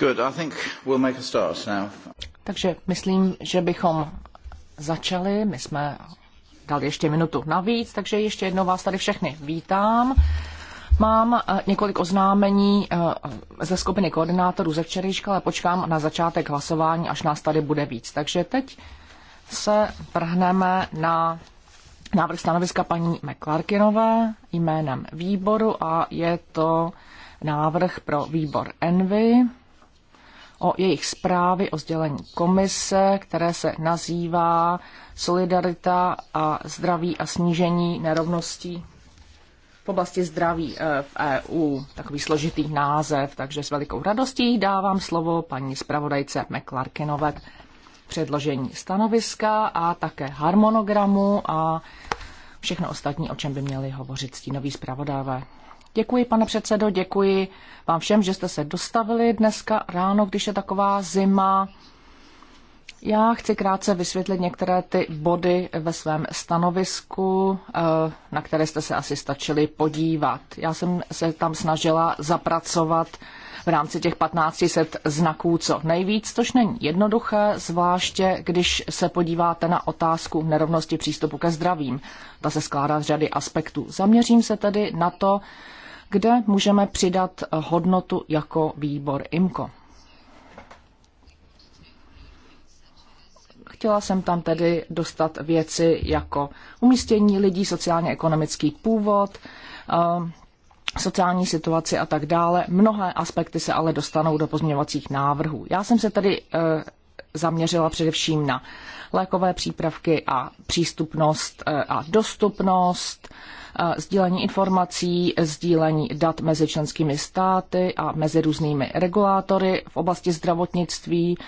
Good, I think we'll make a start now. Takže myslím, že bychom začali. My jsme dali ještě minutu navíc, takže ještě jednou vás tady všechny vítám. Mám eh, několik oznámení eh, ze skupiny koordinátorů ze včerejška, ale počkám na začátek hlasování, až nás tady bude víc. Takže teď se prhneme na návrh stanoviska paní McClarkinové jménem výboru a je to návrh pro výbor Envy o jejich zprávy o sdělení komise, které se nazývá Solidarita a zdraví a snížení nerovností v oblasti zdraví eh, v EU. Takový složitý název, takže s velikou radostí dávám slovo paní zpravodajce McClarkinové předložení stanoviska a také harmonogramu a všechno ostatní, o čem by měli hovořit stínoví zpravodávé. Děkuji, pane předsedo, děkuji vám všem, že jste se dostavili dneska ráno, když je taková zima. Já chci krátce vysvětlit některé ty body ve svém stanovisku, eh, na které jste se asi stačili podívat. Já jsem se tam snažila zapracovat v rámci těch 1500 znaků co nejvíc, což není jednoduché, zvláště když se podíváte na otázku nerovnosti přístupu ke zdravím. Ta se skládá z řady aspektů. Zaměřím se tedy na to, kde můžeme přidat hodnotu jako výbor IMCO. chtěla jsem tam tedy dostat věci jako umístění lidí, sociálně-ekonomický původ, ehm, sociální situaci a tak dále. Mnohé aspekty se ale dostanou do pozměňovacích návrhů. Já jsem se tedy eh, zaměřila především na lékové přípravky a přístupnost eh, a dostupnost, Eh, sdílení informací, sdílení dat mezi členskými státy a mezi různými regulátory v oblasti zdravotnictví,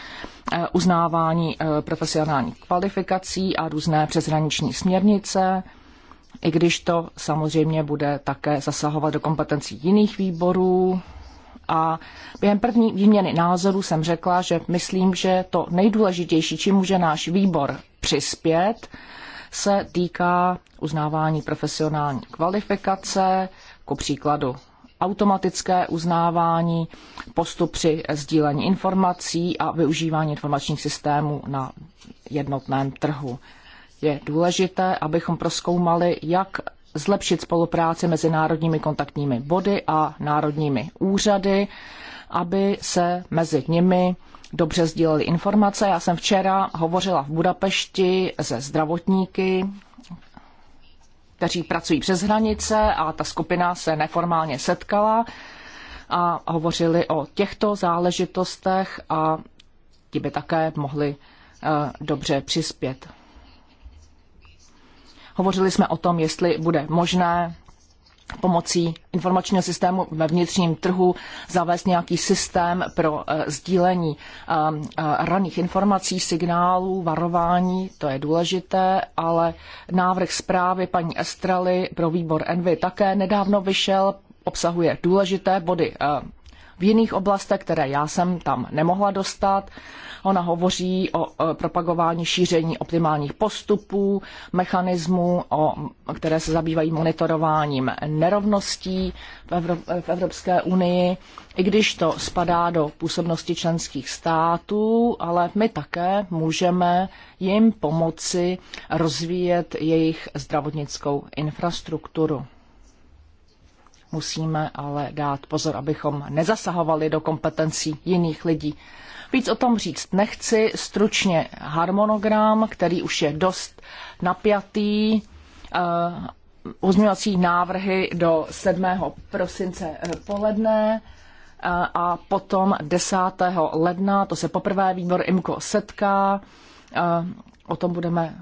eh, uznávání eh, profesionálních kvalifikací a různé přeshraniční směrnice, i když to samozřejmě bude také zasahovat do kompetencí jiných výborů, a během první výměny názorů jsem řekla, že myslím, že to nejdůležitější, čím může náš výbor přispět, se týká uznávání profesionální kvalifikace, ku příkladu automatické uznávání, postup při sdílení informací a využívání informačních systémů na jednotném trhu. Je důležité, abychom proskoumali, jak zlepšit spolupráci mezi národními kontaktními body a národními úřady, aby se mezi nimi dobře sdíleli informace. Já jsem včera hovořila v Budapešti se zdravotníky, kteří pracují přes hranice a ta skupina se neformálně setkala a hovořili o těchto záležitostech a ti by také mohli eh, dobře přispět. Hovořili jsme o tom, jestli bude možné pomocí informačního systému ve vnitřním trhu zavést nějaký systém pro eh, sdílení eh, eh, raných informací, signálů, varování, to je důležité, ale návrh zprávy paní Estraly pro výbor Envy také nedávno vyšel, obsahuje důležité body v jiných oblastech, které já jsem tam nemohla dostat. Ona hovoří o propagování šíření optimálních postupů, mechanismů, které se zabývají monitorováním nerovností v Evropské unii, i když to spadá do působnosti členských států, ale my také můžeme jim pomoci rozvíjet jejich zdravotnickou infrastrukturu. Musíme ale dát pozor, abychom nezasahovali do kompetencí jiných lidí. Víc o tom říct nechci, stručně harmonogram, který už je dost napjatý, uh, návrhy do 7. prosince eh, poledne eh, a potom 10. ledna, to se poprvé výbor IMKO setká, o tom budeme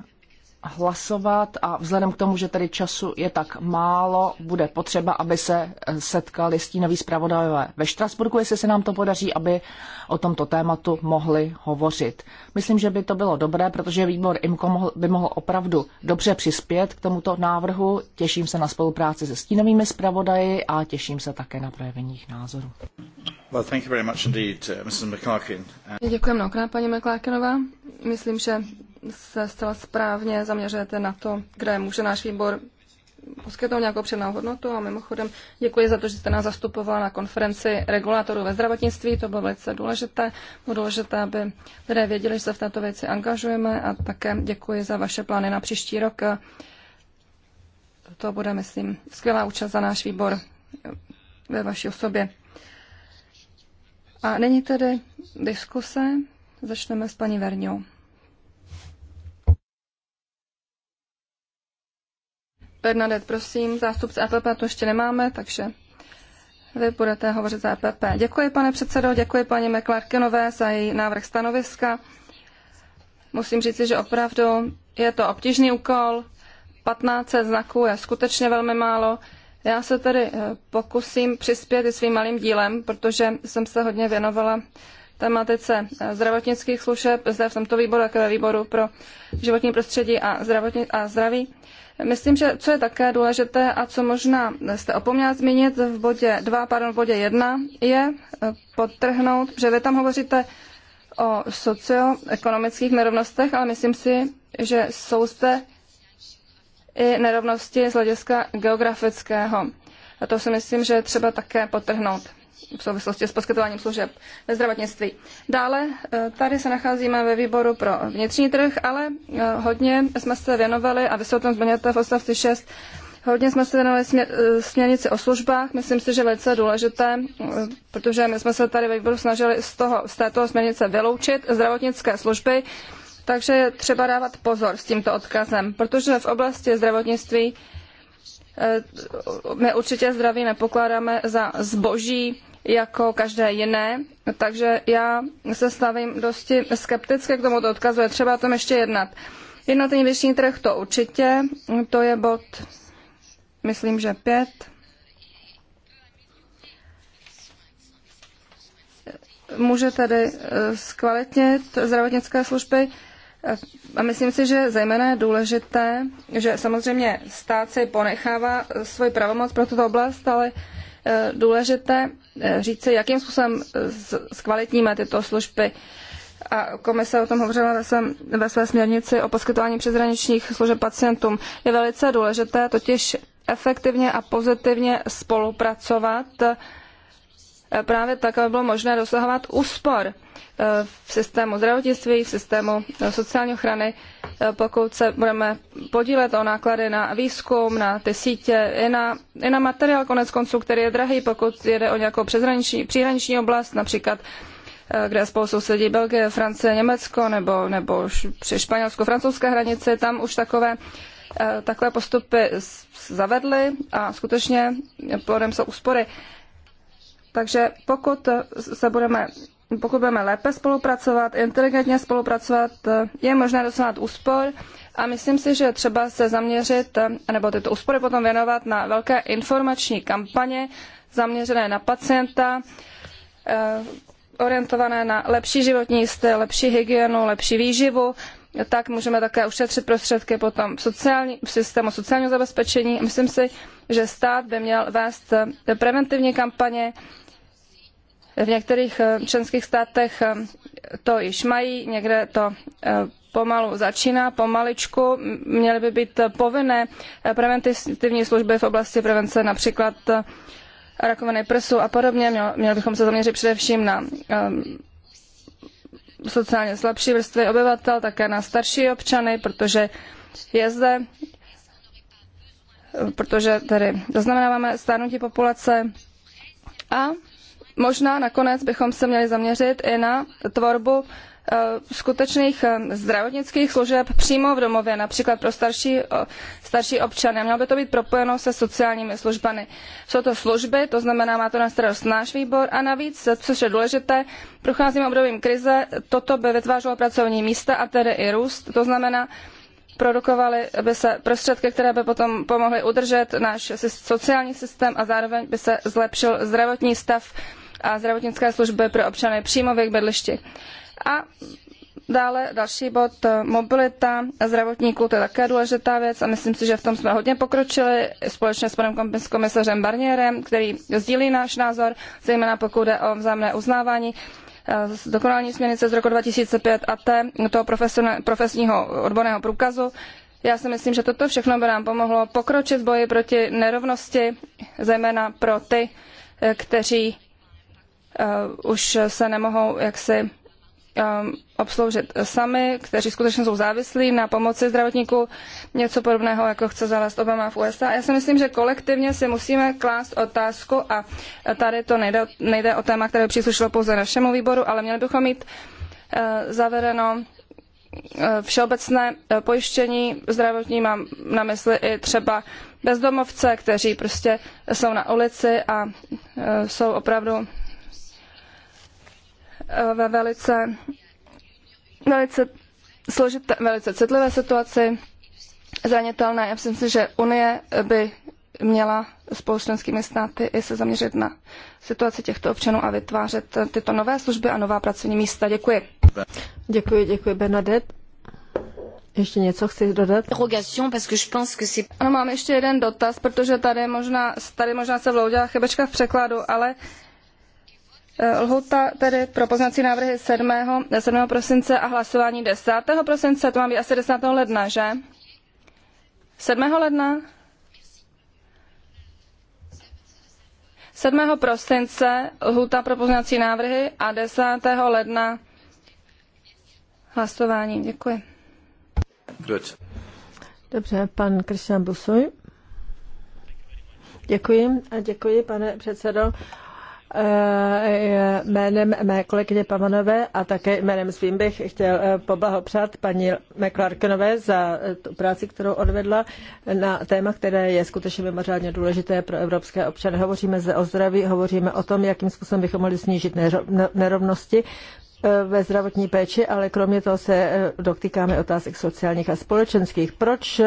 hlasovat a vzhledem k tomu, že tedy času je tak málo, bude potřeba, aby se eh, setkali stínoví zpravodajové ve Štrasburku, jestli se nám to podaří, aby o tomto tématu mohli hovořit. Myslím, že by to bylo dobré, protože výbor IMCO mohl, by mohl opravdu dobře přispět k tomuto návrhu. Těším se na spolupráci se stínovými zpravodaji a těším se také na projevení jejich názorů. Well, thank you very much indeed, uh, Mrs. Děkuji mnohokrát, paní McClarkinová. Myslím, že se zcela správně zaměřujete na to, kde může náš výbor poskytnout nějakou přednou hodnotu. A mimochodem děkuji za to, že jste nás zastupovala na konferenci regulátorů ve zdravotnictví. To bylo velice důležité. Bylo důležité, aby lidé věděli, že se v této věci angažujeme. A také děkuji za vaše plány na příští rok. To bude, myslím, skvělá účast za náš výbor ve vaší osobě. A není tedy diskuse. Začneme s paní Verňou. Bernadette, prosím, zástupce EPP to ještě nemáme, takže vy budete hovořit za EPP. Děkuji, pane předsedo, děkuji paní McClarkinové za její návrh stanoviska. Musím říci, že opravdu je to obtížný úkol. 15 znaků je skutečně velmi málo. Já se tedy pokusím přispět i svým malým dílem, protože jsem se hodně věnovala tematice eh, zdravotnických služeb zde v tomto výboru, také jako ve výboru pro životní prostředí a, zdravotní, a zdraví. Myslím, že co je také důležité a co možná jste opomněla zmínit v bodě 2, pardon, v bodě 1, je eh, podtrhnout, že vy tam hovoříte o socioekonomických nerovnostech, ale myslím si, že jsou zde i nerovnosti z hlediska geografického. A to si myslím, že je třeba také potrhnout v souvislosti s poskytováním služeb ve zdravotnictví. Dále eh, tady se nacházíme ve výboru pro vnitřní trh, ale eh, hodně jsme se věnovali, a vy se o tom zmiňujete v odstavci 6, Hodně jsme se věnovali směr, eh, směrnici o službách, myslím si, že velice důležité, protože my jsme se tady ve výboru snažili z, toho, z této směrnice vyloučit zdravotnické služby, takže je třeba dávat pozor s tímto odkazem, protože v oblasti zdravotnictví my určitě zdraví nepokládáme za zboží, jako každé jiné, takže já se stavím dosti skepticky k tomuto odkazu, je třeba o tom ještě jednat. Jednotný vnitřní trh to určitě, to je bod, myslím, že pět. Může tedy eh, zkvalitnit zdravotnické služby. Eh, a myslím si, že zejména je důležité, že samozřejmě stát si ponechává eh, svoji pravomoc pro tuto oblast, ale Eh, důležité eh, říci, jakým způsobem eh, zkvalitníme tyto služby. A komise o tom hovořila ve, svém, ve své směrnici o poskytování přeshraničních služeb pacientům. Je velice důležité totiž efektivně a pozitivně spolupracovat právě tak, aby bylo možné dosahovat úspor Eh, v systému zdravotnictví, v systému eh, sociální ochrany, eh, pokud se budeme podílet o náklady na výzkum, na ty sítě, i na, i na materiál konec konců, který je drahý, pokud jede o nějakou přeshraniční, příhraniční oblast, například kde spolu sousedí Belgie, Francie, Německo nebo, nebo při španělsko-francouzské hranici, tam už takové takové postupy zavedly a skutečně plodem jsou úspory. Takže pokud se budeme pokud budeme lépe spolupracovat, inteligentně spolupracovat, je možné dosáhnout úspor a myslím si, že třeba se zaměřit, nebo tyto úspory potom věnovat na velké informační kampaně zaměřené na pacienta, eh, orientované na lepší životní styl, lepší hygienu, lepší výživu, tak můžeme také ušetřit prostředky potom v, sociální, v systému sociálního zabezpečení. Myslím si, že stát by měl vést eh, preventivní kampaně, v některých eh, členských státech eh, to již mají, někde to eh, pomalu začíná, pomaličku. Měly by být povinné preventivní služby v oblasti prevence, například rakoviny prsu a podobně. Měl, měli bychom se zaměřit především na sociálně slabší vrstvy obyvatel, také na starší občany, protože je zde, protože tedy zaznamenáváme stárnutí populace a možná nakonec bychom se měli zaměřit i na tvorbu eh, skutečných eh, zdravotnických služeb přímo v domově, například pro starší, starší občany. Mělo by to být propojeno se sociálními službami. Jsou to služby, to znamená, má to na starost náš výbor a navíc, což je důležité, procházíme obdobím krize, toto by vytvářelo pracovní místa a tedy i růst, to znamená, produkovaly by se prostředky, které by potom pomohly udržet náš sociální systém a zároveň by se zlepšil zdravotní stav a zdravotnické služby pro občany příjmových bydlišti. A dále další bod, eh, mobilita zdravotníků, to je také důležitá věc a myslím si, že v tom jsme hodně pokročili společně s panem komisařem Barnierem, který sdílí náš názor, zejména pokud jde o vzájemné uznávání eh, dokonální směrnice z roku 2005 a té toho profesního odborného průkazu. Já si myslím, že toto všechno by nám pomohlo pokročit v boji proti nerovnosti, zejména pro ty, eh, kteří Eh, už se nemohou jaksi ehm, obsloužit sami, kteří skutečně jsou závislí na pomoci zdravotníků, něco podobného, jako chce zavést Obama v USA. Já si myslím, že kolektivně si musíme klást otázku a tady to nejde, nejde o téma, které příslušelo pouze našemu výboru, ale měli bychom mít eh, zavedeno eh, všeobecné pojištění zdravotní, mám na mysli i třeba bezdomovce, kteří prostě jsou na ulici a jsou opravdu Eh, ve velice, velice složité, velice citlivé situaci, zranitelné. Já myslím si, že Unie by měla spolu s členskými státy i se zaměřit na situaci těchto občanů a vytvářet tyto nové služby a nová pracovní místa. Děkuji. Děkuji, děkuji Bernadette. Ještě něco chci dodat? Ano, mám ještě jeden dotaz, protože tady možná, tady možná se vloudila chybečka v překladu, ale Eh, lhuta tedy pro poznací návrhy 7. 7. prosince a hlasování 10. prosince, to má být asi 10. ledna, že? 7. ledna? 7. prosince lhuta pro poznací návrhy a 10. ledna hlasování. Děkuji. Good. Dobře, pan Krišan Busuj. Děkuji a děkuji, pane předsedo. Eh, jménem mé kolegyně Pavanové a také jménem svým bych chtěl eh, poblahopřát paní McClarkenové za eh, tu práci, kterou odvedla na téma, které je skutečně mimořádně důležité pro evropské občany. Hovoříme zde o zdraví, hovoříme o tom, jakým způsobem bychom mohli snížit nerovnosti ve zdravotní péči, ale kromě toho se dotýkáme otázek sociálních a společenských. Proč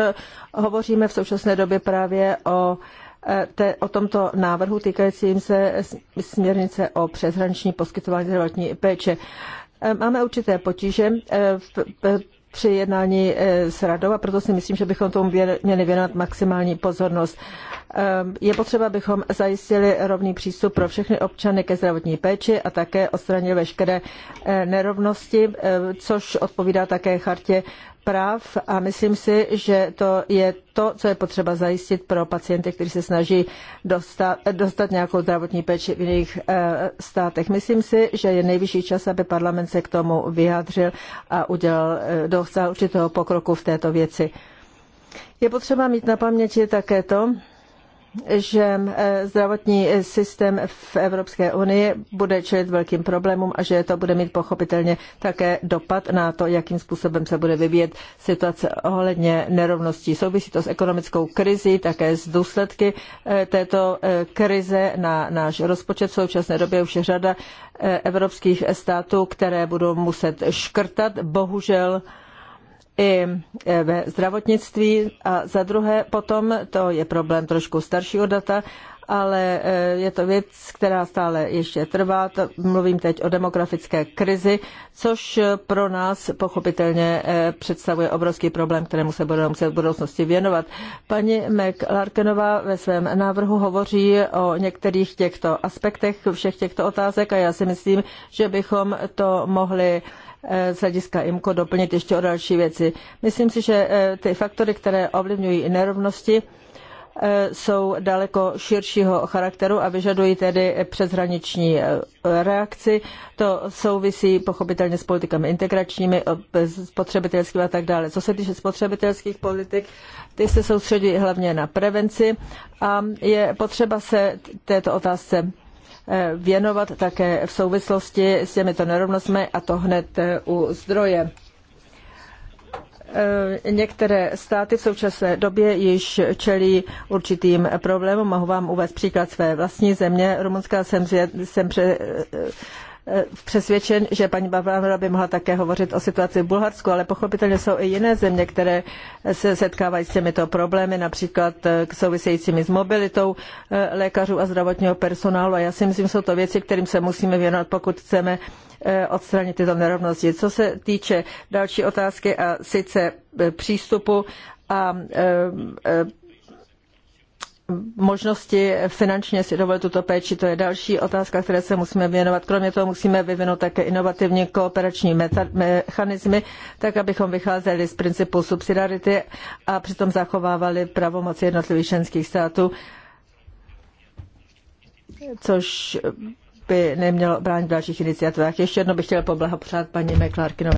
hovoříme v současné době právě o te, o tomto návrhu týkajícím se směrnice o přeshraniční poskytování zdravotní péče. E, máme určité potíže e, při jednání e, s radou a proto si myslím, že bychom tomu měli věnovat maximální pozornost. Je potřeba, abychom zajistili rovný přístup pro všechny občany ke zdravotní péči a také odstranili veškeré nerovnosti, což odpovídá také chartě práv a myslím si, že to je to, co je potřeba zajistit pro pacienty, kteří se snaží dostat, dostat nějakou zdravotní péči v jiných eh, státech. Myslím si, že je nejvyšší čas, aby parlament se k tomu vyjádřil a udělal, eh, dosáhl určitého pokroku v této věci. Je potřeba mít na paměti také to, že eh, zdravotní eh, systém v Evropské unii bude čelit velkým problémům a že to bude mít pochopitelně také dopad na to, jakým způsobem se bude vyvíjet situace ohledně nerovností. Souvisí to s ekonomickou krizí, také s důsledky eh, této krize na náš rozpočet. V současné době už je řada evropských států, které budou muset škrtat. Bohužel i e, ve zdravotnictví a za druhé potom, to je problém trošku staršího data, ale e, je to věc, která stále ještě trvá. To mluvím teď o demografické krizi, což pro nás pochopitelně e, představuje obrovský problém, kterému se budeme muset v budoucnosti věnovat. Paní McLarkenová ve svém návrhu hovoří o některých těchto aspektech, všech těchto otázek a já si myslím, že bychom to mohli Eh, z hlediska IMCO doplnit ještě o další věci. Myslím si, že eh, ty faktory, které ovlivňují nerovnosti, eh, jsou daleko širšího charakteru a vyžadují tedy přeshraniční reakci. To souvisí pochopitelně s politikami integračními, spotřebitelskými a tak dále. Co se týče spotřebitelských politik, ty se soustředí hlavně na prevenci a je potřeba se této otázce Eh, věnovat také v souvislosti s těmito nerovnostmi a to hned eh, u zdroje. Eh, některé státy v současné době již čelí určitým problémům. Mohu vám uvést příklad své vlastní země. Rumunská jsem, jsem pře, Eh, přesvědčen, že paní Bavlávra by mohla také hovořit o situaci v Bulharsku, ale pochopitelně jsou i jiné země, které se setkávají s těmito problémy, například eh, souvisejícími s mobilitou eh, lékařů a zdravotního personálu. A já si myslím, že jsou to věci, kterým se musíme věnovat, pokud chceme odstranit tyto nerovnosti. Co se týče další otázky a sice přístupu a možnosti finančně si dovolit tuto péči, to je další otázka, které se musíme věnovat. Kromě toho musíme vyvinout také inovativní kooperační mechanismy, tak abychom vycházeli z principu subsidiarity a přitom zachovávali pravomoci jednotlivých členských států, což by nemělo bránit v dalších iniciativách. Ještě jednou bych chtěl poblahopřát paní McClarkinové.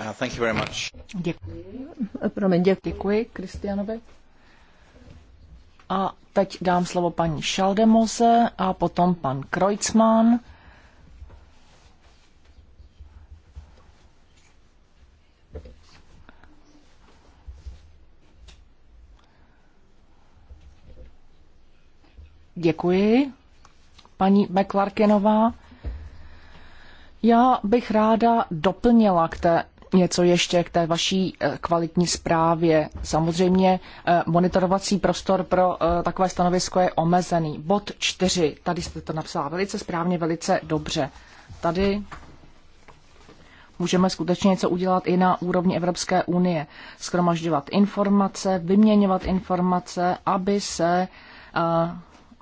Uh, thank you very much. Děkuji. Promiň, děkuji Kristianovi. A teď dám slovo paní Šaldemoze a potom pan Kreutzmann. Děkuji, paní McClarkenová. Já bych ráda doplnila k té něco ještě k té vaší eh, kvalitní zprávě. Samozřejmě eh, monitorovací prostor pro eh, takové stanovisko je omezený. Bod 4, tady jste to napsala velice správně, velice dobře. Tady můžeme skutečně něco udělat i na úrovni Evropské unie. Skromažďovat informace, vyměňovat informace, aby se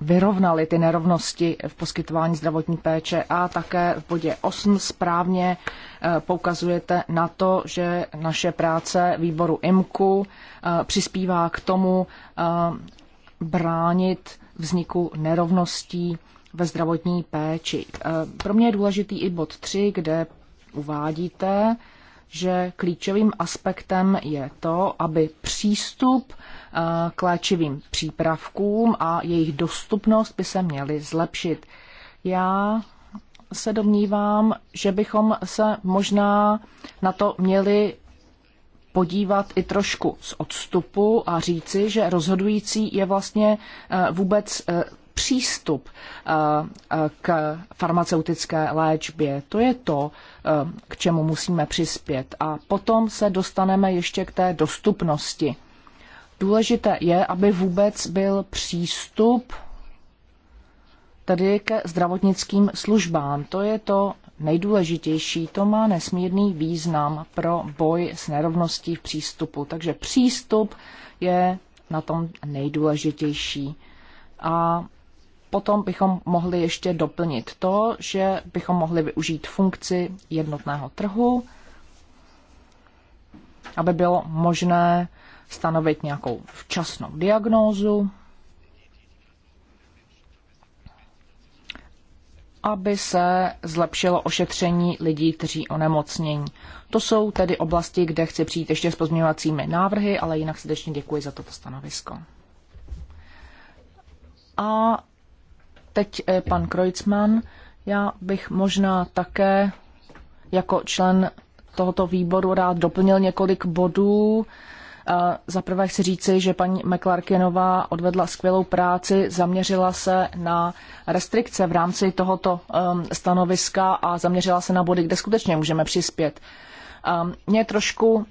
vyrovnali ty nerovnosti v poskytování zdravotní péče a také v bodě 8 správně eh, poukazujete na to, že naše práce výboru IMKU eh, přispívá k tomu eh, bránit vzniku nerovností ve zdravotní péči. Pro mě je důležitý i bod 3, kde uvádíte, že klíčovým aspektem je to, aby přístup Eh, k léčivým přípravkům a jejich dostupnost by se měly zlepšit. Já se domnívám, že bychom se možná na to měli podívat i trošku z odstupu a říci, že rozhodující je vlastně eh, vůbec eh, přístup k farmaceutické léčbě. To je to, k čemu musíme přispět. A potom se dostaneme ještě k té dostupnosti. Důležité je, aby vůbec byl přístup tedy ke zdravotnickým službám. To je to nejdůležitější. To má nesmírný význam pro boj s nerovností v přístupu. Takže přístup je na tom nejdůležitější. A potom bychom mohli ještě doplnit to, že bychom mohli využít funkci jednotného trhu, aby bylo možné stanovit nějakou včasnou diagnózu, aby se zlepšilo ošetření lidí, kteří onemocnění. To jsou tedy oblasti, kde chci přijít ještě s pozměňovacími návrhy, ale jinak srdečně děkuji za toto stanovisko. A teď eh, pan Kreutzmann, já bych možná také jako člen tohoto výboru rád doplnil několik bodů, za prvé chci říci, že paní McClarkinová odvedla skvělou práci, zaměřila se na restrikce v rámci tohoto um, stanoviska a zaměřila se na body, kde skutečně můžeme přispět. Um, mě trošku uh,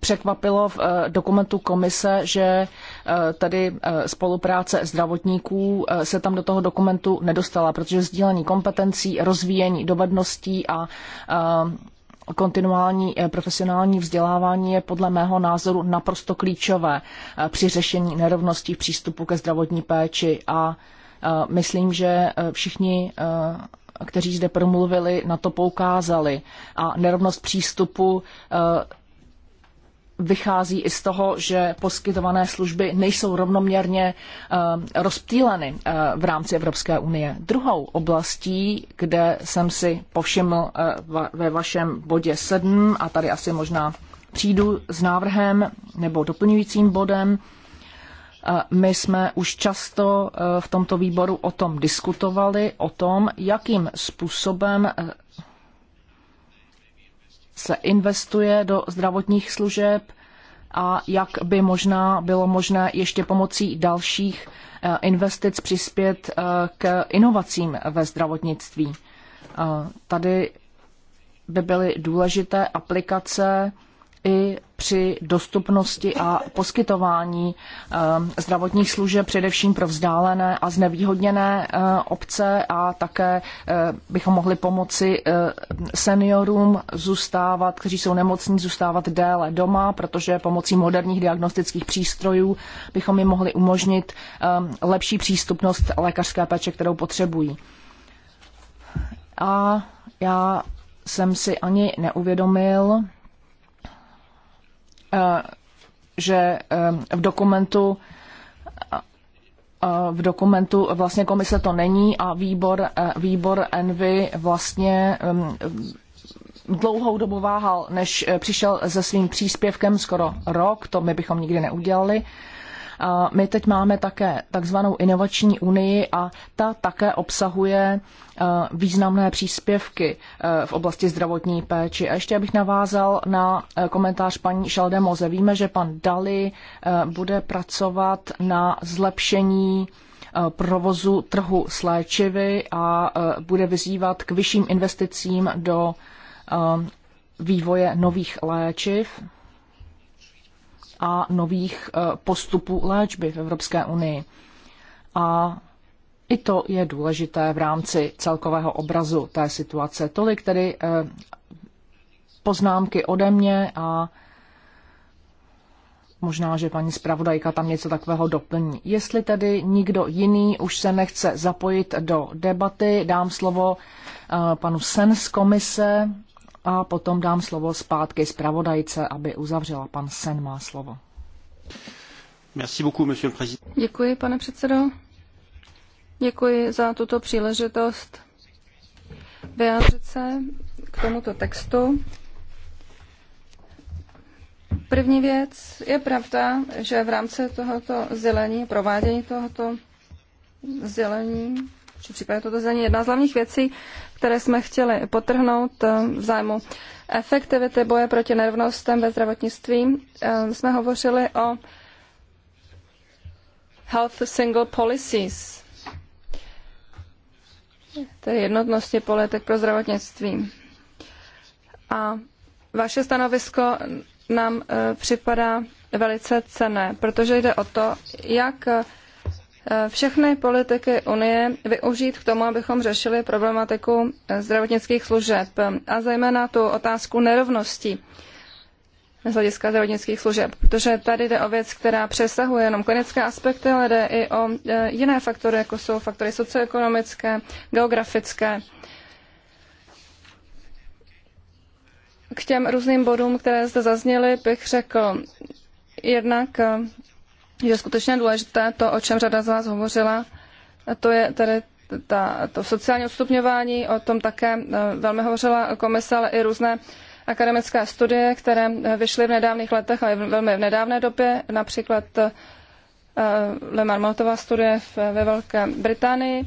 překvapilo v uh, dokumentu komise, že uh, tady spolupráce zdravotníků se tam do toho dokumentu nedostala, protože sdílení kompetencí, rozvíjení dovedností a um, kontinuální eh, profesionální vzdělávání je podle mého názoru naprosto klíčové eh, při řešení nerovností v přístupu ke zdravotní péči a eh, myslím, že všichni kteří zde promluvili, na to poukázali. A nerovnost přístupu vychází i z toho, že poskytované služby nejsou rovnoměrně ehm, rozptýleny eh, v rámci Evropské unie. Druhou oblastí, kde jsem si povšiml eh, ve vašem bodě 7, a tady asi možná přijdu s návrhem nebo doplňujícím bodem, eh, my jsme už často v tomto výboru o tom diskutovali, o tom, jakým způsobem se investuje do zdravotních služeb a jak by možná bylo možné ještě pomocí dalších eh, investic přispět eh, k inovacím ve zdravotnictví. Eh, tady by byly důležité aplikace i při dostupnosti a poskytování eh, zdravotních služeb, především pro vzdálené a znevýhodněné eh, obce a také eh, bychom mohli pomoci seniorům zůstávat, kteří jsou nemocní, zůstávat déle doma, protože pomocí moderních diagnostických přístrojů bychom jim mohli umožnit lepší přístupnost lékařské péče, kterou potřebují. A já jsem si ani neuvědomil, Eh, že eh, v dokumentu eh, v dokumentu vlastně komise to není a výbor, výbor Envy vlastně dlouhou dobu váhal, než přišel se svým příspěvkem, skoro rok, to my bychom nikdy neudělali. My teď máme také takzvanou inovační unii a ta také obsahuje e, významné příspěvky e, v oblasti zdravotní péči. A ještě abych navázal na e, komentář paní Šaldemoze. Víme, že pan Dali bude pracovat na zlepšení provozu trhu s léčivy a bude vyzývat k vyšším investicím do vývoje nových léčiv a nových eh, postupů léčby v Evropské unii. A i to je důležité v rámci celkového obrazu té situace. Tolik tedy eh, poznámky ode mě a Možná, že paní zpravodajka tam něco takového doplní. Jestli tedy nikdo jiný už se nechce zapojit do debaty, dám slovo eh, panu Sen z komise, a potom dám slovo zpátky zpravodajce, aby uzavřela. Pan Sen má slovo. Merci beaucoup, monsieur le président. Děkuji, pane předsedo. Děkuji za tuto příležitost vyjádřit se k tomuto textu. První věc je pravda, že v rámci tohoto zelení, provádění tohoto zelení, či případně toto zelení, jedna z hlavních věcí které jsme chtěli potrhnout eh, v zájmu efektivity boje proti nerovnostem ve zdravotnictví. Eh, jsme hovořili o Health Single Policies, tedy jednotnosti politik pro zdravotnictví. A vaše stanovisko nám eh, připadá velice cené, protože jde o to, jak Eh, všechny politiky Unie využít k tomu, abychom řešili problematiku eh, zdravotnických služeb eh, a zejména tu otázku nerovností z hlediska zdravotnických služeb, protože tady jde o věc, která přesahuje jenom klinické aspekty, ale jde i o jiné faktory, jako jsou faktory socioekonomické, geografické. K těm různým bodům, které zde zazněly, bych řekl jednak že skutečně důležité to, o čem řada z vás hovořila, a to je tedy ta, to sociální odstupňování, o tom také eh, velmi hovořila komise, ale i různé akademické studie, které eh, vyšly v nedávných letech, ale velmi v nedávné době, například eh, Le Marmotová studie ve Velké Británii.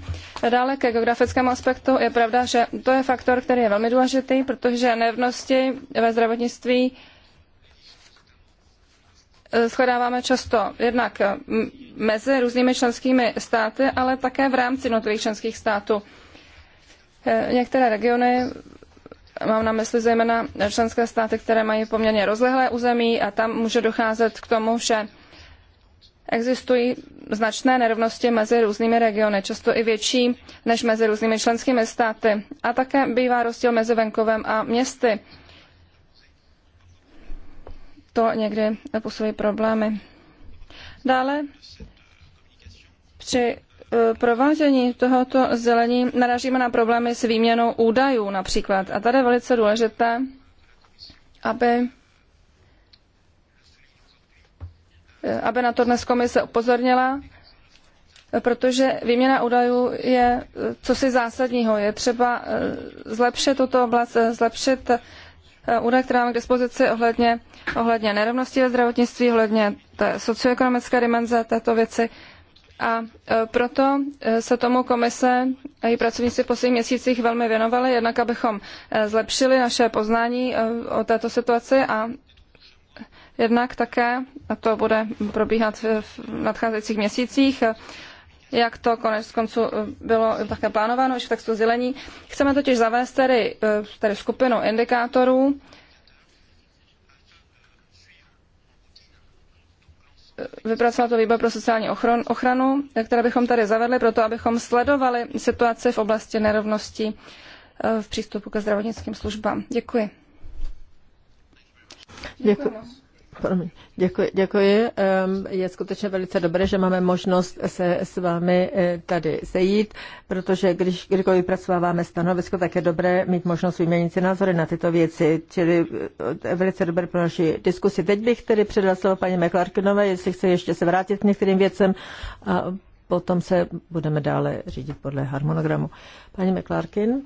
Dále ke geografickému aspektu je pravda, že to je faktor, který je velmi důležitý, protože nevnosti ve zdravotnictví Eh, shledáváme často jednak eh, mezi různými členskými státy, ale také v rámci jednotlivých členských států. Eh, některé regiony, mám na mysli zejména členské státy, které mají poměrně rozlehlé území a tam může docházet k tomu, že existují značné nerovnosti mezi různými regiony, často i větší než mezi různými členskými státy. A také bývá rozdíl mezi venkovem a městy to někdy působí problémy. Dále při eh, provázení tohoto zelení narážíme na problémy s výměnou údajů například. A tady je velice důležité, aby, eh, aby na to dnes komise upozornila, protože výměna údajů je eh, cosi zásadního. Je třeba zlepšit tuto oblast, zlepšit Eh, údaje, které máme k dispozici ohledně, ohledně nerovnosti ve zdravotnictví, ohledně té socioekonomické dimenze této věci. A eh, proto eh, se tomu komise a její pracovníci v posledních měsících velmi věnovali, jednak abychom zlepšili naše poznání o této situaci a jednak také, a to bude probíhat v nadcházejících měsících, jak to konec konců eh, bylo také plánováno už v textu zelení. Chceme totiž zavést tady eh, tady skupinu indikátorů, eh, vypracoval to výbor pro sociální ochranu, které bychom tady zavedli proto, abychom sledovali situaci v oblasti nerovnosti v přístupu ke zdravotnickým službám. Děkuji. Děkuji. Děkuji, děkuji. Je skutečně velice dobré, že máme možnost se s vámi eh, tady sejít, protože když kdykoliv vypracováváme stanovisko, tak je dobré mít možnost vyměnit si názory na tyto věci, čili eh, velice dobré pro naši diskusi. Teď bych tedy předal slovo paní McClarkinové, jestli chce ještě se vrátit k některým věcem a potom se budeme dále řídit podle harmonogramu. Paní McClarkin.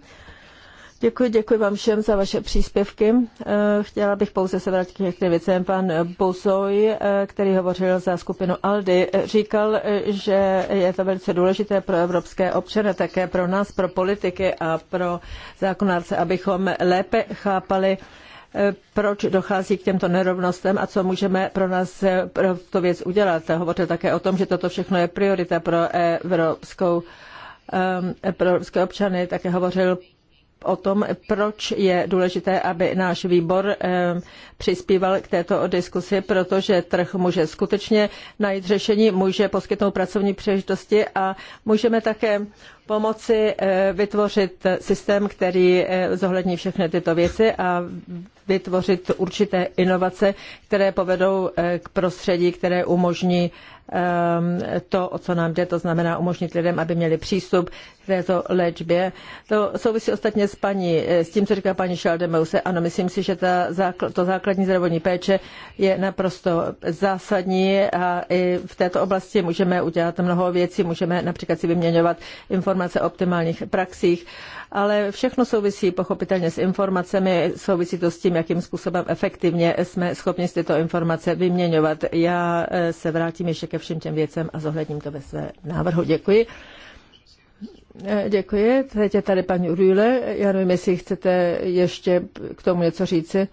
Děkuji, děkuji vám všem za vaše příspěvky. Eh, chtěla bych pouze se vrátit k některým věcem. Pan Bozoj, eh, který hovořil za skupinu Aldy, eh, říkal, že je to velice důležité pro evropské občany, také pro nás, pro politiky a pro zákonárce, abychom lépe chápali, proč dochází k těmto nerovnostem a co můžeme pro nás pro to věc udělat. Hovořil také o tom, že toto všechno je priorita pro evropskou pro evropské občany, také hovořil o tom, proč je důležité, aby náš výbor eh, přispíval k této diskusi, protože trh může skutečně najít řešení, může poskytnout pracovní příležitosti a můžeme také pomoci eh, vytvořit systém, který eh, zohlední všechny tyto věci a vytvořit určité inovace, které povedou eh, k prostředí, které umožní ehm, to, o co nám jde, to znamená umožnit lidem, aby měli přístup k této léčbě. To souvisí ostatně s paní, s tím, co říká paní Šaldemeuse. Ano, myslím si, že ta, to základní základní zdravotní péče je naprosto zásadní a i v této oblasti můžeme udělat mnoho věcí, můžeme například si vyměňovat informace o optimálních praxích, ale všechno souvisí pochopitelně s informacemi, souvisí to s tím, jakým způsobem efektivně jsme schopni si tyto informace vyměňovat. Já eh, se vrátím ještě ke všem těm věcem a zohledním to ve své návrhu. Děkuji. Eh, děkuji. Teď je tady paní Rühle. Já nevím, jestli chcete ještě k tomu něco říci.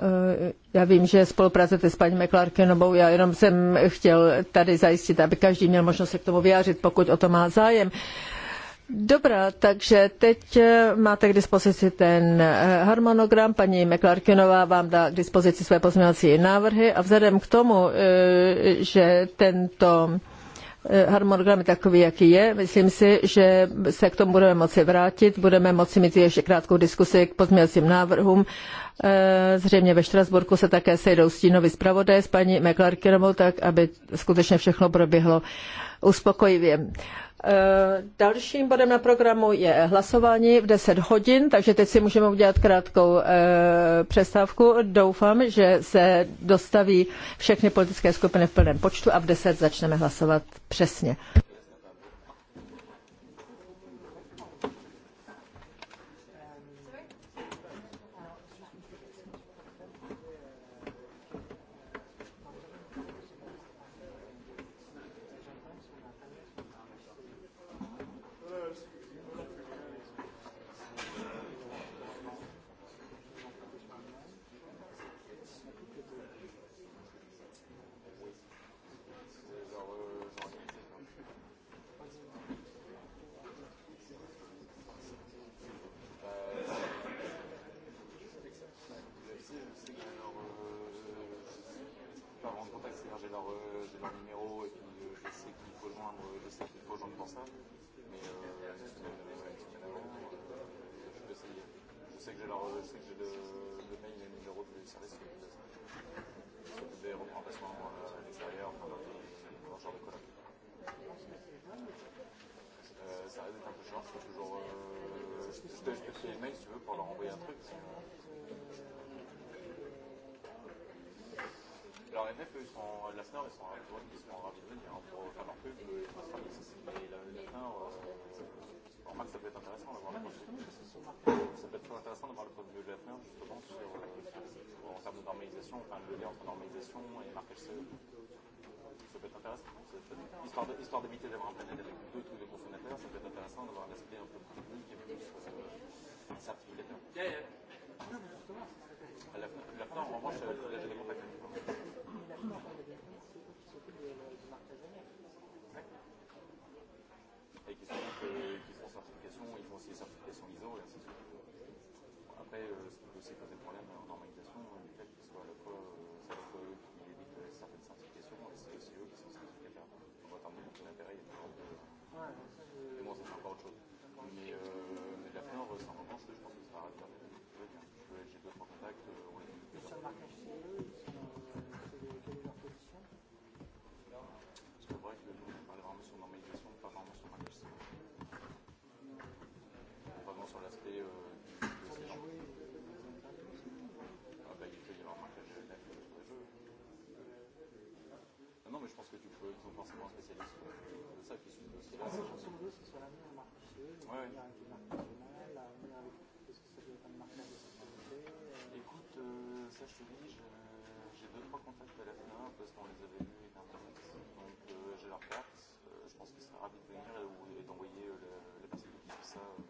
Eh, já vím, že spolupracujete s paní McClarkinovou, já jenom jsem chtěl tady zajistit, aby každý měl možnost se k tomu vyjádřit, pokud o to má zájem. Dobrá, takže teď eh, máte k dispozici ten eh, harmonogram. Paní McClarkinová vám dá k dispozici své pozměňovací návrhy a vzhledem k tomu, že tento Eh, harmonogram je takový, jaký je. Myslím si, že se k tomu budeme moci vrátit. Budeme moci mít ještě krátkou diskusi k pozměňovacím návrhům. Eh, zřejmě ve Štrasburku se také sejdou stínový zpravodaj s paní McClarkinovou, tak aby skutečně všechno proběhlo uspokojivě. Eh, dalším bodem na programu je hlasování v 10 hodin, takže teď si můžeme udělat krátkou eh, přestávku. Doufám, že se dostaví všechny politické skupiny v plném počtu a v 10 začneme hlasovat přesně. que tu peux, ils sont forcément spécialistes de ça qui suivent aussi. Là, ah, oui, son jeu, c'est sur l'avenir de Marc Piché, l'avenir ouais. avec les marques nationales, l'avenir avec. Est-ce que ça doit être un marquage de sécurité euh... Écoute, euh, ça je te dis, j'ai deux, trois contacts à l'AFNA parce qu'on les avait vus internet. Donc euh, j'ai leur carte, euh, je pense qu'ils seraient ravis de venir et, d'envoyer euh, les personnes qui font ça. Euh,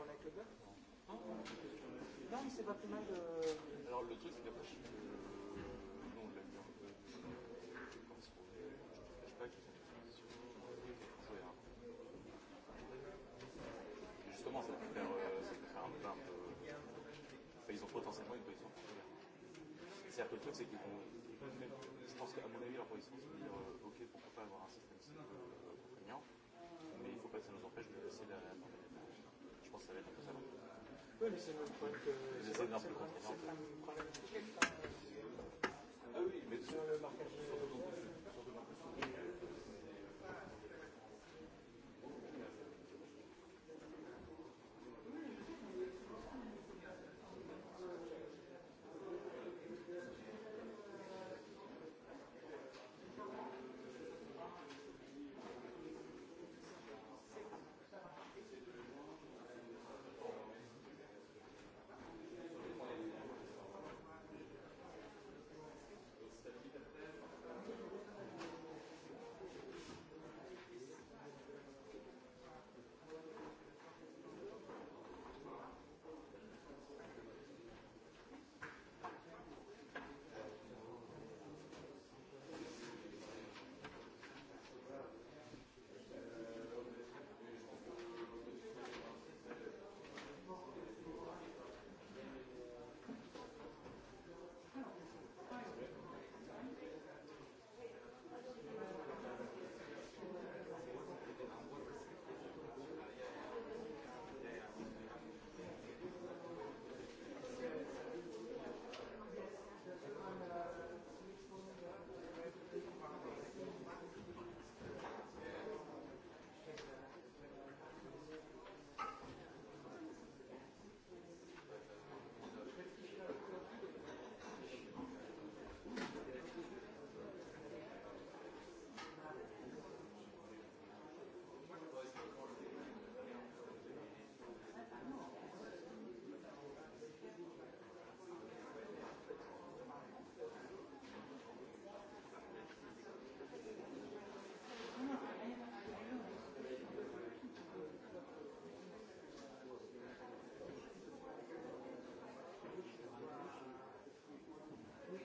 collègue Le Goff Non, non mais c'est pas plus mal de... Alors le truc, c'est je euh, pense qu'on est... Je pas, Ouais, hein. justement, ça peut faire, euh, ça peut faire un un peu... Enfin, ils ont potentiellement une position C'est-à-dire que le truc, c'est qu'ils vont... Je pense qu'à mon avis, leur position, c'est de dire, euh, ok, pourquoi pas avoir un système si euh, contraignant, mais il faut pas que ça nous empêche de je pense que ça va être un peu ça. Oui, mais c'est notre point euh, problème que. C'est un problème. de Ah oui, mais sur le marquage.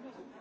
Thank you.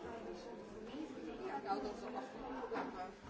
Nou, dat is ongeveer. Ja, dat is afgelopen.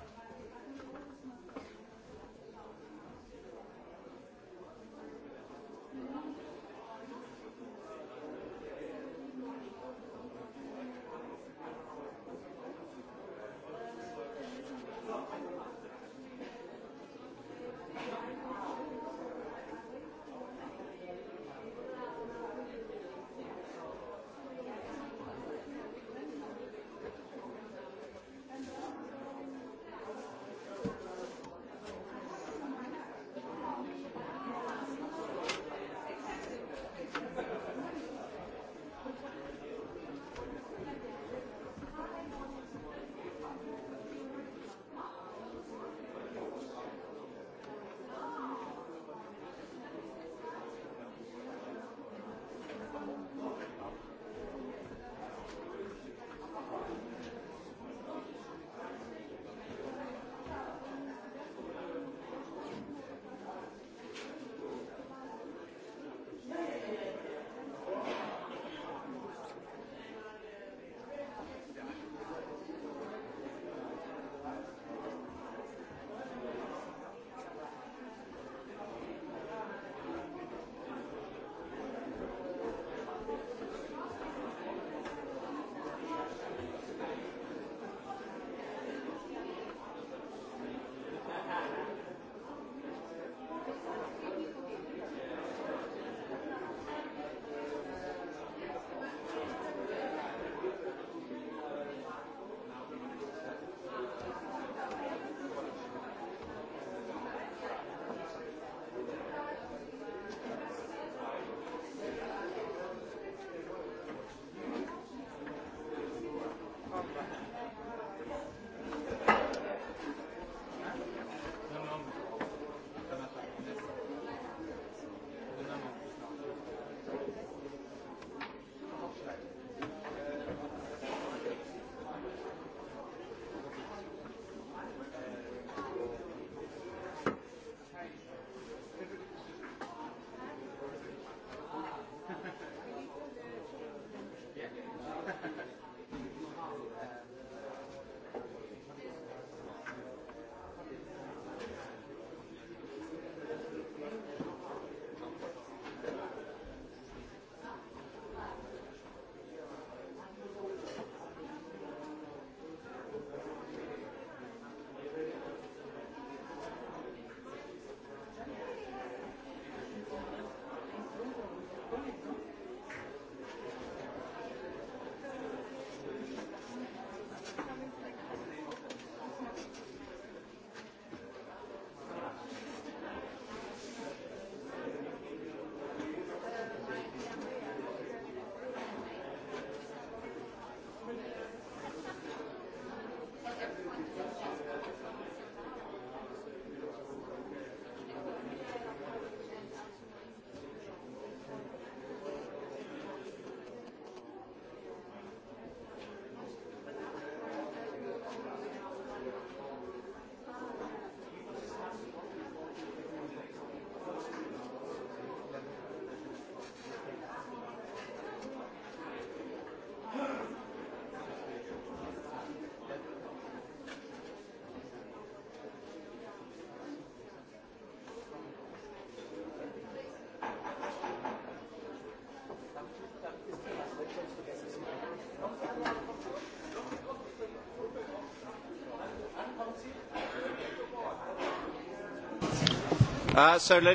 Uh,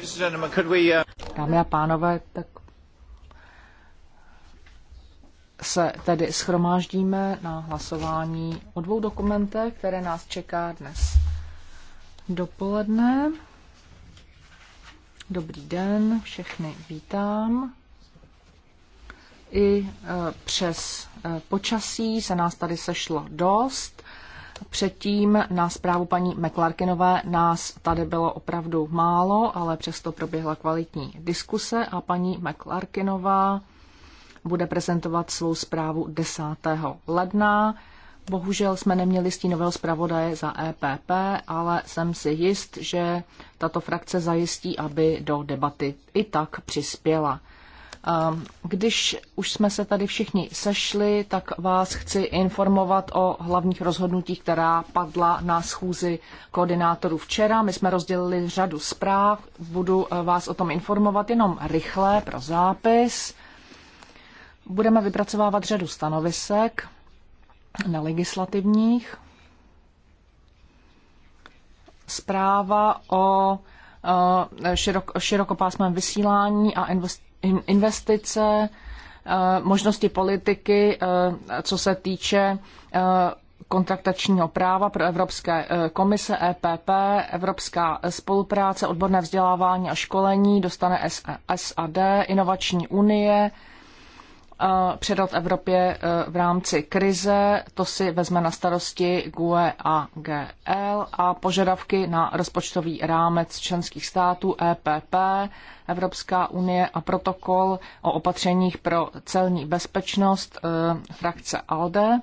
uh, Dámy a pánové, tak se tedy schromáždíme na hlasování o dvou dokumentech, které nás čeká dnes dopoledne. Dobrý den, všechny vítám. I e, přes e, počasí se nás tady sešlo dost. Předtím na zprávu paní McClarkinové nás tady bylo opravdu málo, ale přesto proběhla kvalitní diskuse a paní McClarkinová bude prezentovat svou zprávu 10. ledna. Bohužel jsme neměli stínového zpravodaje za EPP, ale jsem si jist, že tato frakce zajistí, aby do debaty i tak přispěla. Když už jsme se tady všichni sešli, tak vás chci informovat o hlavních rozhodnutích, která padla na schůzi koordinátorů včera. My jsme rozdělili řadu zpráv, budu vás o tom informovat jenom rychle pro zápis. Budeme vypracovávat řadu stanovisek na legislativních. Zpráva o eh, širok, širokopásmém vysílání a investičních investice, eh, možnosti politiky, eh, co se týče eh, kontraktačního práva pro Evropské komise EPP, Evropská spolupráce, odborné vzdělávání a školení, dostane SAD, Inovační unie, předat Evropě e, v rámci krize, to si vezme na starosti GUE a GL a požadavky na rozpočtový rámec členských států EPP, Evropská unie a protokol o opatřeních pro celní bezpečnost e, frakce ALDE.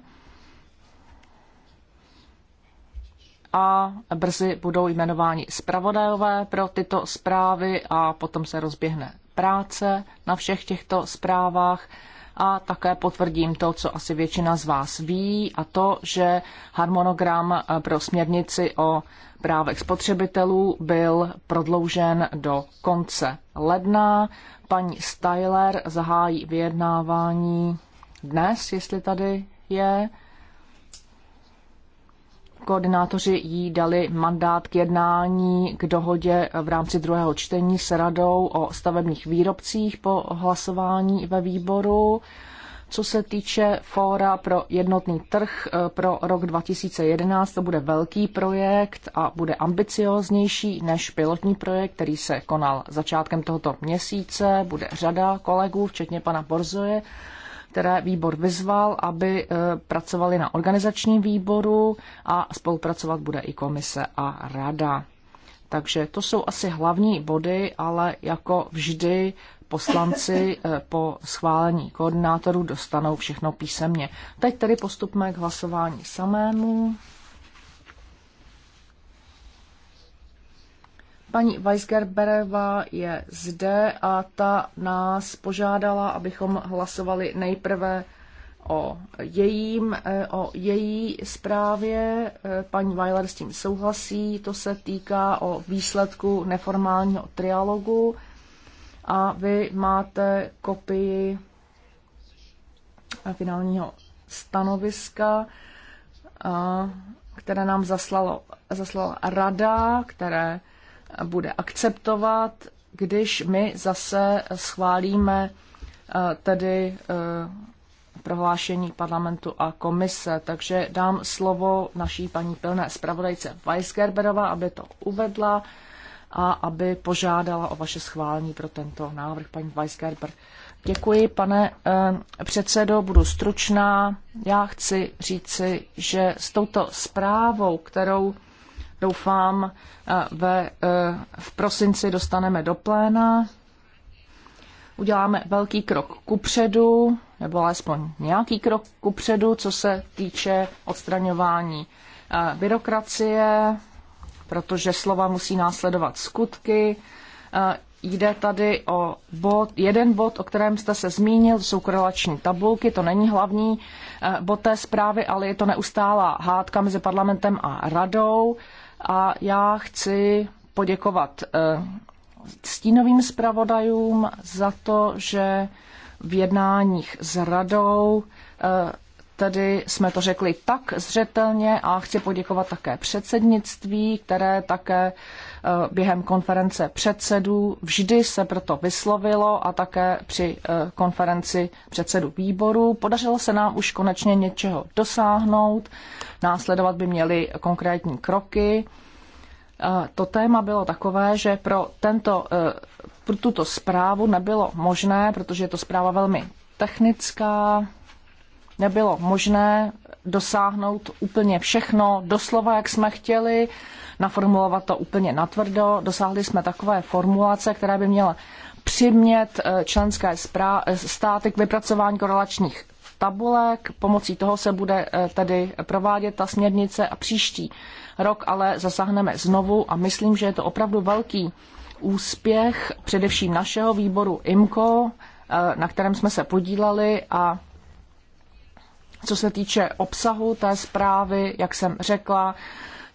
A brzy budou jmenováni zpravodajové pro tyto zprávy a potom se rozběhne práce na všech těchto zprávách a také potvrdím to, co asi většina z vás ví, a to, že harmonogram eh, pro směrnici o právech spotřebitelů byl prodloužen do konce ledna. Paní Styler zahájí vyjednávání dnes, jestli tady je. Koordinátoři jí dali mandát k jednání k dohodě v rámci druhého čtení s radou o stavebních výrobcích po hlasování ve výboru. Co se týče Fóra pro jednotný trh eh, pro rok 2011, to bude velký projekt a bude ambicioznější než pilotní projekt, který se konal začátkem tohoto měsíce. Bude řada kolegů, včetně pana Borzoje, které výbor vyzval, aby e, pracovali na organizačním výboru a spolupracovat bude i komise a rada. Takže to jsou asi hlavní body, ale jako vždy poslanci e, po schválení koordinátorů dostanou všechno písemně. Teď tedy postupme k hlasování samému. Paní Weisgerberová je zde a ta nás požádala, abychom hlasovali nejprve o, jejím, eh, o její zprávě. Eh, paní Weiler s tím souhlasí. To se týká o výsledku neformálního trialogu. A vy máte kopii eh, finálního stanoviska, které nám zaslalo, zaslala rada, které bude akceptovat, když my zase schválíme eh, tedy eh, prohlášení parlamentu a komise. Takže dám slovo naší paní pilné zpravodajce Weisgerberová, aby to uvedla a aby požádala o vaše schválení pro tento návrh, paní Weisgerber. Děkuji, pane eh, předsedo, budu stručná. Já chci říci, že s touto zprávou, kterou doufám, eh, ve, eh, v prosinci dostaneme do pléna. Uděláme velký krok kupředu, nebo alespoň nějaký krok kupředu, co se týče odstraňování eh, byrokracie, protože slova musí následovat skutky. Jde tady o bod, jeden bod, o kterém jste se zmínil, jsou korelační tabulky, to není hlavní bod té zprávy, ale je to neustálá hádka mezi parlamentem a radou a já chci poděkovat eh, stínovým zpravodajům za to, že v jednáních s radou eh, Tedy jsme to řekli tak zřetelně a chci poděkovat také předsednictví, které také eh, během konference předsedů vždy se proto vyslovilo a také při eh, konferenci předsedů výboru. Podařilo se nám už konečně něčeho dosáhnout, následovat by měly konkrétní kroky. Eh, to téma bylo takové, že pro, tento, pro tuto zprávu nebylo možné, protože je to zpráva velmi technická, nebylo možné dosáhnout úplně všechno doslova, jak jsme chtěli, naformulovat to úplně natvrdo. Dosáhli jsme takové formulace, která by měla přimět eh, členské eh, státy k vypracování korelačních tabulek. Pomocí toho se bude eh, tedy provádět ta směrnice a příští rok ale zasáhneme znovu a myslím, že je to opravdu velký úspěch především našeho výboru IMCO, na kterém jsme se podíleli a co se týče obsahu té zprávy, jak jsem řekla,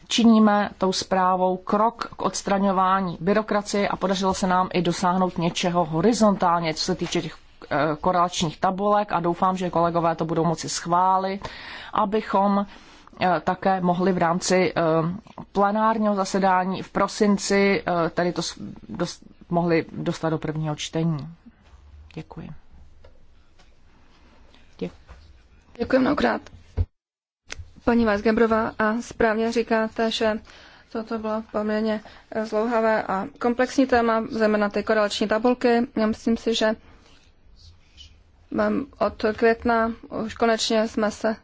činíme tou zprávou krok k odstraňování byrokracie a podařilo se nám i dosáhnout něčeho horizontálně, co se týče těch eh, korelačních tabulek a doufám, že kolegové to budou moci schválit, abychom eh, také mohli v rámci eh, plenárního zasedání v prosinci tady to mohli dostat do prvního čtení. Děkuji. Děkuji mnohokrát. Paní vázgebrová. a správně říkáte, že toto bylo poměrně eh, zlouhavé a komplexní téma, zejména ty korelační tabulky. Já myslím si, že ehm, od května už konečně jsme se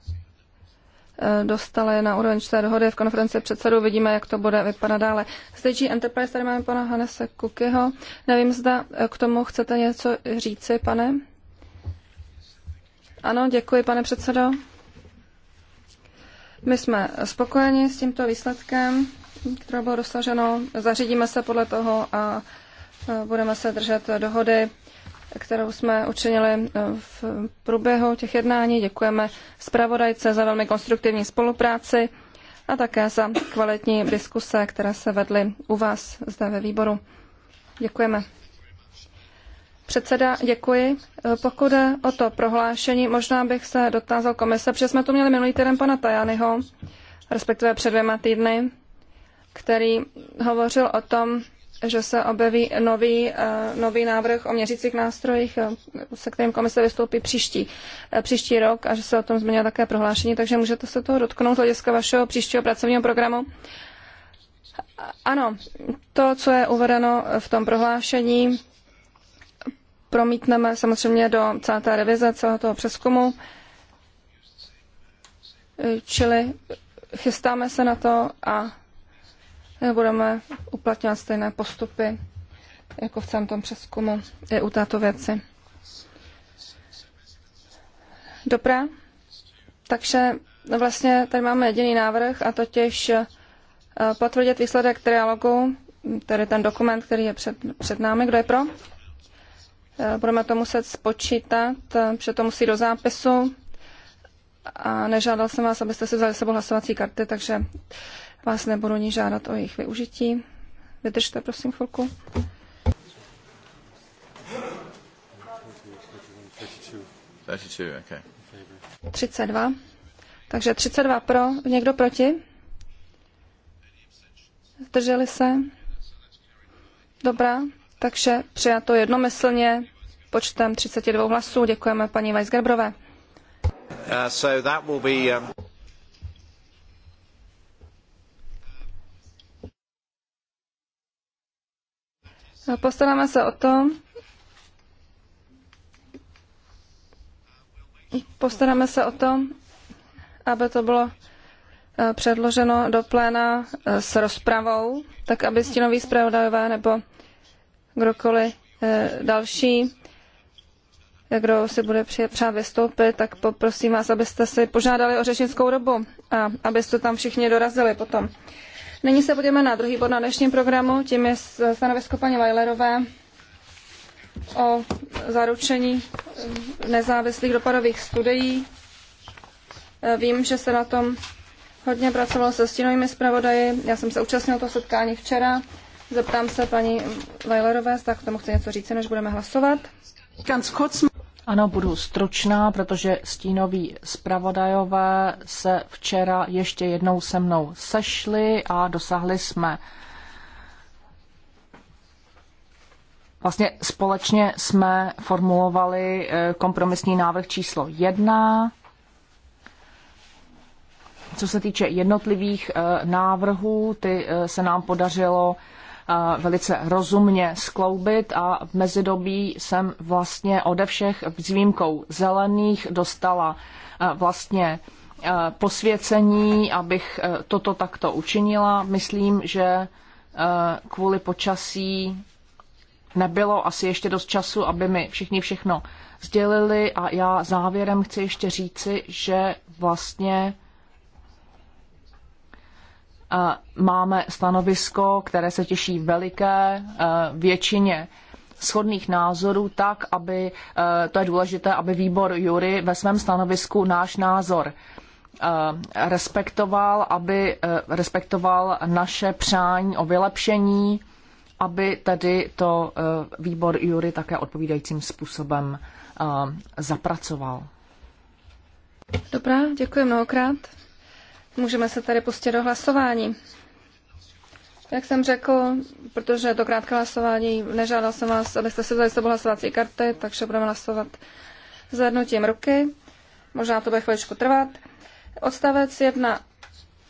eh, dostali na úroveň čtvrté dohody v konferenci předsedů. Vidíme, jak to bude vypadat dále. Z DG Enterprise tady máme pana Hanese Kukyho. Nevím, zda eh, k tomu chcete něco říci, pane? Ano, děkuji, pane předsedo. My jsme spokojeni s tímto výsledkem, které bylo dosaženo. Zařídíme se podle toho a budeme se držet dohody, kterou jsme učinili e, v průběhu těch jednání. Děkujeme zpravodajce za velmi konstruktivní spolupráci a také za kvalitní diskuse, které se vedly u vás zde ve výboru. Děkujeme. Předseda, děkuji. Pokud jde o to prohlášení, možná bych se dotázal komise, protože jsme tu měli minulý týden pana Tajanyho, respektive před dvěma týdny, který hovořil o tom, že se objeví nový, eh, nový návrh o měřících nástrojích, eh, se kterým komise vystoupí příští, eh, příští rok a že se o tom změnilo také prohlášení, takže můžete se toho dotknout z hlediska vašeho příštího pracovního programu. Ano, to, co je uvedeno v tom prohlášení, promítneme samozřejmě do celé té revize, celého toho přeskumu. Čili chystáme se na to a budeme uplatňovat stejné postupy jako v celém tom přeskumu i u této věci. Dobrá, takže vlastně tady máme jediný návrh a totiž eh, potvrdit výsledek trialogu, tedy ten dokument, který je před, před námi. Kdo je pro? Eh, budeme to muset spočítat, eh, že to musí do zápisu. A nežádal jsem vás, abyste si vzali sebou hlasovací karty, takže vás nebudu ní žádat o jejich využití. Vydržte, prosím, chvilku. Okay. 32. Takže 32 pro, někdo proti? Zdrželi se? Dobrá, takže přijato jednomyslně počtem 32 hlasů. Děkujeme paní Weisgerbrové. Uh, so be, um... Postaráme se o to, postaráme se o to, aby to bylo eh, předloženo do pléna eh, s rozpravou, tak aby stínoví zpravodajové nebo kdokoliv eh, další, kdo si bude přát vystoupit, tak poprosím vás, abyste si požádali o řečnickou dobu a abyste tam všichni dorazili potom. Nyní se budeme na druhý bod na dnešním programu, tím je stanovisko paní Weilerové o zaručení eh, nezávislých dopadových studií. Eh, vím, že se na tom hodně pracovalo se stínovými zpravodaji. Já jsem se účastnil toho setkání včera. Zeptám se paní Weilerové, tak k tomu chce něco říct, než budeme hlasovat. Ano, budu stručná, protože stínoví zpravodajové se včera ještě jednou se mnou sešli a dosáhli jsme Vlastně společně jsme formulovali eh, kompromisní návrh číslo jedna. Co se týče jednotlivých eh, návrhů, ty eh, se nám podařilo velice rozumně skloubit a v mezidobí jsem vlastně ode všech s výjimkou zelených dostala vlastně posvěcení, abych e, toto takto učinila. Myslím, že e, kvůli počasí nebylo asi ještě dost času, aby mi všichni všechno sdělili a já závěrem chci ještě říci, že vlastně máme stanovisko, které se těší veliké eh, většině shodných názorů tak, aby, eh, to je důležité, aby výbor Jury ve svém stanovisku náš názor eh, respektoval, aby respektoval naše přání o vylepšení, aby tedy to výbor Jury také odpovídajícím způsobem zapracoval. Dobrá, děkuji mnohokrát. Můžeme se tady pustit do hlasování. Jak jsem řekl, protože je to krátké hlasování, nežádal jsem vás, abyste si vzali sebou hlasovací karty, takže budeme hlasovat zvednutím ruky. Možná to bude chviličku trvat. Odstavec 1,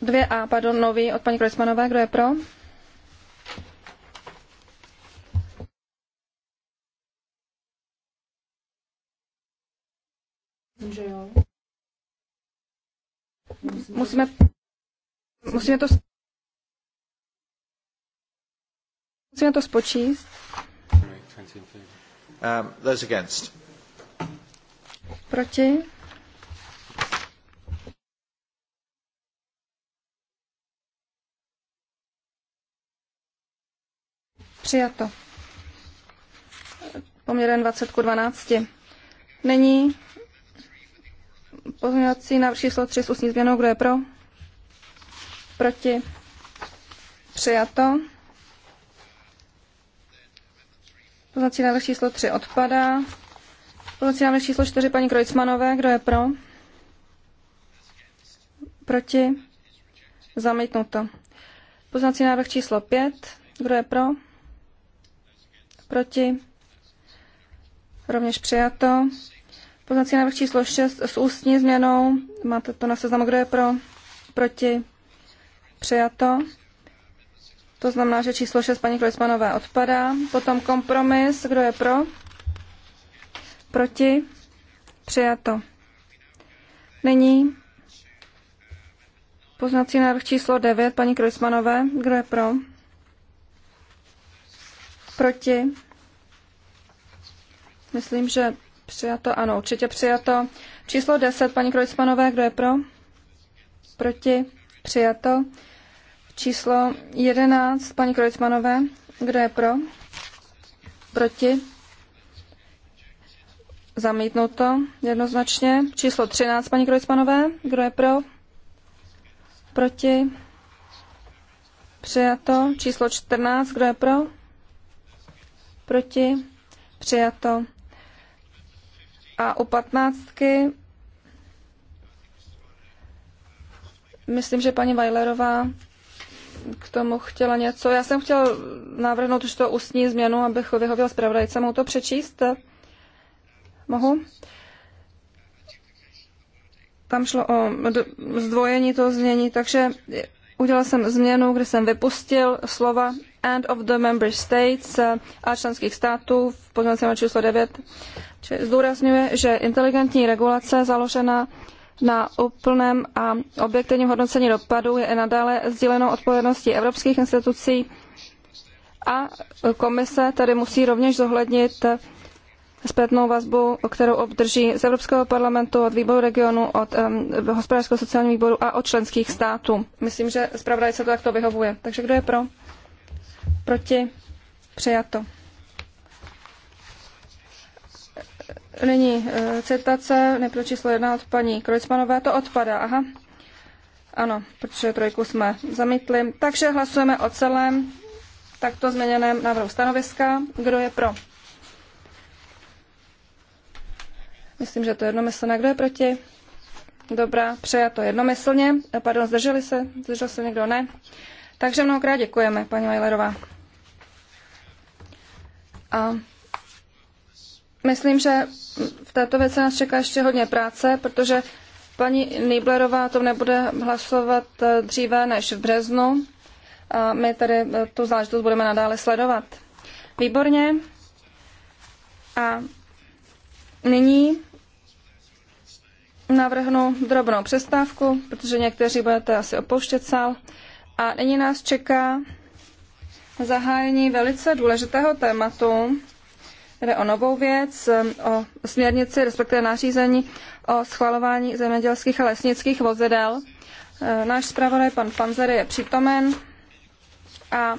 2a, pardon, nový od paní Krojcmanové. Kdo je pro? Že jo musíme, musíme to musíme to spočíst. Um, those against. Proti. Přijato. Poměrem 20 k 12. Není Pozměňovací návrh číslo 3 s ústní změnou. Kdo je pro? Proti? Přijato. Pozměňovací návrh číslo 3 odpadá. Pozměňovací návrh číslo 4 paní Krojcmanové. Kdo je pro? Proti? Zamítnuto. Pozměňovací návrh číslo 5. Kdo je pro? Proti? Rovněž přijato. Poznací návrh číslo 6 s ústní změnou. Máte to na seznamu, kdo je pro, proti, přijato. To znamená, že číslo 6 paní Klojsmanové odpadá. Potom kompromis, kdo je pro, proti, přijato. Nyní poznací návrh číslo 9 paní Klojsmanové, kdo je pro, proti. Myslím, že Přijato, ano, určitě přijato. Číslo 10, paní Krojcmanové, kdo je pro? Proti? Přijato. Číslo 11, paní Krojcmanové, kdo je pro? Proti? Zamítnuto jednoznačně. Číslo 13, paní Krojcmanové, kdo je pro? Proti? Přijato. Číslo 14, kdo je pro? Proti? Přijato. A u patnáctky myslím, že paní Weilerová k tomu chtěla něco. Já jsem chtěl navrhnout už to ústní změnu, abych vyhověl zpravodajce. Mohu to přečíst? Mohu? Tam šlo o zdvojení toho změní, takže udělal jsem změnu, kde jsem vypustil slova and of the member states a členských států v pozměnce číslo 9 zdůrazňuje, že inteligentní regulace založená na úplném a objektivním hodnocení dopadů je nadále sdílenou odpovědností evropských institucí a komise tedy musí rovněž zohlednit zpětnou vazbu, kterou obdrží z Evropského parlamentu, od výboru regionu, od um, hospodářského sociálního výboru a od členských států. Myslím, že zpravodaj se to takto vyhovuje. Takže kdo je pro? Proti? Přijato. Nyní eh, citace, nejprve číslo jedna od paní Krojcmanové, to odpadá, aha. Ano, protože trojku jsme zamítli. Takže hlasujeme o celém takto změněném návrhu stanoviska. Kdo je pro? Myslím, že to je jednomyslné. Kdo je proti? Dobrá, to jednomyslně. Eh, pardon, zdrželi se? Zdržel se někdo? Ne. Takže mnohokrát děkujeme, paní Majlerová. A Myslím, že v této věci nás čeká ještě hodně práce, protože paní Nýblerová to nebude hlasovat eh, dříve než v březnu a my tedy eh, tu záležitost budeme nadále sledovat. Výborně. A nyní navrhnu drobnou přestávku, protože někteří budete asi opouštět sál. A nyní nás čeká zahájení velice důležitého tématu, jde o novou věc, um, o směrnici, respektive nařízení o schvalování zemědělských a lesnických vozidel. Uh, náš zpravodaj, pan Panzer, je přítomen a uh,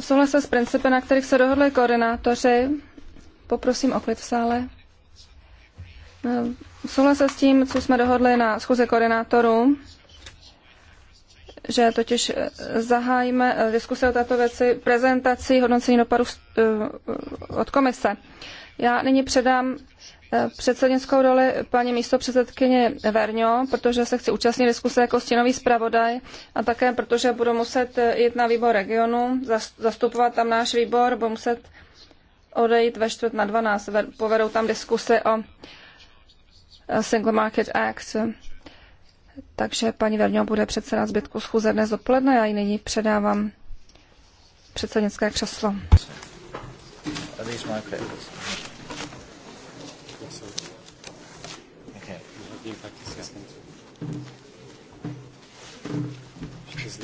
v souhlasu s principy, na kterých se dohodli koordinátoři, poprosím o klid v sále. Uh, v s tím, co jsme dohodli na schůze koordinátorů, že totiž eh, zahájíme eh, diskuse o této věci prezentací hodnocení dopadu eh, od komise. Já nyní předám předsednickou roli paní místo předsedkyně Verňo, protože se chci účastnit diskuse jako stínový zpravodaj a také protože budu muset jít na výbor regionu, zastupovat tam náš výbor, budu muset odejít ve čtvrt na 12. Povedou tam diskuse o Single Market Act takže paní Verňo bude předsedat zbytku schůze dnes dopoledne. Já ji nyní předávám předsednické křeslo.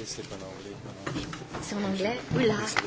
C'est en anglais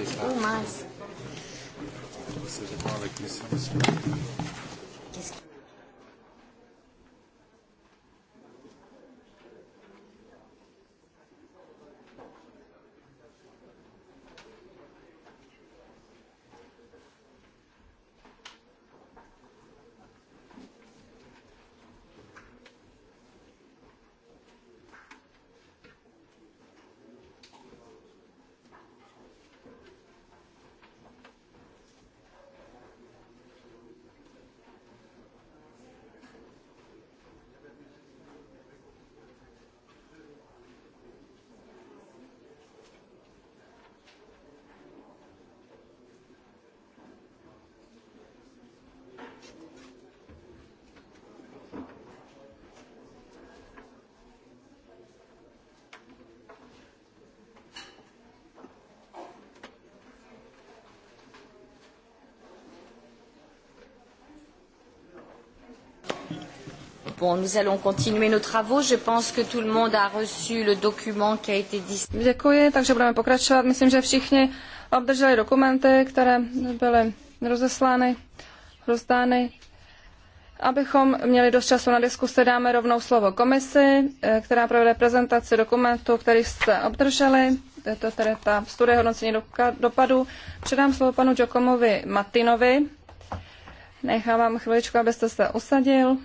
Bon, nous allons continuer nos travaux. Je pense que tout le monde a reçu le document qui a été distribué. Děkuji, takže budeme pokračovat. Myslím, že všichni obdrželi dokumenty, které byly rozeslány, rozdány. Abychom měli dost času na diskusi, dáme rovnou slovo komisi, eh, která provede prezentaci dokumentu, který jste obdrželi. Je to tedy ta studie hodnocení dopadu. Předám slovo panu Jokomovi Matinovi. Nechám vám chviličku, abyste se usadil.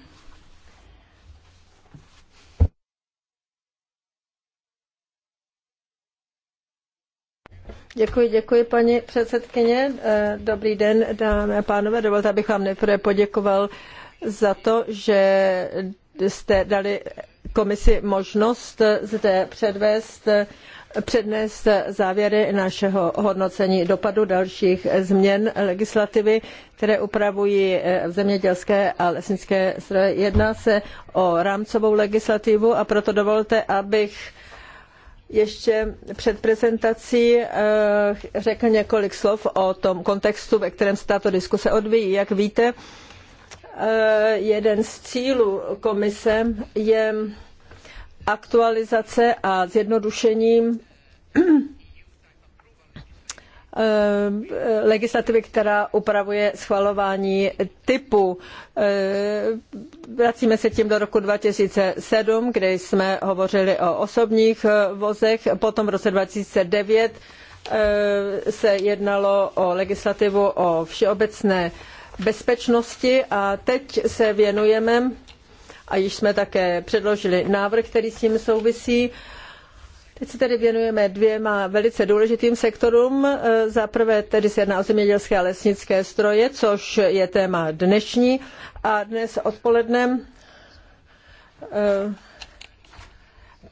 Děkuji, děkuji paní předsedkyně. Eh, dobrý den, dámy a pánové. Dovolte, abych vám nejprve poděkoval za to, že jste dali komisi možnost zde předvést přednést závěry našeho hodnocení dopadu dalších změn legislativy, které upravují eh, zemědělské a lesnické stroje. Jedná se o rámcovou legislativu a proto dovolte, abych ještě před prezentací eh, řekl několik slov o tom kontextu, ve kterém se tato diskuse odvíjí. Jak víte, eh, jeden z cílů komise je aktualizace a zjednodušení Eh, legislativy, která upravuje schvalování typu. Eh, vracíme se tím do roku 2007, kdy jsme hovořili o osobních eh, vozech, potom v roce 2009 se jednalo o legislativu o všeobecné bezpečnosti a teď se věnujeme a již jsme také předložili návrh, který s tím souvisí, Teď se tedy věnujeme dvěma velice důležitým sektorům. E, za prvé tedy se jedná o zemědělské a lesnické stroje, což je téma dnešní. A dnes odpoledne e,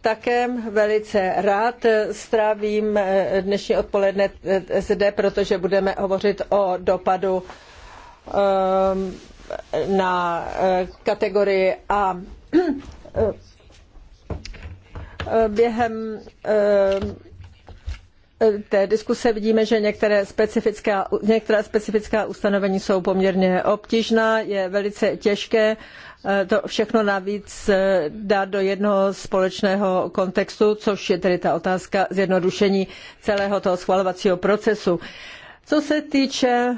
také velice rád strávím e, dnešní odpoledne zde, protože budeme hovořit o dopadu na kategorii A Eh, během eh, té diskuse vidíme, že některé specifická, některá specifická ustanovení jsou poměrně obtížná, je velice těžké eh, to všechno navíc dát do jednoho společného kontextu, což je tedy ta otázka zjednodušení celého toho schvalovacího procesu. Co se týče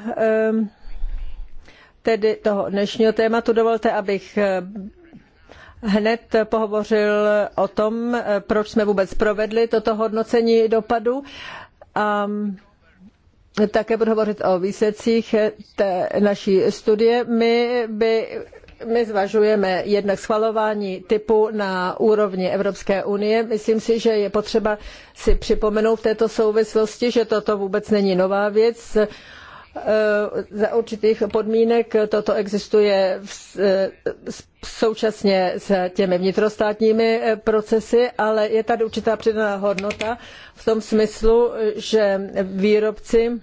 tedy toho dnešního tématu, dovolte, abych hned pohovořil o tom, proč jsme vůbec provedli toto hodnocení dopadu. A také budu hovořit o výsledcích té naší studie. My by my zvažujeme jednak schvalování typu na úrovni Evropské unie. Myslím si, že je potřeba si připomenout v této souvislosti, že toto vůbec není nová věc. Eh, za určitých podmínek toto existuje v, eh, současně s těmi vnitrostátními eh, procesy, ale je tady určitá přidaná hodnota v tom smyslu, že výrobci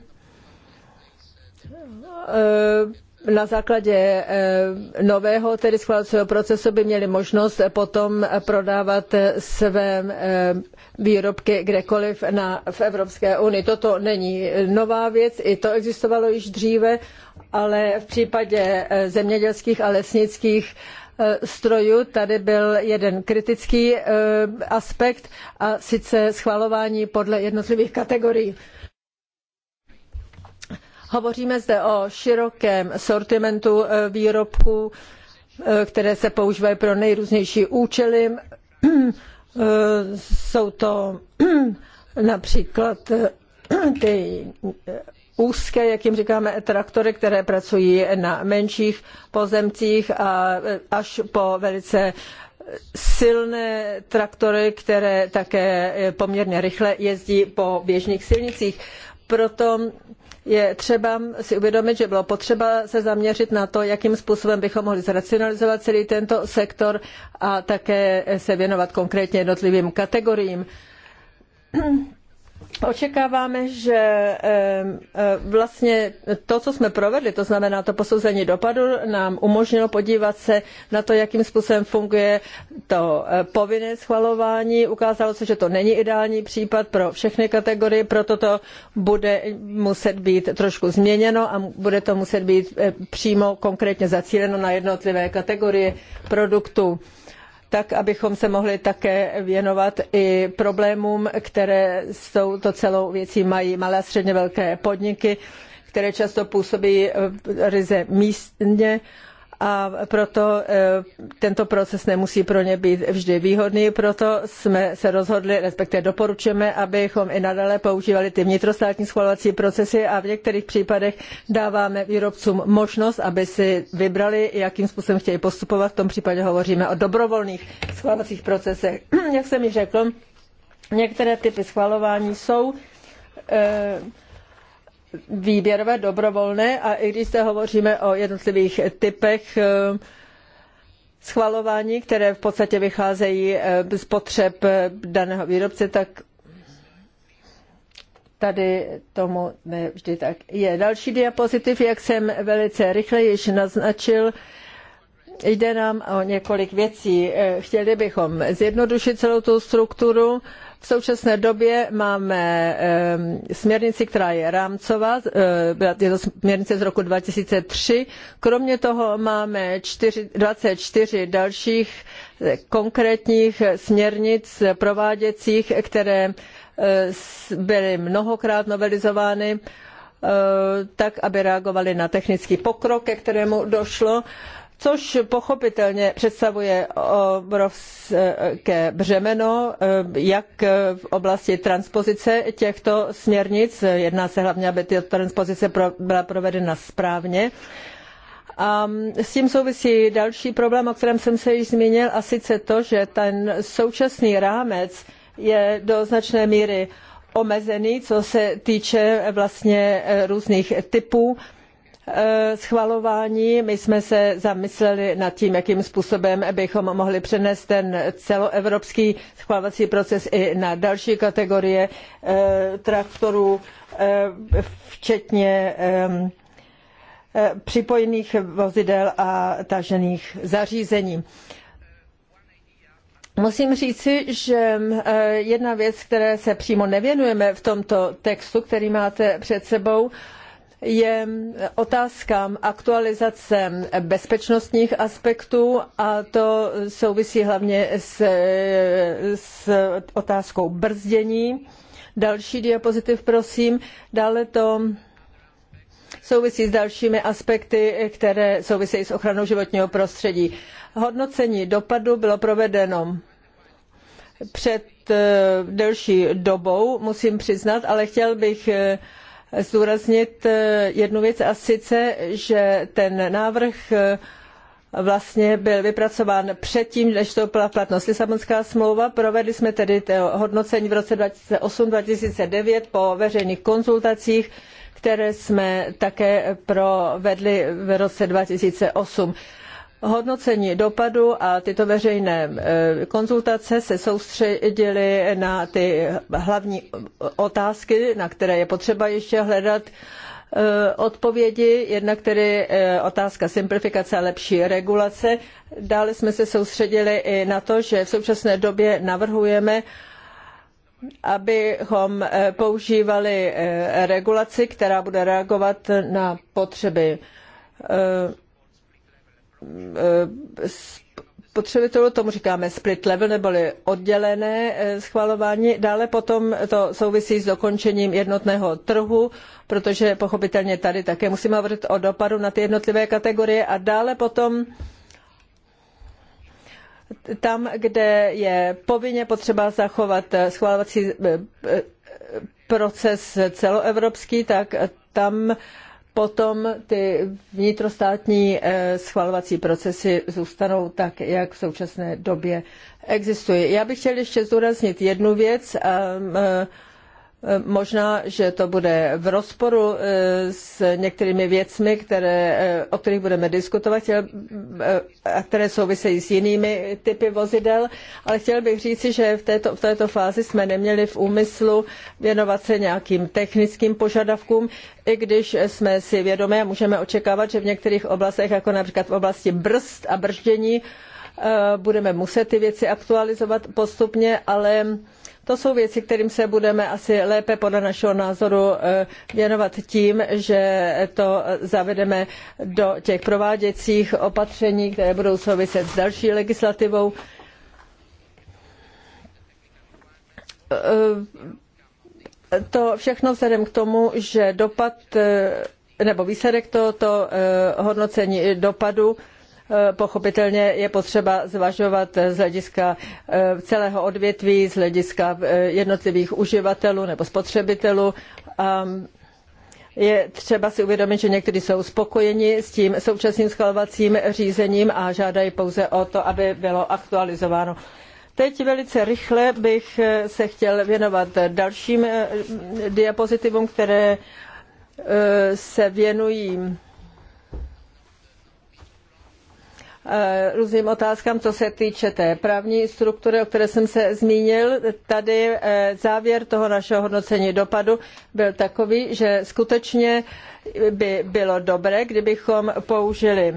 na základě eh, nového tedy schvalovacího procesu by měli možnost potom prodávat své eh, výrobky kdekoliv na, v Evropské unii. Toto není nová věc, i to existovalo již dříve, ale v případě eh, zemědělských a lesnických strojů tady byl jeden kritický aspekt a sice schvalování podle jednotlivých kategorií. Hovoříme zde o širokém sortimentu eh, výrobků, eh, které se používají pro nejrůznější účely. Eh, jsou to například ty úzké, jak jim říkáme, traktory, které pracují na menších pozemcích a až po velice silné traktory, které také poměrně rychle jezdí po běžných silnicích. Proto je třeba si uvědomit, že bylo potřeba se zaměřit na to, jakým způsobem bychom mohli zracionalizovat celý tento sektor a také se věnovat konkrétně jednotlivým kategoriím. Očekáváme, že e, vlastně to, co jsme provedli, to znamená to posouzení dopadu, nám umožnilo podívat se na to, jakým způsobem funguje to e, povinné schvalování. Ukázalo se, že to není ideální případ pro všechny kategorie, proto to bude muset být trošku změněno a bude to muset být e, přímo konkrétně zacíleno na jednotlivé kategorie produktů tak abychom se mohli také věnovat i problémům, které s touto celou věcí mají malé a středně velké podniky, které často působí ryze místně a proto e, tento proces nemusí pro ně být vždy výhodný, proto jsme se rozhodli, respektive doporučujeme, abychom i nadále používali ty vnitrostátní schvalovací procesy a v některých případech dáváme výrobcům možnost, aby si vybrali, jakým způsobem chtějí postupovat. V tom případě hovoříme o dobrovolných schvalovacích procesech. Jak jsem již řekl, některé typy schvalování jsou e, výběrové, dobrovolné a i když se hovoříme o jednotlivých typech eh, schvalování, které v podstatě vycházejí eh, z potřeb eh, daného výrobce, tak tady tomu ne vždy tak je. Další diapozitiv, jak jsem velice rychle již naznačil, jde nám o několik věcí. Chtěli bychom zjednodušit celou tu strukturu, v současné době máme ehm, směrnici, která je rámcová, ehm, je to směrnice z roku 2003. Kromě toho máme 24 dalších eh, konkrétních směrnic prováděcích, které eh, byly mnohokrát novelizovány eh, tak, aby reagovaly na technický pokrok, ke kterému došlo což pochopitelně představuje obrovské břemeno, eh, jak v oblasti transpozice těchto směrnic. Jedná se hlavně, aby ta transpozice byla provedena správně. A mm, s tím souvisí další problém, o kterém jsem se již zmínil, a sice to, že ten současný rámec je do značné míry omezený, co se týče eh, vlastně eh, různých typů Eh, schvalování. My jsme se zamysleli nad tím, jakým způsobem bychom mohli přenést ten celoevropský schvalovací proces i na další kategorie eh, traktorů, eh, včetně připojených vozidel a tažených zařízení. Musím říci, že jedna věc, které se přímo nevěnujeme v tomto textu, který máte před sebou, je otázka aktualizace bezpečnostních aspektů a to souvisí hlavně s, s otázkou brzdění. Další diapozitiv, prosím. Dále to souvisí s dalšími aspekty, které souvisejí s ochranou životního prostředí. Hodnocení dopadu bylo provedeno před eh, delší dobou, musím přiznat, ale chtěl bych eh, zdůraznit eh, jednu věc a sice, že ten návrh eh, vlastně byl vypracován předtím, než vstoupila v platnost Lisabonská smlouva. Provedli jsme tedy to hodnocení v roce 2008-2009 po veřejných konzultacích, které jsme také provedli v roce 2008. Hodnocení dopadu a tyto veřejné eh, konzultace se soustředily na ty hlavní otázky, na které je potřeba ještě hledat eh, odpovědi, jednak tedy eh, otázka simplifikace a lepší regulace. Dále jsme se soustředili i na to, že v současné době navrhujeme abychom používali regulaci, která bude reagovat na potřeby Eh, spotřebitelů, tomu říkáme split level neboli oddělené eh, schvalování. Dále potom to souvisí s dokončením jednotného trhu, protože pochopitelně tady také musíme hovořit o dopadu na ty jednotlivé kategorie a dále potom tam, kde je povinně potřeba zachovat eh, schvalovací proces celoevropský, tak tam potom ty vnitrostátní eh, schvalovací procesy zůstanou tak, jak v současné době existují. Já bych chtěl ještě zdůraznit jednu věc. Eh, Eh, možná, že to bude v rozporu eh, s některými věcmi, které, eh, o kterých budeme diskutovat, a které souvisejí s jinými typy vozidel, ale chtěl bych říci, že v této, v této fázi jsme neměli v úmyslu věnovat se nějakým technickým požadavkům, i když jsme si vědomi a můžeme očekávat, že v některých oblastech, jako například v oblasti brzd a brždění, budeme muset ty věci aktualizovat postupně, ale to jsou věci, kterým se budeme asi lépe podle našeho názoru eh, věnovat tím, že to zavedeme do těch prováděcích opatření, které budou souviset s další legislativou eh, to všechno vzhledem k tomu, že dopad eh, nebo výsledek tohoto hodnocení dopadu Eh, pochopitelně je potřeba zvažovat z hlediska eh, celého odvětví, z hlediska eh, jednotlivých uživatelů nebo spotřebitelů. A ehm, je třeba si uvědomit, že někteří jsou spokojeni s tím současným schvalovacím řízením a žádají pouze o to, aby bylo aktualizováno. Teď velice rychle bych se chtěl věnovat dalším diapozitivům, které se věnují Eh, různým otázkám, co se týče té právní struktury, o které jsem se zmínil. Tady eh, závěr toho našeho hodnocení dopadu byl takový, že skutečně by bylo dobré, kdybychom použili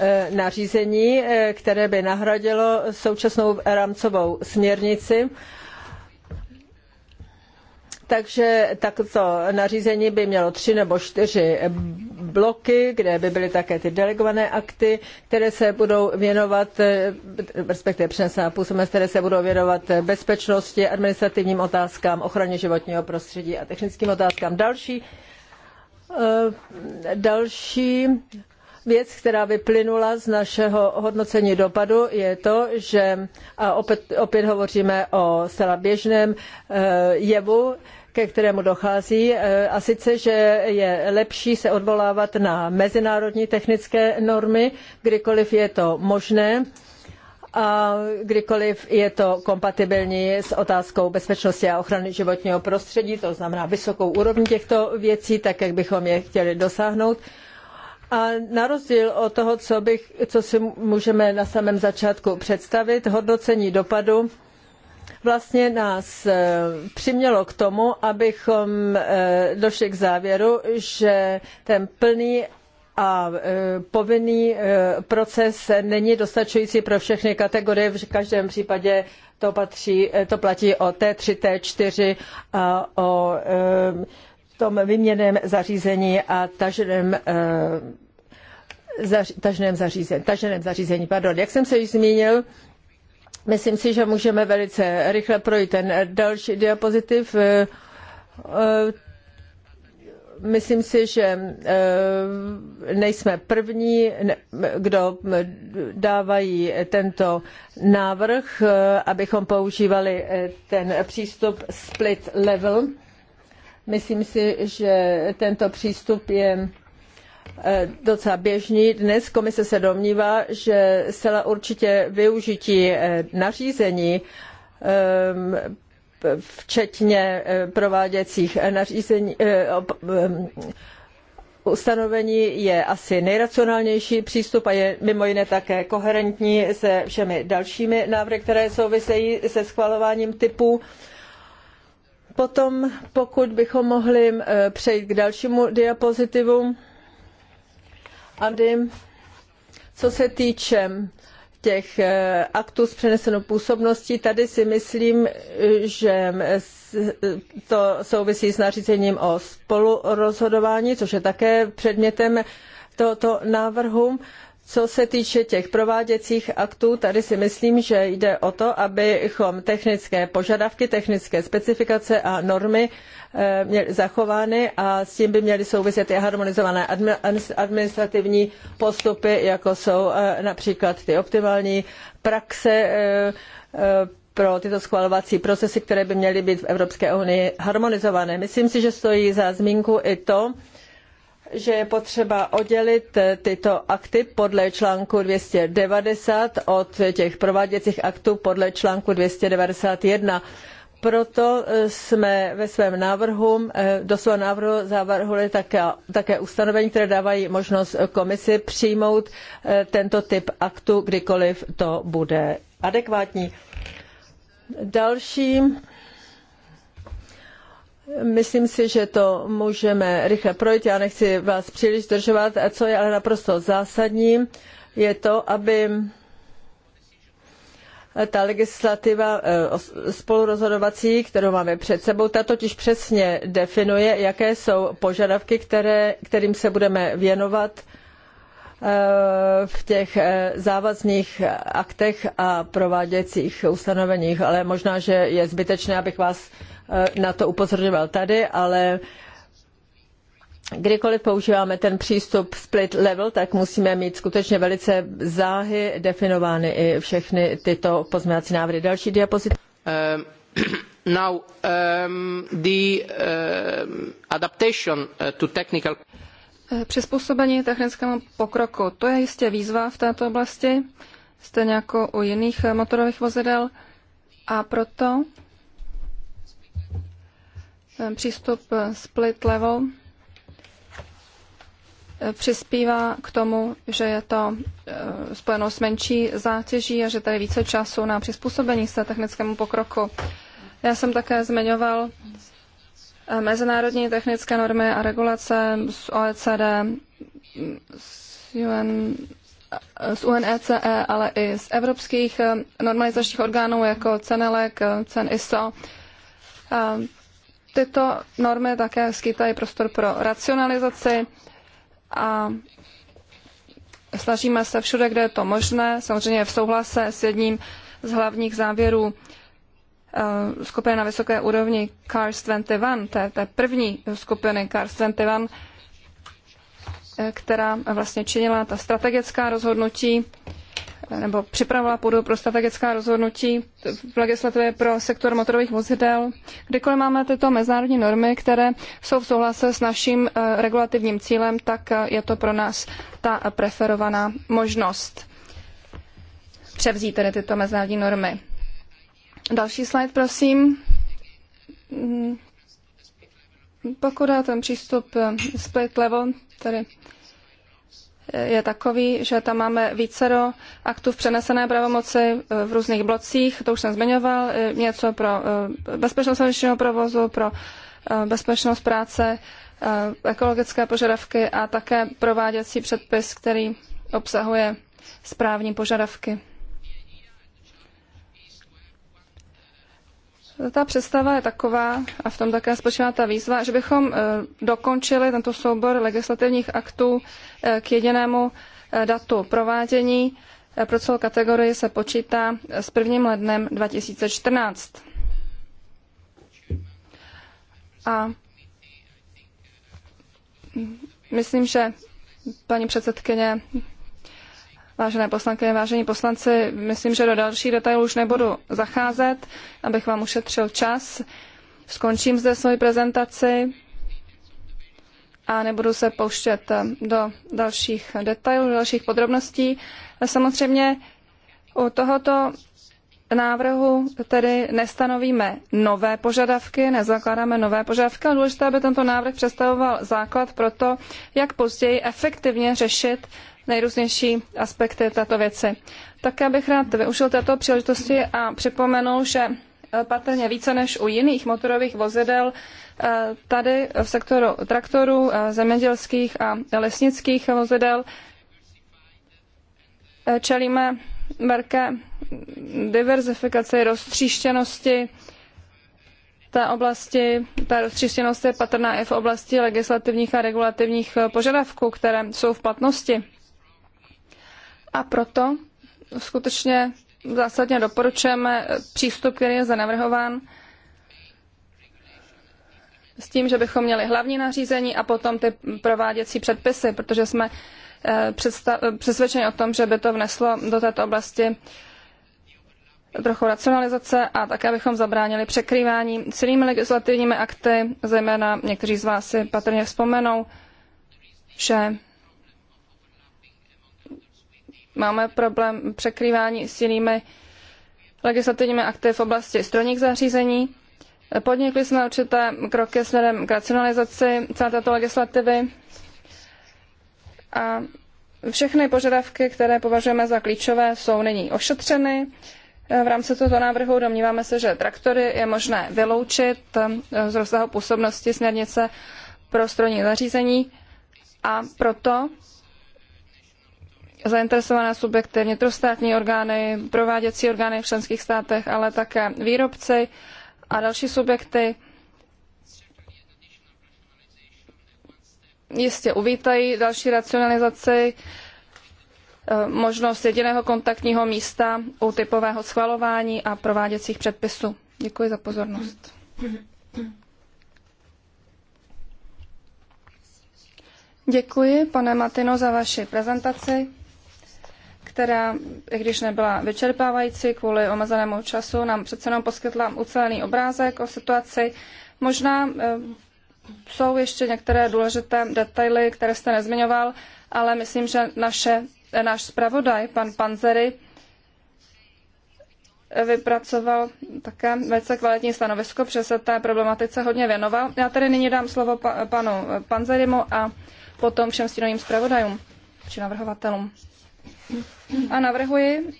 eh, nařízení, které by nahradilo současnou rámcovou směrnici takže takto nařízení by mělo tři nebo čtyři bloky, kde by byly také ty delegované akty, které se budou věnovat, respektive přenesená působnost, které se budou věnovat bezpečnosti, administrativním otázkám, ochraně životního prostředí a technickým otázkám. Další, eh, další věc, která vyplynula z našeho hodnocení dopadu, je to, že, a opět, opět hovoříme o zcela běžném eh, jevu, ke kterému dochází, eh, a sice, že je lepší se odvolávat na mezinárodní technické normy, kdykoliv je to možné a kdykoliv je to kompatibilní s otázkou bezpečnosti a ochrany životního prostředí, to znamená vysokou úrovni těchto věcí, tak jak bychom je chtěli dosáhnout. A na rozdíl od toho, co, bych, co si můžeme na samém začátku představit, hodnocení dopadu vlastně nás eh, přimělo k tomu, abychom eh, došli k závěru, že ten plný a eh, povinný proces není dostačující pro všechny kategorie. V každém případě to, patří, to platí o T3, T4 a o tom vyměném zařízení a taženém eh, taženém zařízení, taženém zařízení, pardon. Jak jsem se již zmínil, myslím si, že můžeme velice rychle projít ten další diapozitiv. Eh, eh, myslím si, že nejsme první, kdo dávají tento návrh, abychom používali ten přístup split level Myslím si, že tento přístup je eh, docela běžný. Dnes komise se domnívá, že zcela určitě využití eh, nařízení eh, včetně prováděcích nařízení, ustanovení je asi nejracionálnější přístup a je mimo jiné také koherentní se všemi dalšími návrhy, které souvisejí se schvalováním typu. Potom, pokud bychom mohli eh, přejít k dalšímu diapozitivu. Andy, co se týče těch eh, aktů s přenesenou působností, tady si myslím, eh, že to souvisí s nařízením o spolurozhodování, což je také předmětem tohoto návrhu. Co se týče těch prováděcích aktů, tady si myslím, že jde o to, abychom technické požadavky, technické specifikace a normy eh, měli zachovány a s tím by měly souviset i harmonizované administrativní postupy, jako jsou eh, například ty optimální praxe eh, pro tyto schvalovací procesy, které by měly být v Evropské unii harmonizované. Myslím si, že stojí za zmínku i to, že je potřeba oddělit eh, tyto akty podle článku 290 od těch prováděcích aktů podle článku 291. Proto eh, jsme ve svém návrhu, eh, do svého návrhu zavrhli také, také ustanovení, které dávají možnost komisi přijmout tento typ aktu, kdykoliv to bude adekvátní. Dalším Myslím si, že to můžeme rychle projít. Já nechci vás příliš zdržovat. Co je ale naprosto zásadní, je to, aby ta legislativa eh, spolurozhodovací, kterou máme před sebou, ta totiž přesně definuje, jaké jsou požadavky, které, kterým se budeme věnovat eh, v těch eh, závazných aktech a prováděcích ustanoveních, ale možná, že je zbytečné, abych vás Eh, na to upozorňoval tady, ale kdykoliv používáme ten přístup split level, tak musíme mít skutečně velice záhy definovány i všechny tyto pozměňovací návrhy. Další diapozitiva. Um. Now, um, the um, uh, adaptation to technical... Eh, přizpůsobení technickému pokroku, to je jistě výzva v této oblasti, stejně jako u jiných eh, motorových vozidel. A proto přístup split level eh, přispívá k tomu, že je to eh, spojeno s menší zátěží a že tady více času na přizpůsobení se technickému pokroku. Já jsem také zmiňoval eh, mezinárodní technické normy a regulace z OECD, z, UN, z UNECE, e, ale i z evropských normalizačních orgánů jako CENELEC, CEN ISO. Tyto normy také skýtají prostor pro racionalizaci a snažíme se všude, kde je to možné, samozřejmě v souhlase s jedním z hlavních závěrů eh, skupiny na vysoké úrovni CARS 21, je té první skupiny CARS 21, eh, která vlastně činila ta strategická rozhodnutí nebo připravovala půdu pro strategická rozhodnutí v legislativě pro sektor motorových vozidel. Kdykoliv máme tyto mezinárodní normy, které jsou v souhlase s naším eh, regulativním cílem, tak eh, je to pro nás ta preferovaná možnost převzít tedy tyto mezinárodní normy. Další slide, prosím. Mm. Pokud dá ten přístup eh, split level, tedy je takový, že tam máme vícero aktů v přenesené pravomoci e, v různých blocích, to už jsem zmiňoval, e, něco pro e, bezpečnost silničního provozu, pro bezpečnost práce, ekologické požadavky a také prováděcí předpis, který obsahuje správní požadavky. Ta představa je taková, a v tom také spočívá ta výzva, že bychom eh, dokončili tento soubor legislativních aktů eh, k jedinému eh, datu provádění. Pro celou kategorii se počítá s 1. lednem 2014. A myslím, že paní předsedkyně Vážené poslankyně, vážení poslanci, myslím, že do dalších detailů už nebudu zacházet, abych vám ušetřil čas. Skončím zde svoji prezentaci a nebudu se pouštět do dalších detailů, do dalších podrobností. Samozřejmě u tohoto návrhu tedy nestanovíme nové požadavky, nezakládáme nové požadavky, ale důležité, aby tento návrh představoval základ pro to, jak později efektivně řešit nejrůznější aspekty této věci. Také bych rád využil této příležitosti a připomenul, že eh, patrně více než u jiných motorových vozidel eh, tady v sektoru traktorů, eh, zemědělských a lesnických vozidel čelíme velké diverzifikaci, roztříštěnosti té oblasti. Ta roztříštěnost je patrná i v oblasti legislativních a regulativních požadavků, které jsou v platnosti. A proto skutečně zásadně doporučujeme přístup, který je zanavrhován s tím, že bychom měli hlavní nařízení a potom ty prováděcí předpisy, protože jsme eh, přesvědčeni o tom, že by to vneslo do této oblasti trochu racionalizace a také bychom zabránili překrývání celými legislativními akty, zejména někteří z vás si patrně vzpomenou, že Máme problém překrývání s jinými legislativními akty v oblasti strojních zařízení. Podnikli jsme určité kroky směrem k racionalizaci celé této legislativy a všechny požadavky, které považujeme za klíčové, jsou nyní ošetřeny. V rámci tohoto návrhu domníváme se, že traktory je možné vyloučit z rozsahu působnosti směrnice pro strojní zařízení a proto zainteresované subjekty, vnitrostátní orgány, prováděcí orgány v členských státech, ale také výrobci a další subjekty jistě uvítají další racionalizaci, eh, možnost jediného kontaktního místa u typového schvalování a prováděcích předpisů. Děkuji za pozornost. Děkuji, pane Matino, za vaši prezentaci která, i když nebyla vyčerpávající kvůli omezenému času, nám přece jenom poskytla ucelený obrázek o situaci. Možná eh, jsou ještě některé důležité detaily, které jste nezmiňoval, ale myslím, že naše, eh, náš zpravodaj, pan Panzery, eh, vypracoval také velice kvalitní stanovisko, protože se té problematice hodně věnoval. Já tady nyní dám slovo pa, panu Panzerimu a potom všem stínovým zpravodajům či navrhovatelům. A navrhuji,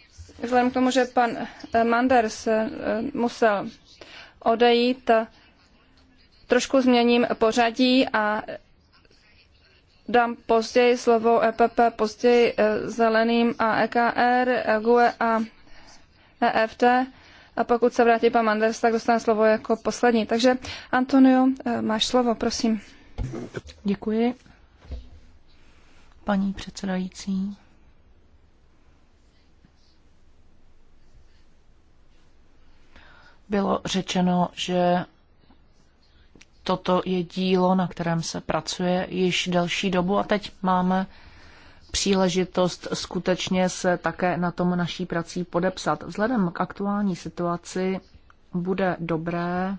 vzhledem k tomu, že pan eh, Manders eh, musel odejít, trošku změním pořadí a dám později slovo EPP, později eh, zeleným a EKR, GUE a EFT. A pokud se vrátí pan Manders, tak dostane slovo jako poslední. Takže Antonio, máš slovo, prosím. Děkuji, paní předsedající. bylo řečeno, že toto je dílo, na kterém se pracuje již delší dobu a teď máme příležitost skutečně se také na tom naší prací podepsat. Vzhledem k aktuální situaci bude dobré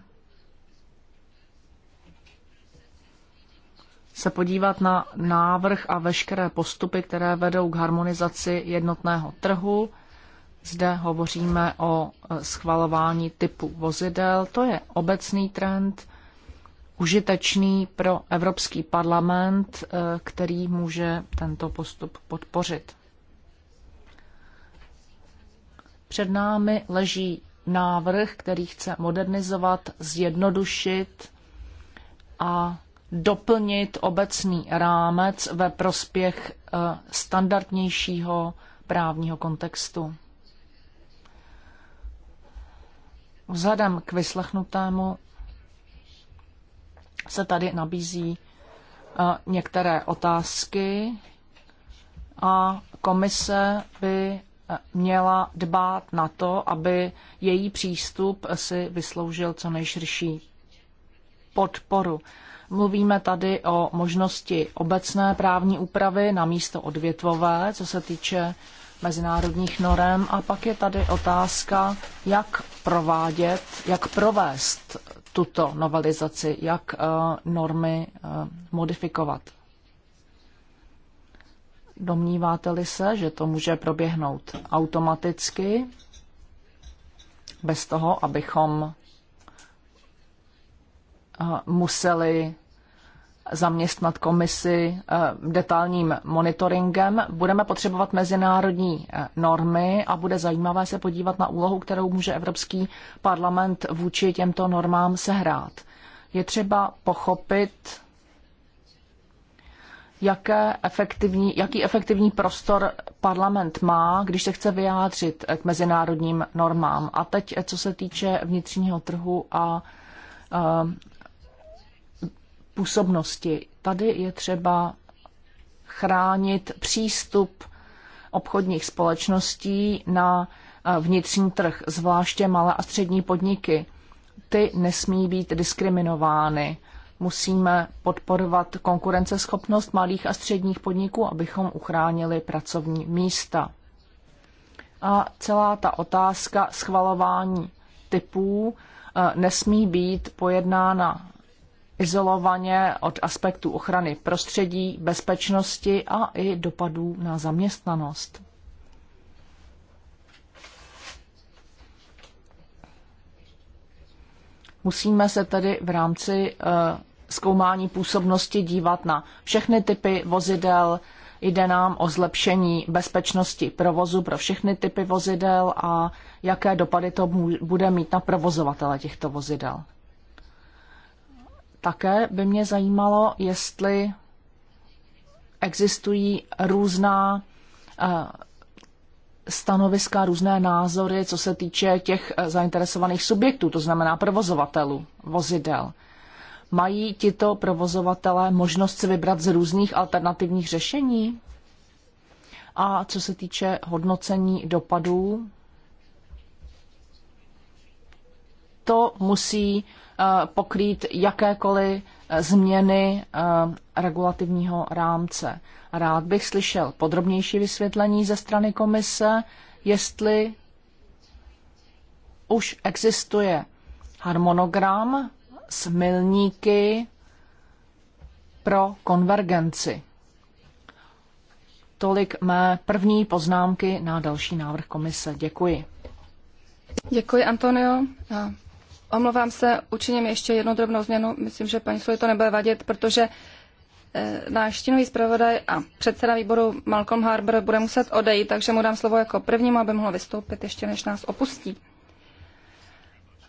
se podívat na návrh a veškeré postupy, které vedou k harmonizaci jednotného trhu zde hovoříme o e, schvalování typu vozidel. To je obecný trend, užitečný pro Evropský parlament, e, který může tento postup podpořit. Před námi leží návrh, který chce modernizovat, zjednodušit a doplnit obecný rámec ve prospěch e, standardnějšího právního kontextu. Vzhledem k vyslechnutému se tady nabízí eh, některé otázky a komise by eh, měla dbát na to, aby její přístup si vysloužil co nejširší podporu. Mluvíme tady o možnosti obecné právní úpravy na místo odvětvové, co se týče mezinárodních norem. A pak je tady otázka, jak provádět, jak provést tuto novelizaci, jak eh, normy eh, modifikovat. Domníváte-li se, že to může proběhnout automaticky, bez toho, abychom eh, museli zaměstnat komisi eh, detailním monitoringem. Budeme potřebovat mezinárodní eh, normy a bude zajímavé se podívat na úlohu, kterou může Evropský parlament vůči těmto normám sehrát. Je třeba pochopit, jaké efektivní, jaký efektivní prostor parlament má, když se chce vyjádřit k mezinárodním normám. A teď, eh, co se týče vnitřního trhu a působnosti. Tady je třeba chránit přístup obchodních společností na eh, vnitřní trh, zvláště malé a střední podniky. Ty nesmí být diskriminovány. Musíme podporovat konkurenceschopnost malých a středních podniků, abychom uchránili pracovní místa. A celá ta otázka schvalování typů eh, nesmí být pojednána izolovaně od aspektu ochrany prostředí, bezpečnosti a i dopadů na zaměstnanost. Musíme se tedy v rámci eh, zkoumání působnosti dívat na všechny typy vozidel. Jde nám o zlepšení bezpečnosti provozu pro všechny typy vozidel a jaké dopady to bude mít na provozovatele těchto vozidel také by mě zajímalo, jestli existují různá eh, stanoviska, různé názory, co se týče těch eh, zainteresovaných subjektů, to znamená provozovatelů vozidel. Mají tito provozovatelé možnost si vybrat z různých alternativních řešení? A co se týče hodnocení dopadů, to musí Eh, pokrýt jakékoliv eh, změny eh, regulativního rámce. Rád bych slyšel podrobnější vysvětlení ze strany komise, jestli už existuje harmonogram s milníky pro konvergenci. Tolik mé první poznámky na další návrh komise. Děkuji. Děkuji, Antonio. Omlouvám se, učiním ještě jednu drobnou změnu. Myslím, že paní Soli to nebude vadit, protože eh, náš štinový zpravodaj a předseda výboru Malcolm Harbour bude muset odejít, takže mu dám slovo jako prvnímu, aby mohl vystoupit ještě než nás opustí.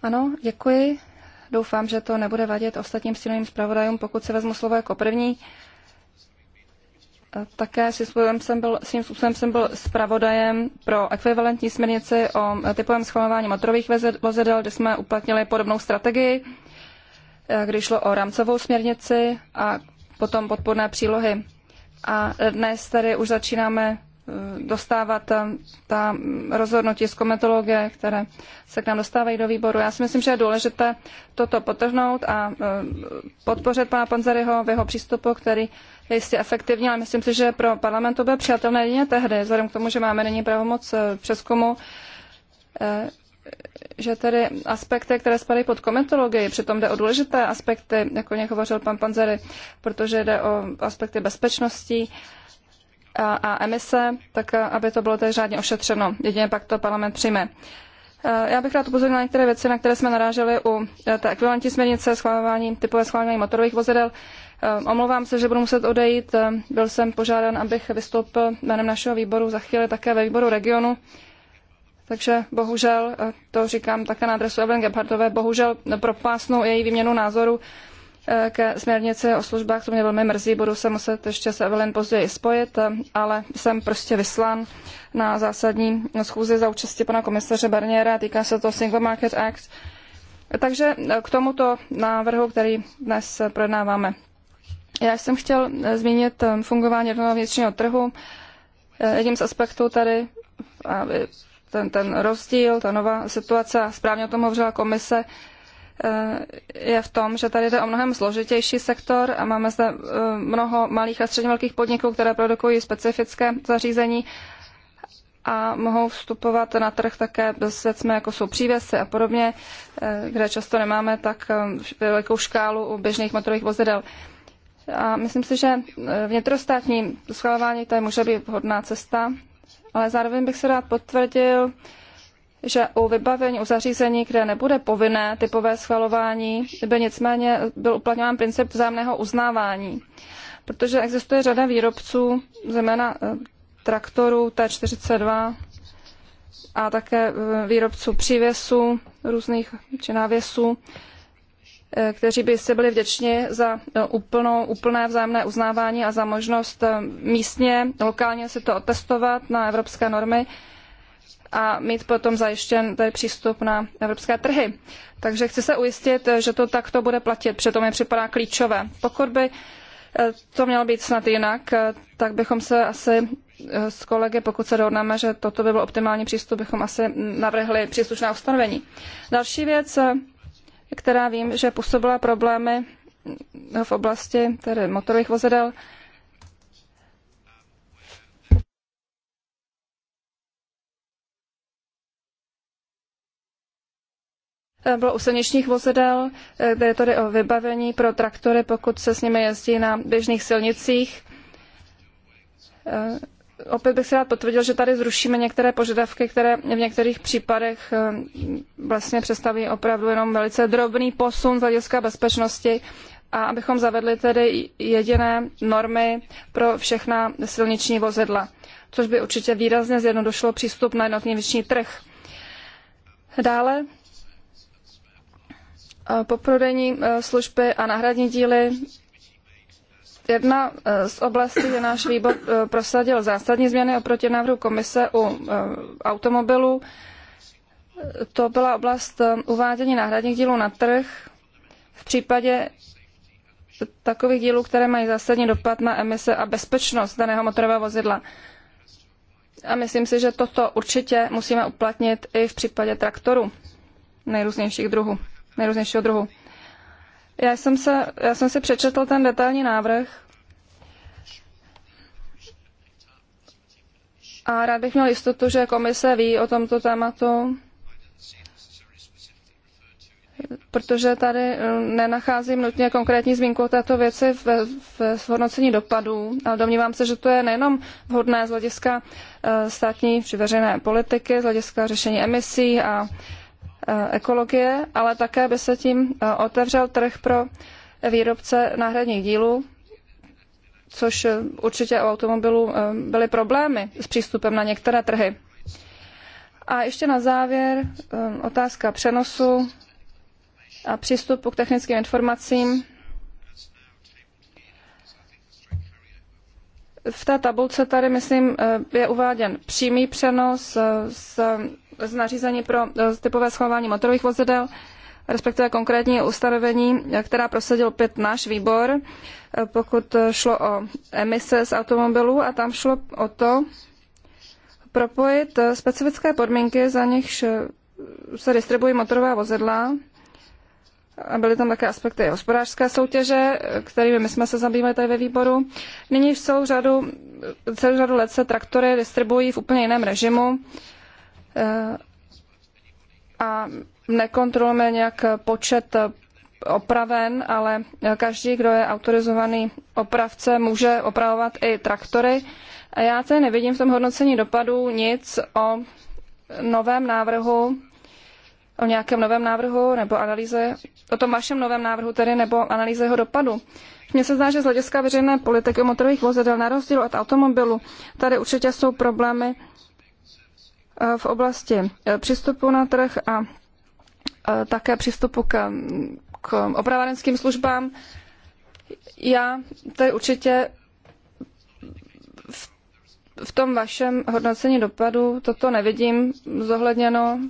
Ano, děkuji. Doufám, že to nebude vadit ostatním stínovým zpravodajům, pokud se vezmu slovo jako první. Také svým způsobem jsem byl, svým způsobem jsem byl pro ekvivalentní směrnici o e, typovém schvalování motorových vozidel, kde jsme uplatnili podobnou strategii, e, když šlo o rámcovou směrnici a potom podporné přílohy. A dnes tady už začínáme dostávat ta, ta rozhodnutí z kometologie, které se k nám dostávají do výboru. Já si myslím, že je důležité toto potrhnout a e, podpořit pana Panzeryho v jeho přístupu, který je jistě efektivní, ale myslím si, že pro parlament to bylo přijatelné jedině tehdy, vzhledem k tomu, že máme nyní pravomoc e, přeskumu, e, že tedy aspekty, které spadají pod komentologii, přitom jde o důležité aspekty, jako o nich hovořil pan Panzery, protože jde o aspekty bezpečnosti, a emise, tak eh, aby to bylo tedy řádně ošetřeno. Jedině pak to parlament přijme. Eh, já bych rád upozornila na některé věci, na které jsme naráželi u eh, té ekvivalentní směrnice schvalování, typové schvalování motorových vozidel. Omlouvám se, že budu muset odejít. Byl jsem požádán, abych vystoupil jménem našeho výboru za chvíli také ve výboru regionu. Takže bohužel, to říkám také na adresu Evelyn Gebhardtové, bohužel propásnou její výměnu názoru Eh, ke směrnici o službách, to mě velmi mrzí, budu se muset ještě s Evelyn později spojit, eh, ale jsem prostě vyslán na zásadní schůzi za účasti pana komisaře Barniera, týká se to Single Market Act. Takže eh, k tomuto návrhu, který dnes projednáváme. Já jsem chtěl zmínit fungování jednoho vnitřního trhu. Jedním z aspektů tady ten, ten rozdíl, ta nová situace, správně o tom hovořila komise, Eh, je v tom, že tady jde o mnohem složitější sektor a máme zde eh, mnoho malých a středně velkých podniků, které produkují specifické zařízení a mohou vstupovat na trh také bez věcmi, jako jsou přívěsy a podobně, eh, kde často nemáme tak velkou škálu u běžných motorových vozidel. A myslím si, že vnitrostátní schvalování tady může být hodná cesta, ale zároveň bych se rád potvrdil, že u vybavení, u zařízení, kde nebude povinné typové schvalování, by nicméně byl uplatňován princip vzájemného uznávání. Protože existuje řada výrobců, zejména eh, traktorů T42 a také eh, výrobců přívěsů různých či návěsů, eh, kteří by si byli vděční za úplnou, úplné vzájemné uznávání a za možnost místně, lokálně si to otestovat na evropské normy a mít potom zajištěn přístup na evropské trhy. Takže chci se ujistit, že to takto bude platit, přitom mi připadá klíčové. Pokud by eh, to mělo být snad jinak, eh, tak bychom se asi eh, s kolegy, pokud se dohodneme, že toto by byl optimální přístup, bychom asi navrhli příslušná ustanovení. Další věc, která vím, že působila problémy v oblasti tedy motorových vozidel, bylo u silničních vozidel, kde eh, je tady o vybavení pro traktory, pokud se s nimi jezdí na běžných silnicích. Eh, opět bych si rád potvrdil, že tady zrušíme některé požadavky, které v některých případech eh, vlastně představí opravdu jenom velice drobný posun z hlediska bezpečnosti a abychom zavedli tedy jediné normy pro všechna silniční vozidla, což by určitě výrazně zjednodušilo přístup na jednotný vnitřní trh. Dále poprodejní e, služby a náhradní díly. Jedna e, z oblastí, kde náš výbor e, prosadil zásadní změny oproti návrhu komise u automobilů, to byla oblast uvádění náhradních dílů na trh v případě takových dílů, které mají zásadní dopad na emise a bezpečnost daného motorového vozidla. A myslím si, že toto určitě musíme uplatnit i v případě traktorů nejrůznějších druhů nejrůznějšího druhu. Já jsem, se, já jsem si přečetl ten detailní návrh a rád bych měl jistotu, že komise ví o tomto tématu, protože tady eh, nenacházím nutně konkrétní zmínku o této věci v, v hodnocení dopadů, ale domnívám se, že to je nejenom vhodné z hlediska eh, státní či veřejné politiky, z hlediska řešení emisí a Eh, ekologie, ale také by se tím eh, otevřel trh pro výrobce náhradních dílů, což eh, určitě u automobilů byly problémy s přístupem na některé trhy. A ještě na závěr otázka přenosu a přístupu k technickým informacím. V té tabulce tady, myslím, je uváděn přímý přenos z z nařízení pro e, typové schování motorových vozidel, respektive konkrétní ustanovení, e, která prosadil pět náš výbor, e, pokud šlo o emise z automobilů a tam šlo o to propojit specifické podmínky, za nichž se distribuují motorová vozidla a byly tam také aspekty hospodářské soutěže, kterými my jsme se zabývali tady ve výboru. Nyní v celou řadu, celou řadu let se traktory distribuují v úplně jiném režimu Eh, a nekontrolujeme nějak počet opraven, ale každý, kdo je autorizovaný opravce, může opravovat i traktory. A já tedy nevidím v tom hodnocení dopadů nic o novém návrhu, o nějakém novém návrhu nebo analýze, o tom vašem novém návrhu tedy nebo analýze jeho dopadu. Mně se zdá, že z hlediska veřejné politiky motorových vozidel na rozdíl od automobilu tady určitě jsou problémy Eh, v oblasti eh, přístupu na trh a eh, také přístupu k, k opravárenským službám. Já tady určitě v, v tom vašem hodnocení dopadu toto nevidím zohledněno.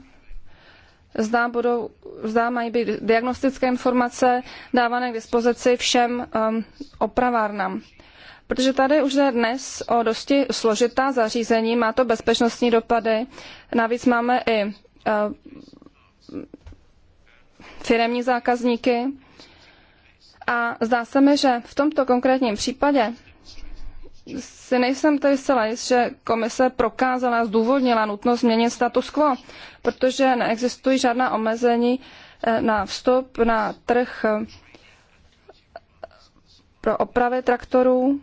Zdá, budou, zdá mají být diagnostické informace dávané k dispozici všem um, opravárnám. Protože tady už je dnes o dosti složitá zařízení, má to bezpečnostní dopady, navíc máme i uh, firemní zákazníky. A zdá se mi, že v tomto konkrétním případě si nejsem tedy zcela jist, že komise prokázala, zdůvodnila nutnost změnit status quo, protože neexistují žádná omezení eh, na vstup na trh eh, pro opravy traktorů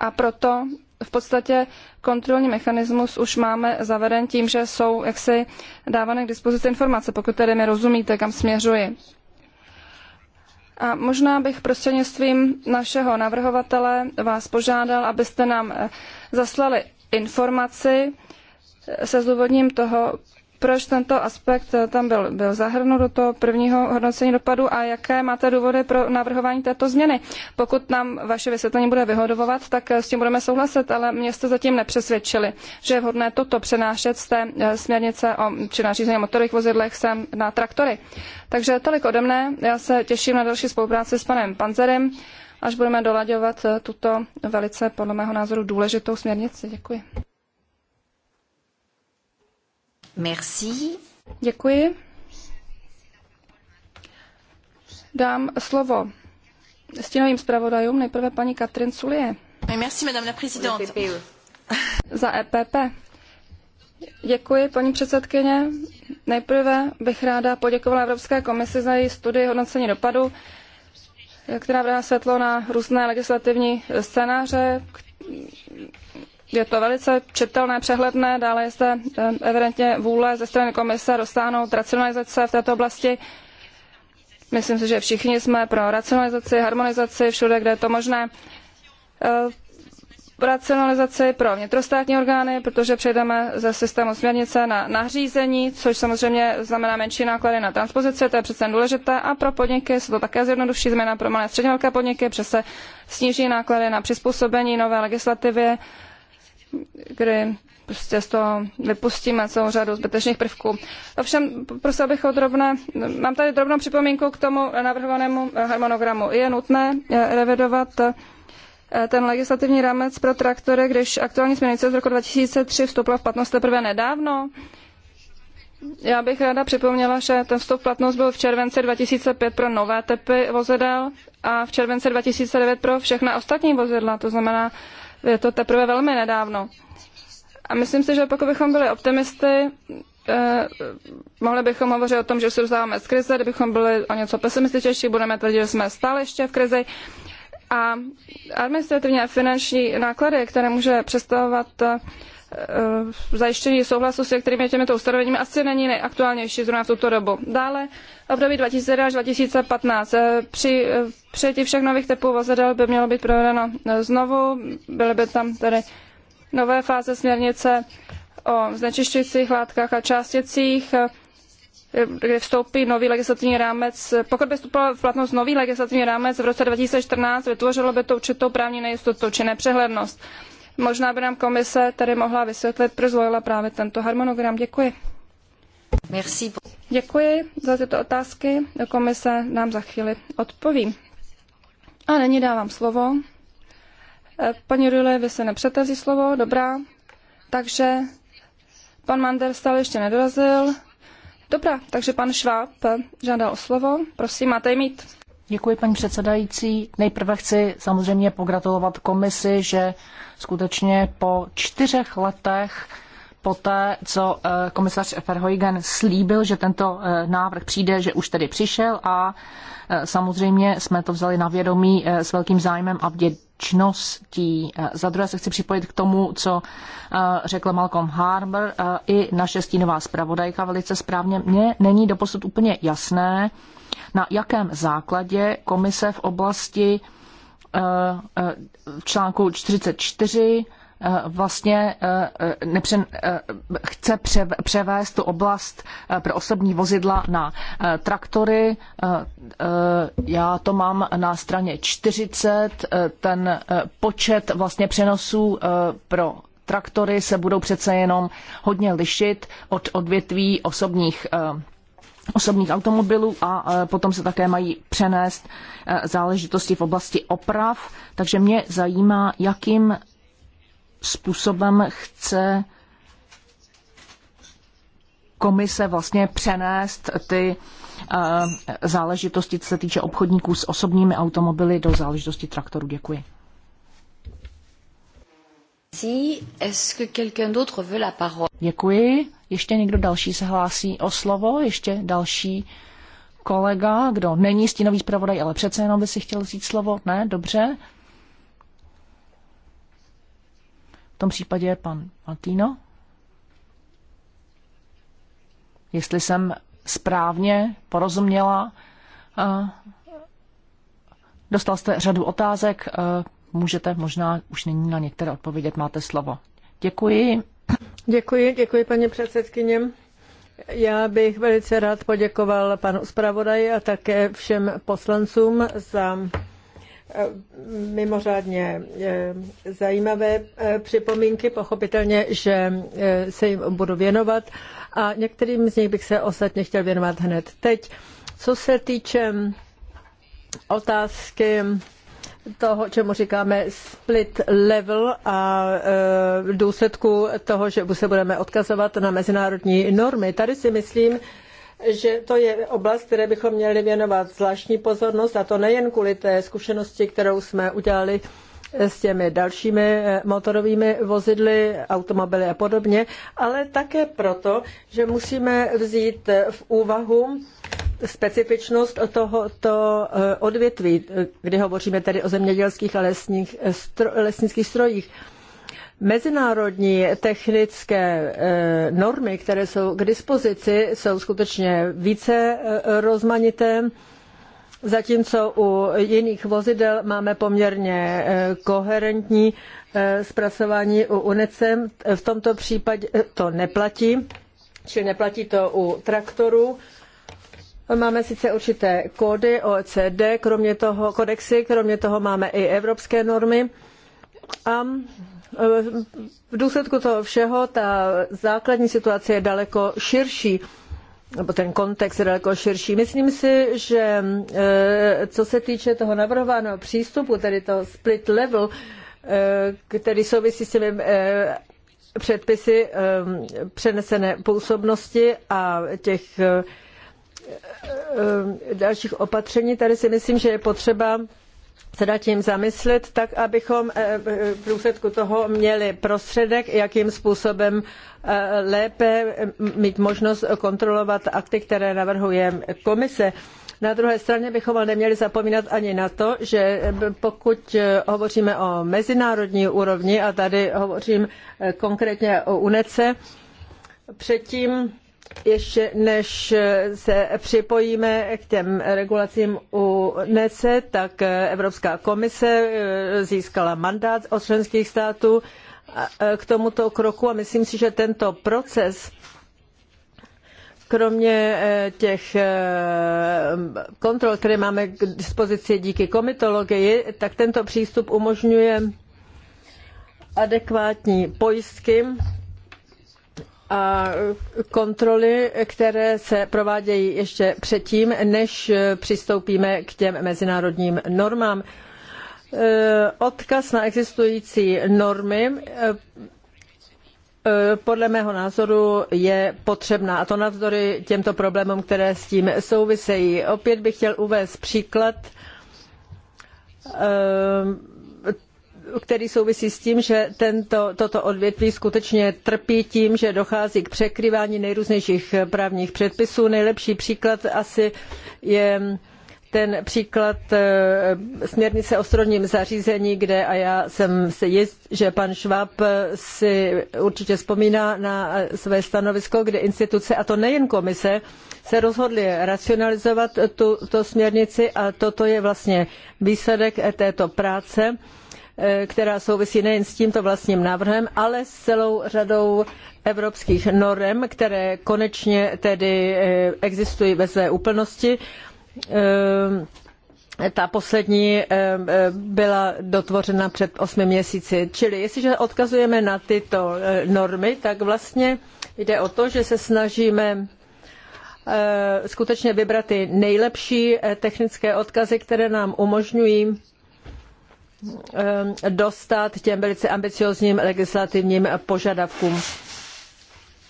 a proto v podstatě kontrolní mechanismus už máme zaveden tím, že jsou jaksi dávané k dispozici informace, pokud tedy mi rozumíte, kam směřuji. A možná bych prostřednictvím našeho navrhovatele vás požádal, abyste nám eh, zaslali informaci eh, se zdůvodním toho, proč tento aspekt eh, tam byl, byl zahrnut do toho prvního hodnocení dopadu a jaké máte důvody pro navrhování této změny. Pokud nám vaše vysvětlení bude vyhodovat, tak eh, s tím budeme souhlasit, ale mě jste zatím nepřesvědčili, že je vhodné toto přenášet z té eh, směrnice o, či nařízení o motorových vozidlech sem na traktory. Takže tolik ode mne. Já se těším na další spolupráci s panem Panzerem až budeme dolaďovat tuto velice, podle mého názoru, důležitou směrnici. Děkuji. Merci. Děkuji. Dám slovo stínovým zpravodajům, nejprve paní Katrin Sulie. Merci, madame la présidente. Za EPP. Děkuji, paní předsedkyně. Nejprve bych ráda poděkovala Evropské komisi za její studii hodnocení dopadu, která vrhá světlo na různé legislativní scénáře, je to velice čitelné, přehledné, dále je zde eh, evidentně vůle ze strany komise dosáhnout racionalizace v této oblasti. Myslím si, že všichni jsme pro racionalizaci, harmonizaci všude, kde je to možné. Eh, racionalizaci pro vnitrostátní orgány, protože přejdeme ze systému směrnice na nařízení, což samozřejmě znamená menší náklady na transpozici, to je přece důležité, a pro podniky se to také zjednoduší, změna pro malé a středně velké podniky, protože se sníží náklady na přizpůsobení nové legislativě kdy prostě z toho vypustíme celou řadu zbytečných prvků. Ovšem, prosil bych o drobné, mám tady drobnou připomínku k tomu navrhovanému harmonogramu. Je nutné eh, revidovat eh, ten legislativní rámec pro traktory, když aktuální směrnice z roku 2003 vstoupila v platnost teprve nedávno. Já bych ráda připomněla, že ten vstup v platnost byl v červenci 2005 pro nové typy vozidel a v červenci 2009 pro všechna ostatní vozidla, to znamená je to teprve velmi nedávno. A myslím si, že pokud bychom byli optimisty, eh, mohli bychom hovořit o tom, že se dostáváme z krize, kdybychom byli o něco pesimističtější, budeme tvrdit, že jsme stále ještě v krizi. A administrativně a finanční náklady, které může představovat eh, Eh, zajištění souhlasu s některými těmito ustanoveními asi není nejaktuálnější zrovna v tuto dobu. Dále období 2011-2015. Eh, při eh, přijetí všech nových typů vozidel by mělo být provedeno znovu, byly by tam tedy nové fáze směrnice o znečišťujících látkách a částicích, kde vstoupí nový legislativní rámec. Pokud by vstoupil v platnost nový legislativní rámec v roce 2014, vytvořilo by to určitou právní nejistotu či nepřehlednost. Možná by nám komise tady mohla vysvětlit, proč zvolila právě tento harmonogram. Děkuji. Merci. Děkuji za tyto otázky. Komise nám za chvíli odpoví. A nyní dávám slovo. Eh, paní Rule, vy se nepřete vzít slovo, dobrá. Takže pan Mander stále ještě nedorazil. Dobrá, takže pan Šváb žádal o slovo. Prosím, máte mít. Děkuji, paní předsedající. Nejprve chci samozřejmě pogratulovat komisi, že skutečně po čtyřech letech poté, co eh, komisař Verhoeven slíbil, že tento eh, návrh přijde, že už tedy přišel a eh, samozřejmě jsme to vzali na vědomí s velkým zájmem a čností. Eh, za druhé se chci připojit k tomu, co eh, řekl Malcolm Harmer eh, i naše stínová zpravodajka velice správně. Mně není doposud úplně jasné, na jakém základě komise v oblasti v článku 44 Eh, vlastně eh, nepře, eh, chce převést tu oblast pro osobní vozidla na traktory. Já to mám na straně 40. Ten počet vlastně přenosů pro traktory se budou přece jenom hodně lišit od odvětví osobních osobních automobilů a potom se také mají přenést záležitosti v oblasti oprav. Takže mě zajímá, jakým způsobem chce komise vlastně přenést ty eh, záležitosti, co se týče obchodníků s osobními automobily, do záležitosti traktorů. Děkuji. Děkuji. Ještě někdo další se hlásí o slovo? Ještě další kolega, kdo není stínový zpravodaj, ale přece jenom by si chtěl říct slovo? Ne, dobře. tom případě je pan Martino. Jestli jsem správně porozuměla, eh, dostal jste řadu otázek, eh, můžete možná už nyní na některé odpovědět, máte slovo. Děkuji. Děkuji, děkuji paní předsedkyně. Já bych velice rád poděkoval panu zpravodaji a také všem poslancům za Eh, mimořádně eh, zajímavé eh, připomínky. Pochopitelně, že se jim budu věnovat a některým z nich bych se ostatně chtěl věnovat hned teď. Co se týče otázky toho, čemu říkáme split level a v důsledku toho, že se budeme odkazovat na mezinárodní normy. Tady si myslím, že to je oblast, které bychom měli věnovat zvláštní pozornost, a to nejen kvůli té zkušenosti, kterou jsme udělali s těmi dalšími eh, motorovými vozidly, automobily a podobně, ale také proto, že musíme vzít v úvahu specifičnost tohoto eh, odvětví, eh, kdy hovoříme tedy o zemědělských a lesních, lesnických strojích. Mezinárodní technické eh, normy, které jsou k dispozici, jsou skutečně více eh, rozmanité, zatímco u jiných vozidel máme poměrně eh, koherentní zpracování u UNECE. V tomto případě to neplatí, či neplatí to u traktorů. Máme sice určité kódy OECD, kromě toho kodexy, kromě toho máme i evropské normy. A Eh, v důsledku toho všeho ta základní situace je daleko širší nebo ten kontext je daleko širší. Myslím si, že eh, co se týče toho navrhovaného přístupu, tedy to split level, eh, který souvisí s těmi předpisy přenesené působnosti a těch dalších opatření, tady si myslím, že je potřeba se nad tím zamyslet, tak abychom eh, v důsledku toho měli prostředek, jakým způsobem eh, lépe mít možnost kontrolovat akty, které navrhuje komise. Na druhé straně bychom ale neměli zapomínat ani na to, že pokud eh, hovoříme o mezinárodní úrovni, a tady hovořím konkrétně o UNECE, předtím ještě než se připojíme k těm regulacím u NECE, tak Evropská komise eh, získala mandát od členských států eh, k tomuto kroku a myslím si, že tento proces kromě eh, těch kontrol, které máme k dispozici díky komitologii, tak tento přístup umožňuje adekvátní pojistky a kontroly, které se provádějí ještě předtím, než přistoupíme k těm mezinárodním normám. E, odkaz na existující normy e, podle mého názoru je potřebná a to navzdory těmto problémům, které s tím souvisejí. Opět bych chtěl uvést příklad e, který souvisí s tím, že tento, toto odvětví skutečně trpí tím, že dochází k překrývání nejrůznějších právních předpisů. Nejlepší příklad asi je ten příklad eh, směrnice o strojním zařízení, kde, a já jsem si jist, že pan Schwab eh, si určitě vzpomíná na eh, své stanovisko, kde instituce, a to nejen komise, se rozhodly racionalizovat tuto směrnici a toto je vlastně výsledek této práce. Eh, která souvisí nejen s tímto vlastním návrhem, ale s celou řadou evropských norem, které konečně tedy eh, existují ve své úplnosti. Eh, ta poslední byla dotvořena před osmi měsíci. Čili jestliže odkazujeme na tyto normy, tak vlastně jde o to, že se snažíme skutečně vybrat ty nejlepší technické odkazy, které nám umožňují Ehm, dostat těm velice ambiciózním legislativním požadavkům.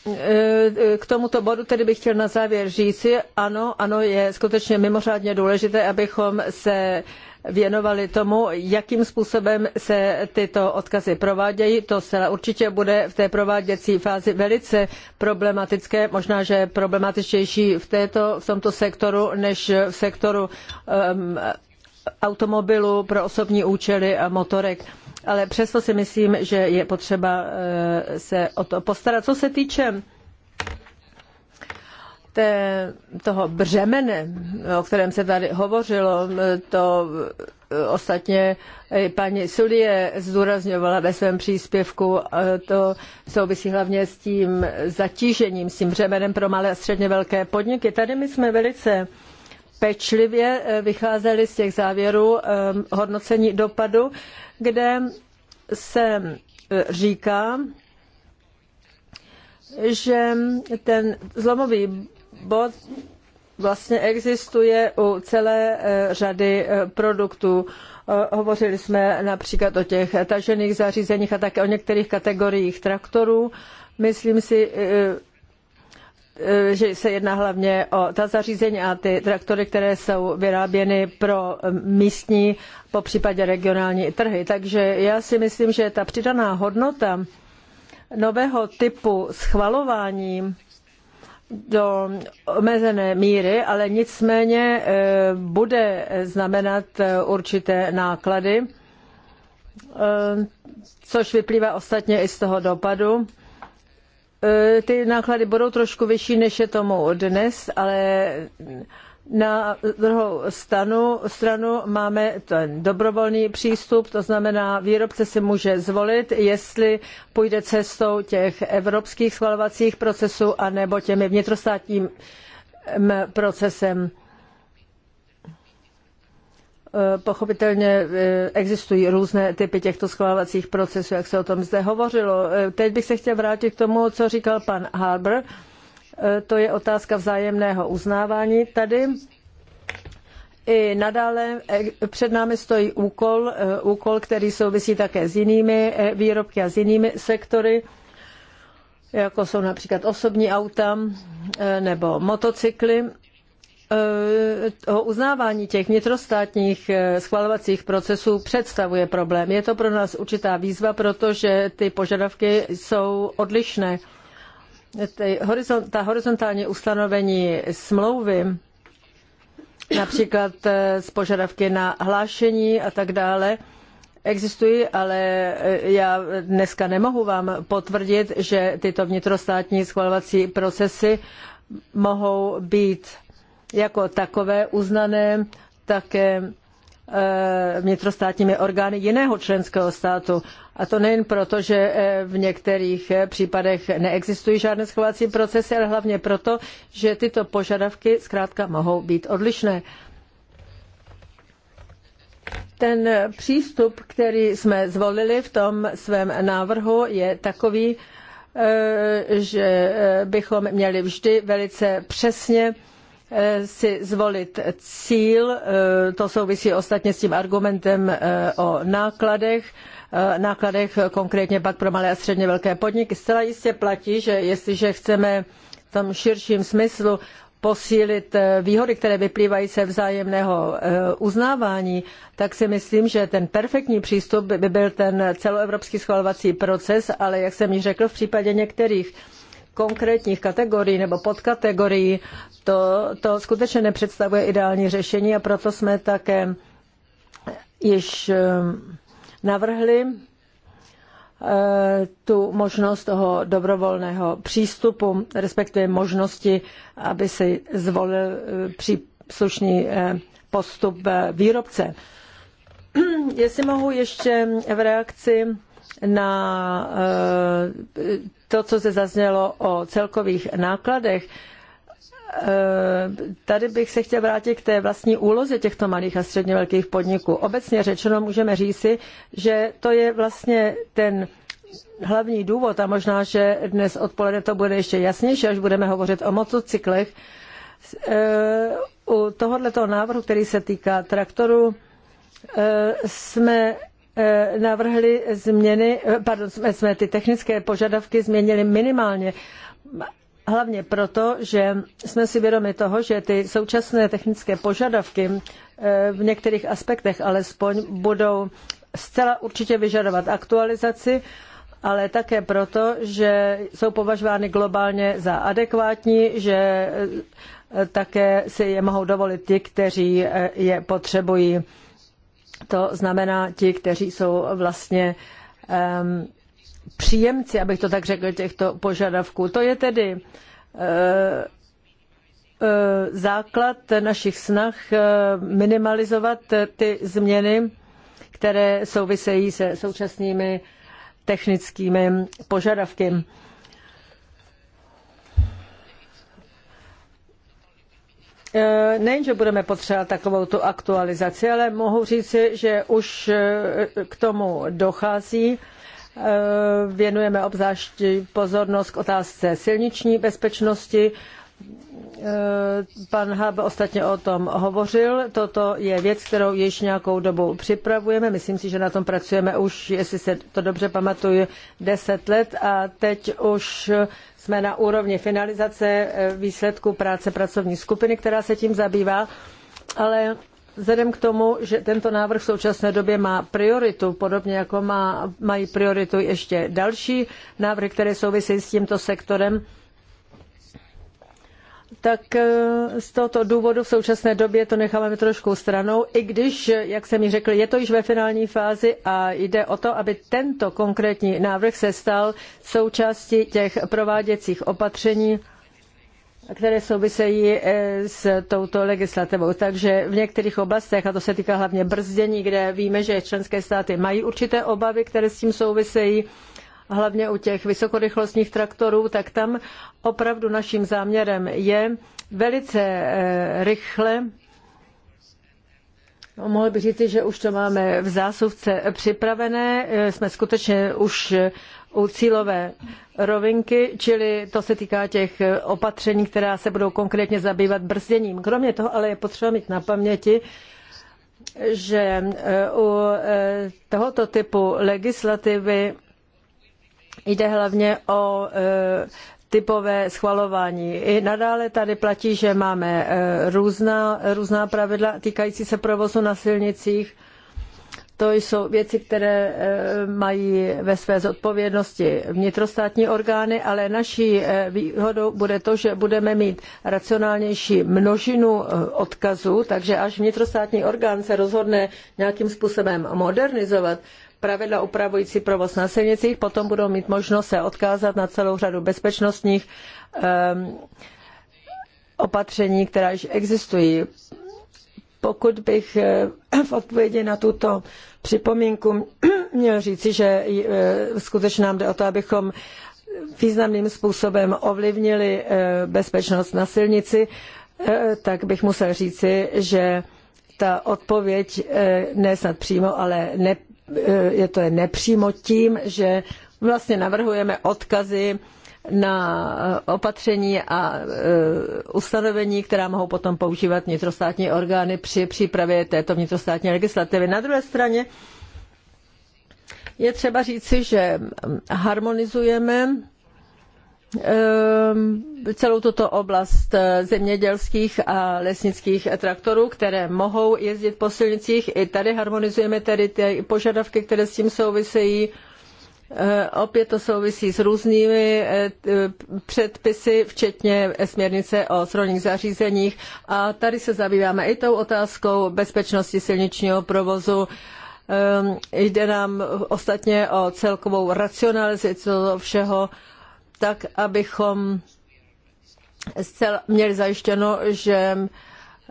Ehm, k tomuto bodu tedy bych chtěl na závěr říci, ano, ano, je skutečně mimořádně důležité, abychom se věnovali tomu, jakým způsobem se tyto odkazy provádějí. To se určitě bude v té prováděcí fázi velice problematické, možná, že problematičtější v, této, v tomto sektoru než v sektoru um, automobilů pro osobní účely a motorek. Ale přesto si myslím, že je potřeba eh, se o to postarat. Co se týče té, toho břemene, o kterém se tady hovořilo, to eh, ostatně paní Sulie zdůrazňovala ve svém příspěvku, eh, to souvisí hlavně s tím zatížením, s tím břemenem pro malé a středně velké podniky. Tady my jsme velice pečlivě eh, vycházeli z těch závěrů eh, hodnocení dopadu, kde se eh, říká, že ten zlomový bod vlastně existuje u celé řady produktů. Hovořili jsme například o těch tažených zařízeních a také o některých kategoriích traktorů. Myslím si, Eh, že se jedná hlavně o ta zařízení a ty traktory, které jsou vyráběny pro místní, po případě regionální trhy. Takže já si myslím, že ta přidaná hodnota nového typu schvalování do omezené míry, ale nicméně eh, bude znamenat eh, určité náklady, což vyplývá ostatně i z toho dopadu Eh, ty náklady budou trošku vyšší, než je tomu dnes, ale na druhou stanu, stranu máme ten dobrovolný přístup, to znamená, výrobce si může zvolit, jestli půjde cestou těch evropských schvalovacích procesů anebo těmi vnitrostátním procesem. Eh, pochopitelně eh, existují různé typy těchto schvalovacích procesů, jak se o tom zde hovořilo. Eh, teď bych se chtěl vrátit k tomu, co říkal pan Harbour. To je otázka vzájemného uznávání tady. I nadále před námi stojí úkol, úkol, který souvisí také s jinými výrobky a s jinými sektory, jako jsou například osobní auta nebo motocykly Eh, o uznávání těch vnitrostátních eh, schvalovacích procesů představuje problém. Je to pro nás určitá výzva, protože ty požadavky jsou odlišné. Ta horizontální ustanovení smlouvy, například eh, z požadavky na hlášení a tak dále, existují, ale já dneska nemohu vám potvrdit, že tyto vnitrostátní schvalovací procesy mohou být jako takové uznané také eh, vnitrostátními orgány jiného členského státu. A to nejen proto, že eh, v některých eh, případech neexistují žádné schovací procesy, ale hlavně proto, že tyto požadavky zkrátka mohou být odlišné. Ten přístup, který jsme zvolili v tom svém návrhu, je takový, že bychom měli vždy velice přesně Eh, si zvolit cíl, eh, to souvisí ostatně s tím argumentem eh, o nákladech, nákladech konkrétně pak pro malé a středně velké podniky. Zcela jistě platí, že jestliže chceme v tom širším smyslu posílit výhody, které vyplývají ze vzájemného uznávání, tak si myslím, že ten perfektní přístup by byl ten celoevropský schvalovací proces, ale jak jsem již řekl, v případě některých konkrétních kategorií nebo podkategorií, to, to skutečně nepředstavuje ideální řešení a proto jsme také již ehm, navrhli eh, tu možnost toho dobrovolného přístupu, respektive možnosti, aby si zvolil eh, příslušný eh, postup výrobce. Jestli mohu ještě v reakci na to, co se zaznělo o celkových nákladech, eh, Tady bych se chtěl vrátit k té vlastní úloze těchto malých a středně velkých podniků. Obecně řečeno můžeme říci, že to je vlastně ten hlavní důvod a možná, že dnes odpoledne to bude ještě jasnější, až budeme hovořit o motocyklech. Eh, u tohoto návrhu, který se týká traktoru, eh, jsme Eh, navrhli změny, eh, pardon, jsme, jsme ty technické požadavky změnili minimálně. Hlavně proto, že jsme si vědomi toho, že ty současné technické požadavky eh, v některých aspektech alespoň budou zcela určitě vyžadovat aktualizaci, ale také proto, že jsou považovány globálně za adekvátní, že také si je mohou dovolit ti, kteří je potřebují to znamená ti, kteří jsou vlastně um, příjemci, abych to tak řekl, těchto požadavků. To je tedy uh, uh, základ našich snah eh, minimalizovat ty změny, které souvisejí se současnými technickými požadavky. E, že budeme potřebovat takovou tu aktualizaci, ale mohu říci, že už e, k tomu dochází. E, věnujeme obzvláště pozornost k otázce silniční bezpečnosti. Pan Hab ostatně o tom hovořil. Toto je věc, kterou již nějakou dobu připravujeme. Myslím si, že na tom pracujeme už, jestli se to dobře pamatuju, deset let a teď už jsme na úrovni finalizace eh, výsledku práce pracovní skupiny, která se tím zabývá, ale vzhledem k tomu, že tento návrh v současné době má prioritu, podobně jako má, mají prioritu ještě další návrhy, které souvisejí s tímto sektorem, tak eh, z tohoto důvodu v současné době to necháváme trošku stranou, i když, jak jsem mi řekl, je to již ve finální fázi a jde o to, aby tento konkrétní návrh se stal součástí těch prováděcích opatření, které souvisejí eh, s touto legislativou. Takže v některých oblastech, a to se týká hlavně brzdění, kde víme, že členské státy mají určité obavy, které s tím souvisejí, hlavně u těch vysokorychlostních traktorů, tak tam opravdu naším záměrem je velice eh, rychle no, Mohl bych říct, že už to máme v zásuvce připravené. Eh, jsme skutečně už eh, u cílové rovinky, čili to se týká těch opatření, která se budou konkrétně zabývat brzděním. Kromě toho ale je potřeba mít na paměti, že u tohoto typu legislativy Jde hlavně o e, typové schvalování. I nadále tady platí, že máme e, různá, různá pravidla týkající se provozu na silnicích. To jsou věci, které e, mají ve své zodpovědnosti vnitrostátní orgány, ale naší výhodou bude to, že budeme mít racionálnější množinu odkazů, takže až vnitrostátní orgán se rozhodne nějakým způsobem modernizovat pravidla upravující provoz na silnicích, potom budou mít možnost se odkázat na celou řadu bezpečnostních ehm, opatření, která již existují. Pokud bych eh, v odpovědi na tuto připomínku měl říci, že eh, skutečně nám jde o to, abychom významným způsobem ovlivnili eh, bezpečnost na silnici, tak bych musel říci, že ta odpověď ne snad přímo, ale ne, je to je nepřímo tím, že vlastně navrhujeme odkazy na opatření a e, ustanovení, která mohou potom používat vnitrostátní orgány při přípravě této vnitrostátní legislativy. Na druhé straně je třeba říci, že harmonizujeme Ehm, celou tuto oblast eh, zemědělských a lesnických traktorů, které mohou jezdit po silnicích. I tady harmonizujeme tedy ty požadavky, které s tím souvisejí. Eh, opět to souvisí s různými eh, předpisy, včetně směrnice o strojních zařízeních. A tady se zabýváme i tou otázkou bezpečnosti silničního provozu. Ehm, jde nám ostatně o celkovou racionalizaci toho všeho tak abychom zcela měli zajištěno, že eh,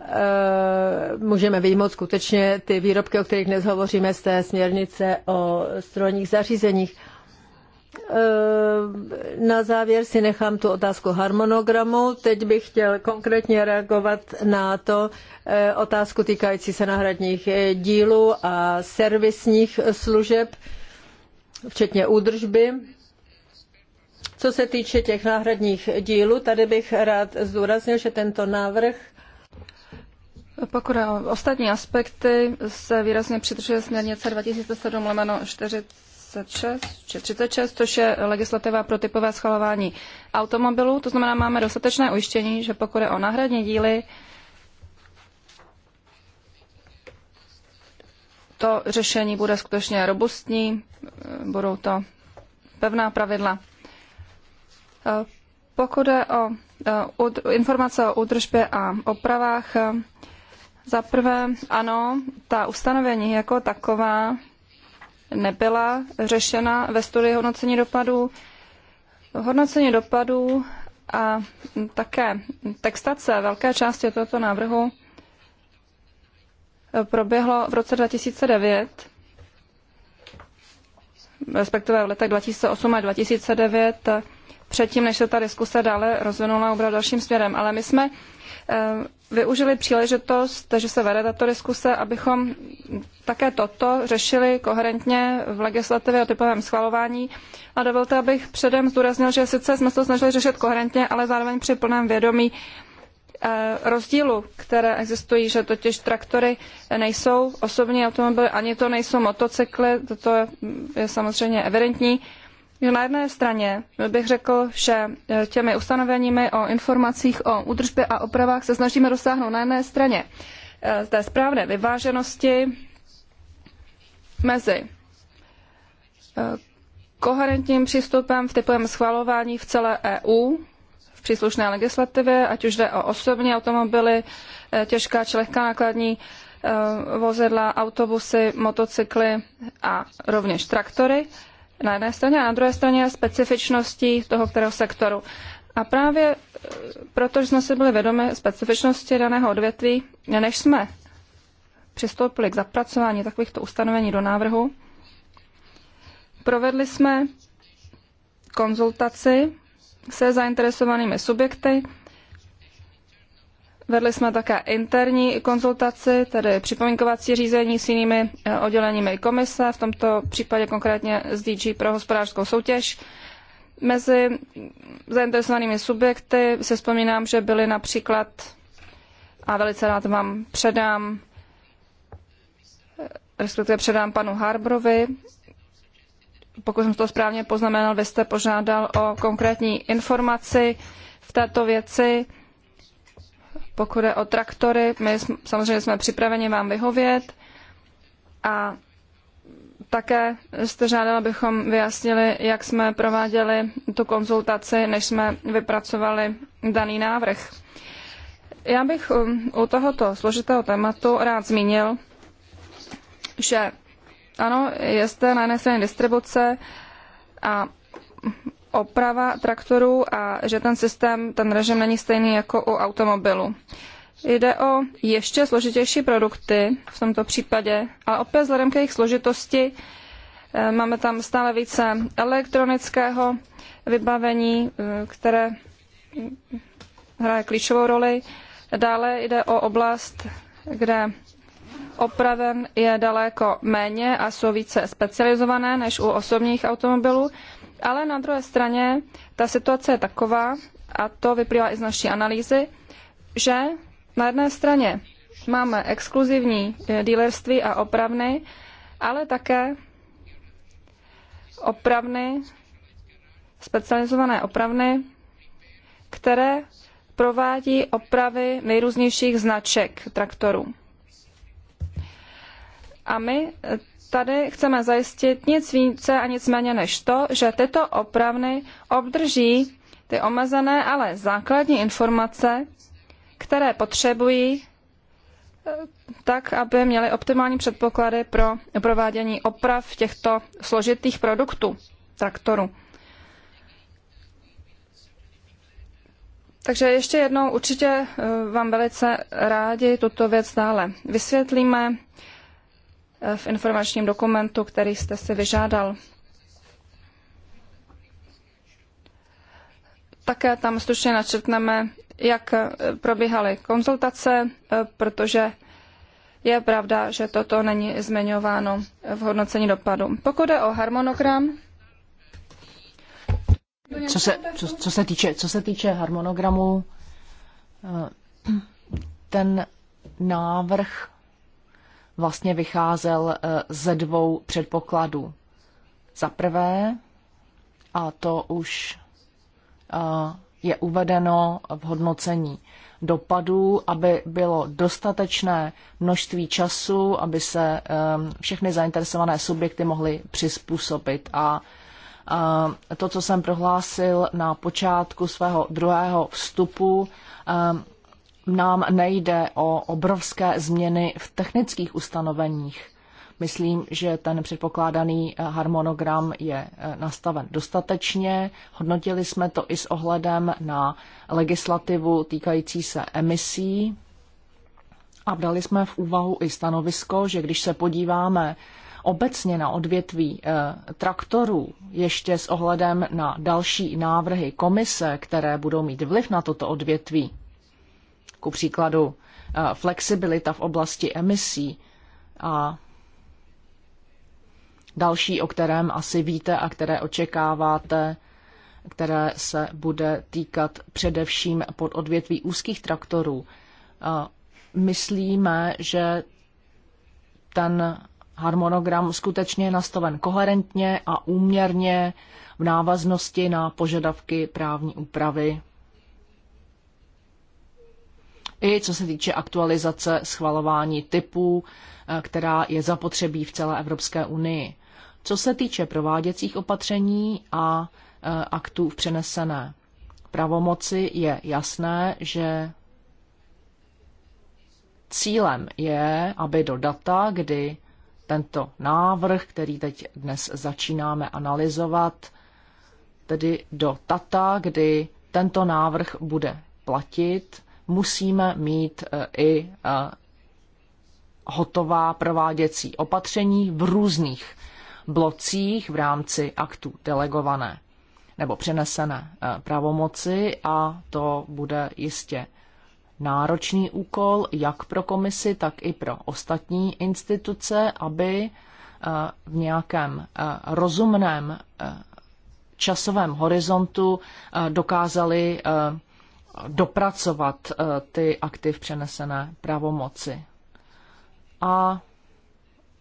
můžeme vyjmout skutečně ty výrobky, o kterých dnes hovoříme z té směrnice o strojních zařízeních. Eh, na závěr si nechám tu otázku harmonogramu. Teď bych chtěl konkrétně reagovat na to eh, otázku týkající se náhradních dílů a servisních služeb, včetně údržby. Co se týče těch náhradních dílů, tady bych rád zdůraznil, že tento návrh pokud ostatní aspekty se výrazně přidržuje směrnice 2007 lomeno 46 či 36, což je legislativa pro typové schvalování automobilů. To znamená, máme dostatečné ujištění, že pokud je o náhradní díly, to řešení bude skutečně robustní, budou to pevná pravidla. Eh, pokud je o eh, informace o údržbě a opravách, eh, za prvé, ano, ta ustanovení jako taková nebyla řešena ve studii hodnocení dopadů. Hodnocení dopadů a také textace velké části tohoto návrhu proběhlo v roce 2009, respektive v letech 2008 a 2009 předtím, než se ta diskuse dále rozvinula obrat dalším směrem. Ale my jsme eh, využili příležitost, že se vede tato diskuse, abychom také toto řešili koherentně v legislativě o typovém schvalování. A dovolte, abych předem zdůraznil, že sice jsme se to snažili řešit koherentně, ale zároveň při plném vědomí eh, rozdílu, které existují, že totiž traktory nejsou osobní automobily, ani to nejsou motocykly, Toto je samozřejmě evidentní. Na jedné straně bych řekl, že e, těmi ustanoveními o informacích o údržbě a opravách se snažíme dosáhnout na jedné straně e, té správné vyváženosti mezi e, koherentním přístupem v typovém schvalování v celé EU, v příslušné legislativě, ať už jde o osobní automobily, těžká či lehká nákladní vozidla, autobusy, motocykly a rovněž traktory na jedné straně a na druhé straně specifičností toho kterého sektoru. A právě eh, protože jsme si byli vědomi specifičnosti daného odvětví, než jsme přistoupili k zapracování takovýchto ustanovení do návrhu, provedli jsme konzultaci se zainteresovanými subjekty, Vedli jsme také interní konzultaci, tedy připomínkovací řízení s jinými eh, odděleními komise, v tomto případě konkrétně s DG pro hospodářskou soutěž. Mezi zainteresovanými subjekty si vzpomínám, že byly například, a velice rád vám předám, eh, respektive předám panu Harbrovi, pokud jsem to správně poznamenal, vy jste požádal o konkrétní informaci v této věci pokud je o traktory, my samozřejmě jsme připraveni vám vyhovět a také jste žádal, abychom vyjasnili, jak jsme prováděli tu konzultaci, než jsme vypracovali daný návrh. Já bych um, u tohoto složitého tématu rád zmínil, že ano, jste na jedné distribuce a oprava traktorů a že ten systém, ten režim není stejný jako u automobilu. Jde o ještě složitější produkty v tomto případě, ale opět vzhledem k jejich složitosti eh, máme tam stále více elektronického vybavení, eh, které hraje klíčovou roli. Dále jde o oblast, kde opraven je daleko méně a jsou více specializované než u osobních automobilů. Ale na druhé straně ta situace je taková, a to vyplývá i z naší analýzy, že na jedné straně máme exkluzivní e, dílerství a opravny, ale také opravny, specializované opravny, které provádí opravy nejrůznějších značek traktorů. A my e, Tady chceme zajistit nic více a nic méně než to, že tyto opravny obdrží ty omezené, ale základní informace, které potřebují, eh, tak, aby měly optimální předpoklady pro provádění oprav těchto složitých produktů traktoru. Takže ještě jednou určitě eh, vám velice rádi tuto věc dále vysvětlíme. Eh, v informačním dokumentu, který jste si vyžádal. Také tam stručně načrtneme, jak eh, probíhaly konzultace, eh, protože je pravda, že toto není zmiňováno v hodnocení dopadu. Pokud jde o harmonogram, co se, co, co se, týče, co se týče harmonogramu, ten návrh vlastně vycházel eh, ze dvou předpokladů. Za prvé, a to už eh, je uvedeno v hodnocení dopadů, aby bylo dostatečné množství času, aby se eh, všechny zainteresované subjekty mohly přizpůsobit. A to, co jsem prohlásil na počátku svého druhého vstupu, nám nejde o obrovské změny v technických ustanoveních. Myslím, že ten předpokládaný eh, harmonogram je eh, nastaven dostatečně. Hodnotili jsme to i s ohledem na legislativu týkající se emisí a dali jsme v úvahu i stanovisko, že když se podíváme obecně na odvětví eh, traktorů, ještě s ohledem na další návrhy komise, které budou mít vliv na toto odvětví, ku příkladu eh, flexibilita v oblasti emisí a další, o kterém asi víte a které očekáváte, které se bude týkat především pod odvětví úzkých traktorů. Eh, myslíme, že ten harmonogram skutečně je nastaven koherentně a úměrně v návaznosti na požadavky právní úpravy i co se týče aktualizace schvalování typů, eh, která je zapotřebí v celé Evropské unii. Co se týče prováděcích opatření a eh, aktů v přenesené pravomoci, je jasné, že cílem je, aby do data, kdy tento návrh, který teď dnes začínáme analyzovat, tedy do data, kdy tento návrh bude platit, musíme mít e, i e, hotová prováděcí opatření v různých blocích v rámci aktů delegované nebo přenesené e, pravomoci a to bude jistě náročný úkol jak pro komisi, tak i pro ostatní instituce, aby v nějakém rozumném časovém horizontu dokázali dopracovat eh, ty aktiv přenesené pravomoci. A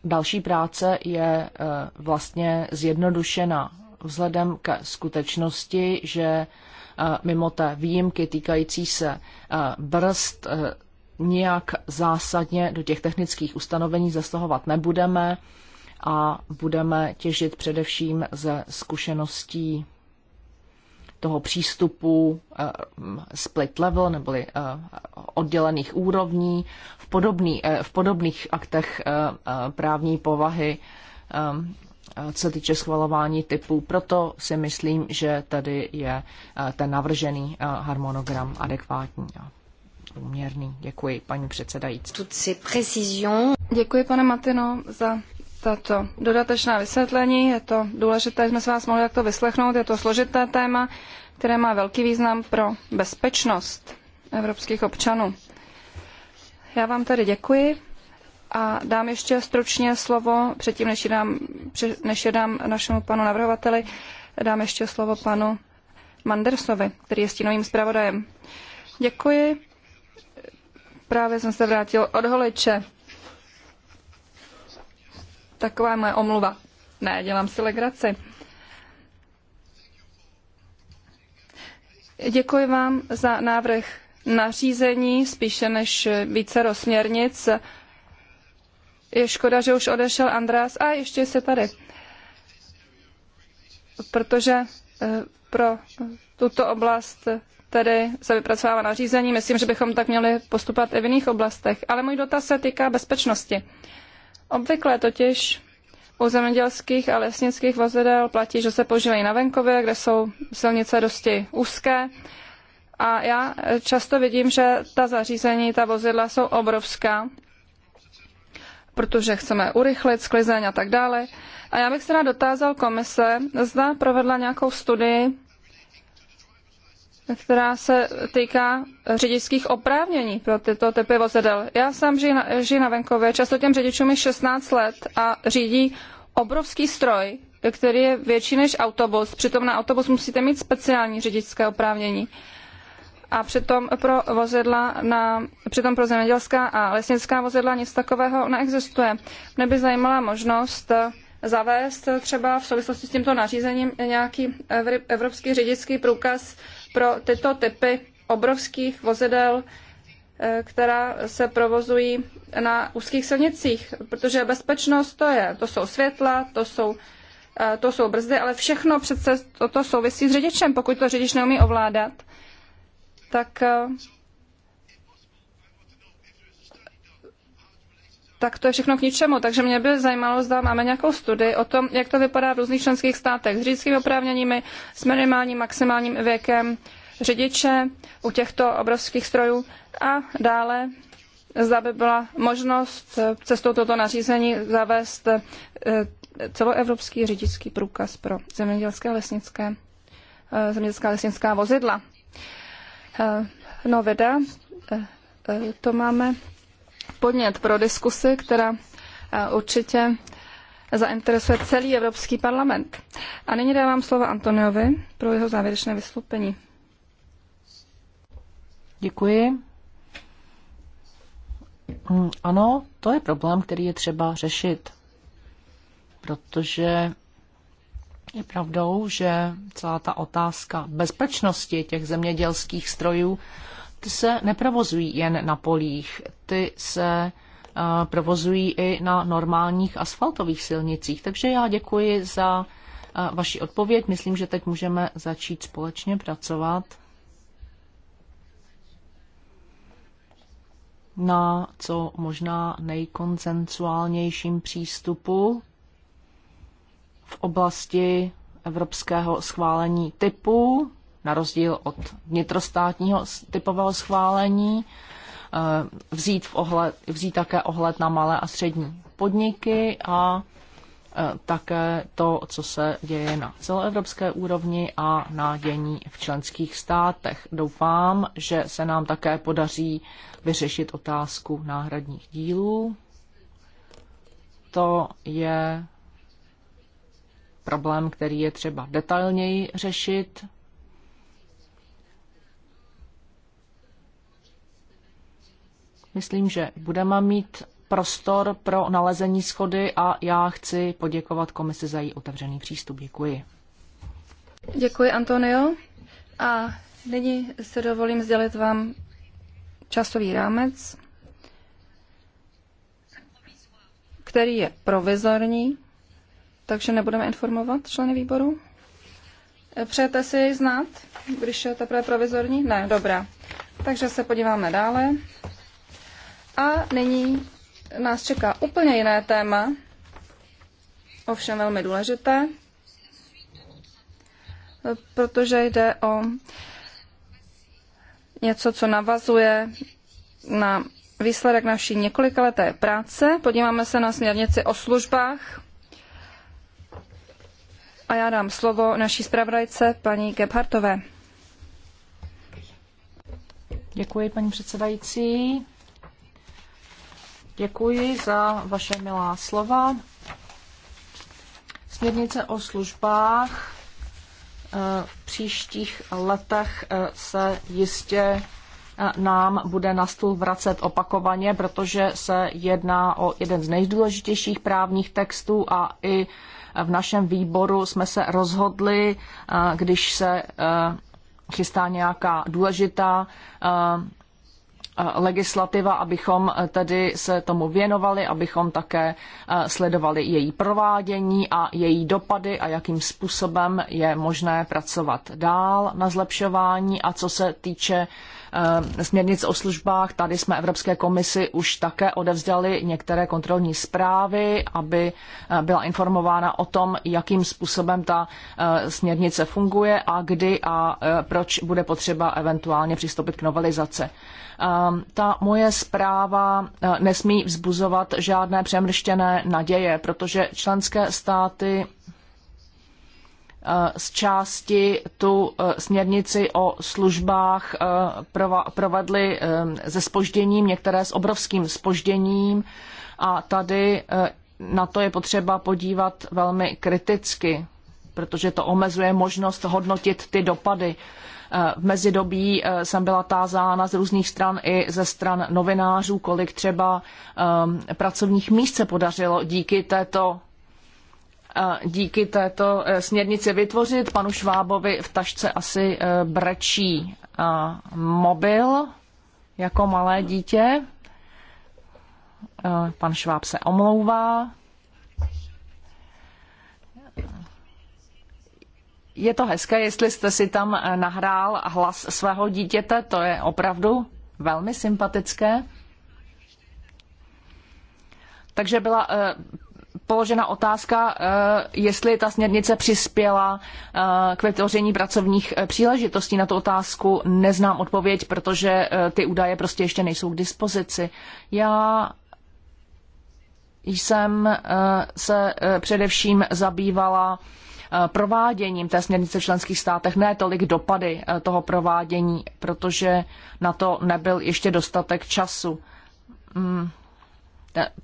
další práce je eh, vlastně zjednodušena vzhledem ke skutečnosti, že eh, mimo té výjimky týkající se brzd nijak zásadně do těch technických ustanovení zasahovat nebudeme a budeme těžit především ze zkušeností toho přístupu eh, mm, split level neboli eh, oddělených úrovní v, podobný, eh, v podobných aktech právní povahy, co se týče schvalování typů. Proto si myslím, že tady je ten navržený harmonogram adekvátní a uměrný. Děkuji, paní předsedající. Děkuji, pane Matino, za tato dodatečná vysvětlení. Je to důležité, že jsme se vás mohli takto vyslechnout. Je to složité téma, které má velký význam pro bezpečnost evropských občanů. Já vám tady děkuji a dám ještě stručně slovo, předtím než je dám, než je dám našemu panu navrhovateli, dám ještě slovo panu Mandersovi, který je stínovým zpravodajem. Děkuji. Právě jsem se vrátil od holiče. Taková je moje omluva. Ne, dělám si legraci. Děkuji vám za návrh nařízení, spíše než více rozměrnic. Je škoda, že už odešel András. A ještě se tady. Protože eh, pro tuto oblast tedy se vypracovává nařízení. Myslím, že bychom tak měli postupovat i v jiných oblastech. Ale můj dotaz se týká bezpečnosti. Obvykle totiž u zemědělských a lesnických vozidel platí, že se požívají na venkově, kde jsou silnice dosti úzké. A já často vidím, že ta zařízení, ta vozidla jsou obrovská, protože chceme urychlit sklizeň a tak dále. A já bych se rád dotázal komise, zda provedla nějakou studii která se týká řidičských oprávnění pro tyto typy vozidel. Já sám žiju na, žiju na venkově, často těm řidičům je 16 let a řídí obrovský stroj, který je větší než autobus. Přitom na autobus musíte mít speciální řidičské oprávnění. A přitom pro vozidla na, přitom pro zemědělská a lesnická vozidla nic takového neexistuje. Mě by zajímala možnost eh, zavést eh, třeba v souvislosti s tímto nařízením nějaký evropský řidičský průkaz pro tyto typy obrovských vozidel, eh, která se provozují na úzkých silnicích, protože bezpečnost to je, to jsou světla, to jsou, eh, to jsou brzdy, ale všechno přece toto souvisí s řidičem. Pokud to řidič neumí ovládat, tak eh, tak to je všechno k ničemu. Takže mě by zajímalo, zda máme nějakou studii o tom, jak to vypadá v různých členských státech s řidičskými oprávněními, s minimálním, maximálním věkem řidiče u těchto obrovských strojů a dále zda by byla možnost cestou toto nařízení zavést eh, celoevropský řidičský průkaz pro zemědělské lesnické, eh, zemědělská lesnická vozidla. Eh, no, veda, to máme podnět pro diskusi, která eh, určitě zainteresuje celý Evropský parlament. A nyní dávám slova Antoniovi pro jeho závěrečné vystoupení. Děkuji. Mm, ano, to je problém, který je třeba řešit, protože je pravdou, že celá ta otázka bezpečnosti těch zemědělských strojů ty se neprovozují jen na polích, ty se eh, provozují i na normálních asfaltových silnicích. Takže já děkuji za eh, vaši odpověď. Myslím, že teď můžeme začít společně pracovat na co možná nejkoncensuálnějším přístupu v oblasti evropského schválení typu na rozdíl od vnitrostátního typového schválení, eh, vzít, v ohled, vzít také ohled na malé a střední podniky a eh, také to, co se děje na celoevropské úrovni a na dění v členských státech. Doufám, že se nám také podaří vyřešit otázku náhradních dílů. To je problém, který je třeba detailněji řešit. Myslím, že budeme mít prostor pro nalezení schody a já chci poděkovat komisi za její otevřený přístup. Děkuji. Děkuji, Antonio. A nyní se dovolím sdělit vám časový rámec, který je provizorní, takže nebudeme informovat členy výboru. Přejete si jej znát, když je teprve provizorní? Ne, dobrá. Takže se podíváme dále. A nyní nás čeká úplně jiné téma, ovšem velmi důležité, protože jde o něco, co navazuje na výsledek naší několikaleté práce. Podíváme se na směrnici o službách. A já dám slovo naší zpravodajce, paní Gebhartové. Děkuji, paní předsedající. Děkuji za vaše milá slova. Směrnice o službách eh, v příštích letech eh, se jistě eh, nám bude na stůl vracet opakovaně, protože se jedná o jeden z nejdůležitějších právních textů a i v našem výboru jsme se rozhodli, když se chystá nějaká důležitá Eh, legislativa, abychom eh, tedy se tomu věnovali, abychom také eh, sledovali její provádění a její dopady a jakým způsobem je možné pracovat dál na zlepšování. A co se týče Eh, směrnic o službách. Tady jsme Evropské komisi už také odevzdali některé kontrolní zprávy, aby eh, byla informována o tom, jakým způsobem ta eh, směrnice funguje a kdy a proč bude potřeba eventuálně přistoupit k novelizaci. Ehm, ta moje zpráva nesmí vzbuzovat žádné přemrštěné naděje, protože členské státy Eh, z části tu eh, směrnici o službách eh, provedly se spožděním, některé s obrovským spožděním a tady na to je potřeba podívat velmi kriticky, protože to omezuje možnost hodnotit ty dopady. V mezidobí jsem byla tázána z různých stran i ze stran novinářů, kolik třeba pracovních míst se podařilo díky této díky této eh, směrnici vytvořit. Panu Švábovi v tašce asi eh, brečí mobil jako malé dítě. Eh, pan Šváb se omlouvá. Je to hezké, jestli jste si tam nahrál hlas svého dítěte, to je opravdu velmi sympatické. Takže byla položena otázka, eh, jestli ta směrnice přispěla eh, k vytvoření pracovních eh, příležitostí. Na tu otázku neznám odpověď, protože ty údaje prostě ještě nejsou k dispozici. Já jsem se především zabývala prováděním té směrnice v členských státech, ne tolik dopady toho provádění, protože na to nebyl ještě dostatek času. Mm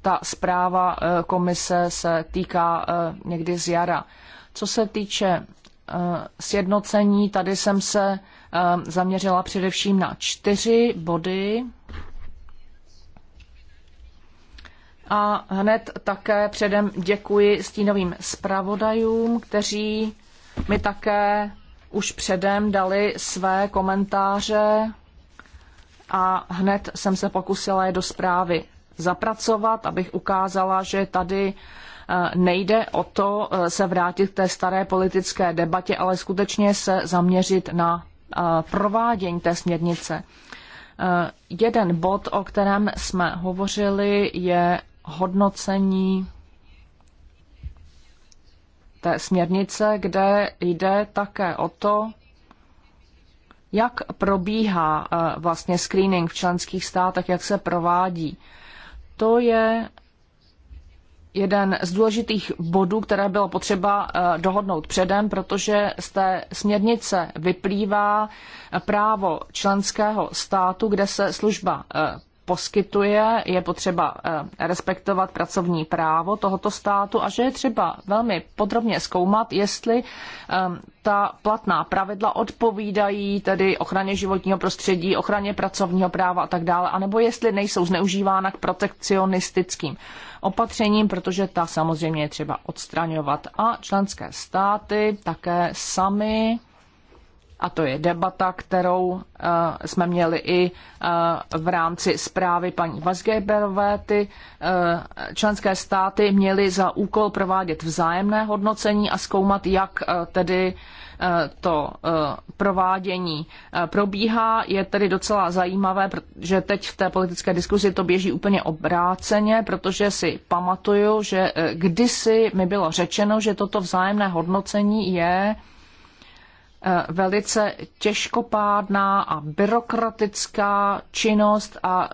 ta zpráva eh, komise se týká eh, někdy z jara. Co se týče eh, sjednocení, tady jsem se zaměřila především na čtyři body. A hned také předem děkuji stínovým zpravodajům, kteří mi také už předem dali své komentáře a hned jsem se pokusila je do zprávy zapracovat, abych ukázala, že tady eh, nejde o to eh, se vrátit k té staré politické debatě, ale skutečně se zaměřit na eh, provádění té směrnice. Jeden bod, o kterém jsme hovořili, je hodnocení té směrnice, kde jde také o to, jak probíhá vlastně screening v členských státech, jak se provádí. To je jeden z důležitých bodů, které bylo potřeba eh, dohodnout předem, protože z té směrnice vyplývá právo členského státu, kde se služba eh, poskytuje, je potřeba eh, respektovat pracovní právo tohoto státu a že je třeba velmi podrobně zkoumat, jestli ehm, ta platná pravidla odpovídají tedy ochraně životního prostředí, ochraně pracovního práva a tak dále, anebo jestli nejsou zneužívána k protekcionistickým opatřením, protože ta samozřejmě je třeba odstraňovat. A členské státy také sami a to je debata, kterou eh, jsme měli i eh, v rámci zprávy paní Vazgeberové. ty eh, členské státy měly za úkol provádět vzájemné hodnocení a zkoumat, jak tedy to provádění probíhá. Je tedy docela zajímavé, že teď v té politické diskuzi to běží úplně obráceně, protože si pamatuju, že kdysi mi bylo řečeno, že toto vzájemné hodnocení je Eh, velice těžkopádná a byrokratická činnost a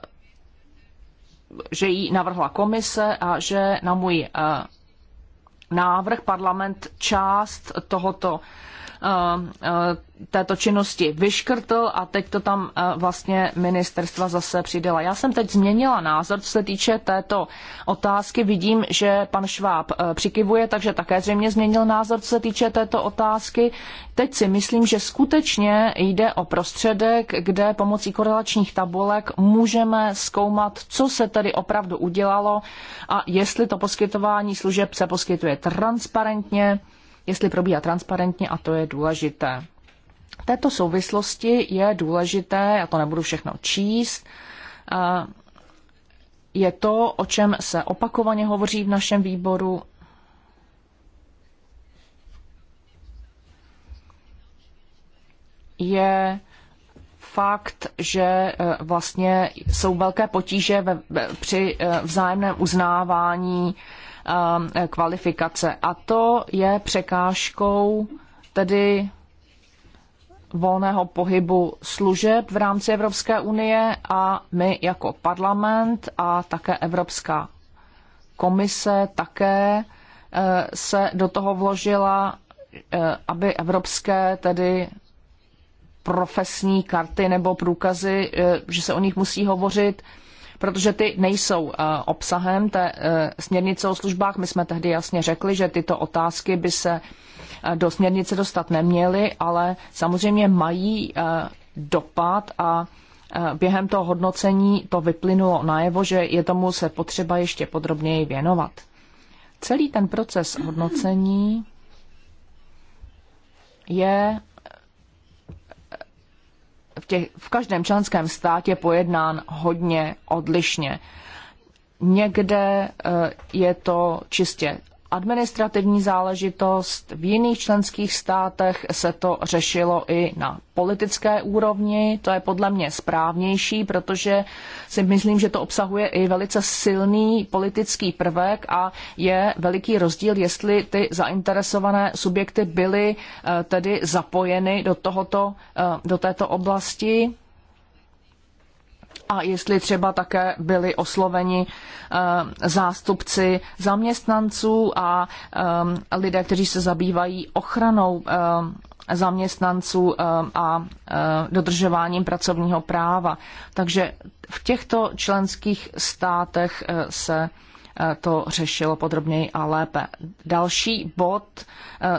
že ji navrhla komise a že na můj eh, návrh parlament část tohoto Eh, eh, této činnosti vyškrtl a teď to tam eh, vlastně ministerstva zase přidala. Já jsem teď změnila názor, co se týče této otázky. Vidím, že pan Šváb přikivuje, takže také zřejmě změnil názor, co se týče této otázky. Teď si myslím, že skutečně jde o prostředek, kde pomocí korelačních tabulek můžeme zkoumat, co se tedy opravdu udělalo a jestli to poskytování služeb se poskytuje transparentně, jestli probíhá transparentně a to je důležité. V této souvislosti je důležité, já to nebudu všechno číst, je to, o čem se opakovaně hovoří v našem výboru, je fakt, že e, vlastně jsou velké potíže ve, při e, vzájemném uznávání Eh, kvalifikace. A to je překážkou tedy volného pohybu služeb v rámci Evropské unie a my jako parlament a také Evropská komise také eh, se do toho vložila, eh, aby evropské tedy profesní karty nebo průkazy, že se o nich musí hovořit protože ty nejsou eh, obsahem té eh, směrnice o službách. My jsme tehdy jasně řekli, že tyto otázky by se eh, do směrnice dostat neměly, ale samozřejmě mají dopad a během toho hodnocení to vyplynulo najevo, že je tomu se potřeba ještě podrobněji věnovat. Celý ten proces hodnocení je v, těch, v každém členském státě pojednán hodně odlišně. Někde eh, je to čistě administrativní záležitost. V jiných členských státech se to řešilo i na politické úrovni. To je podle mě správnější, protože si myslím, že to obsahuje i velice silný politický prvek a je veliký rozdíl, jestli ty zainteresované subjekty byly eh, tedy zapojeny do, tohoto, eh, do této oblasti a jestli třeba také byli osloveni eh, zástupci zaměstnanců a eh, lidé, kteří se zabývají ochranou eh, zaměstnanců a dodržováním pracovního práva. Takže v těchto členských státech se to řešilo podrobněji a lépe. Další bod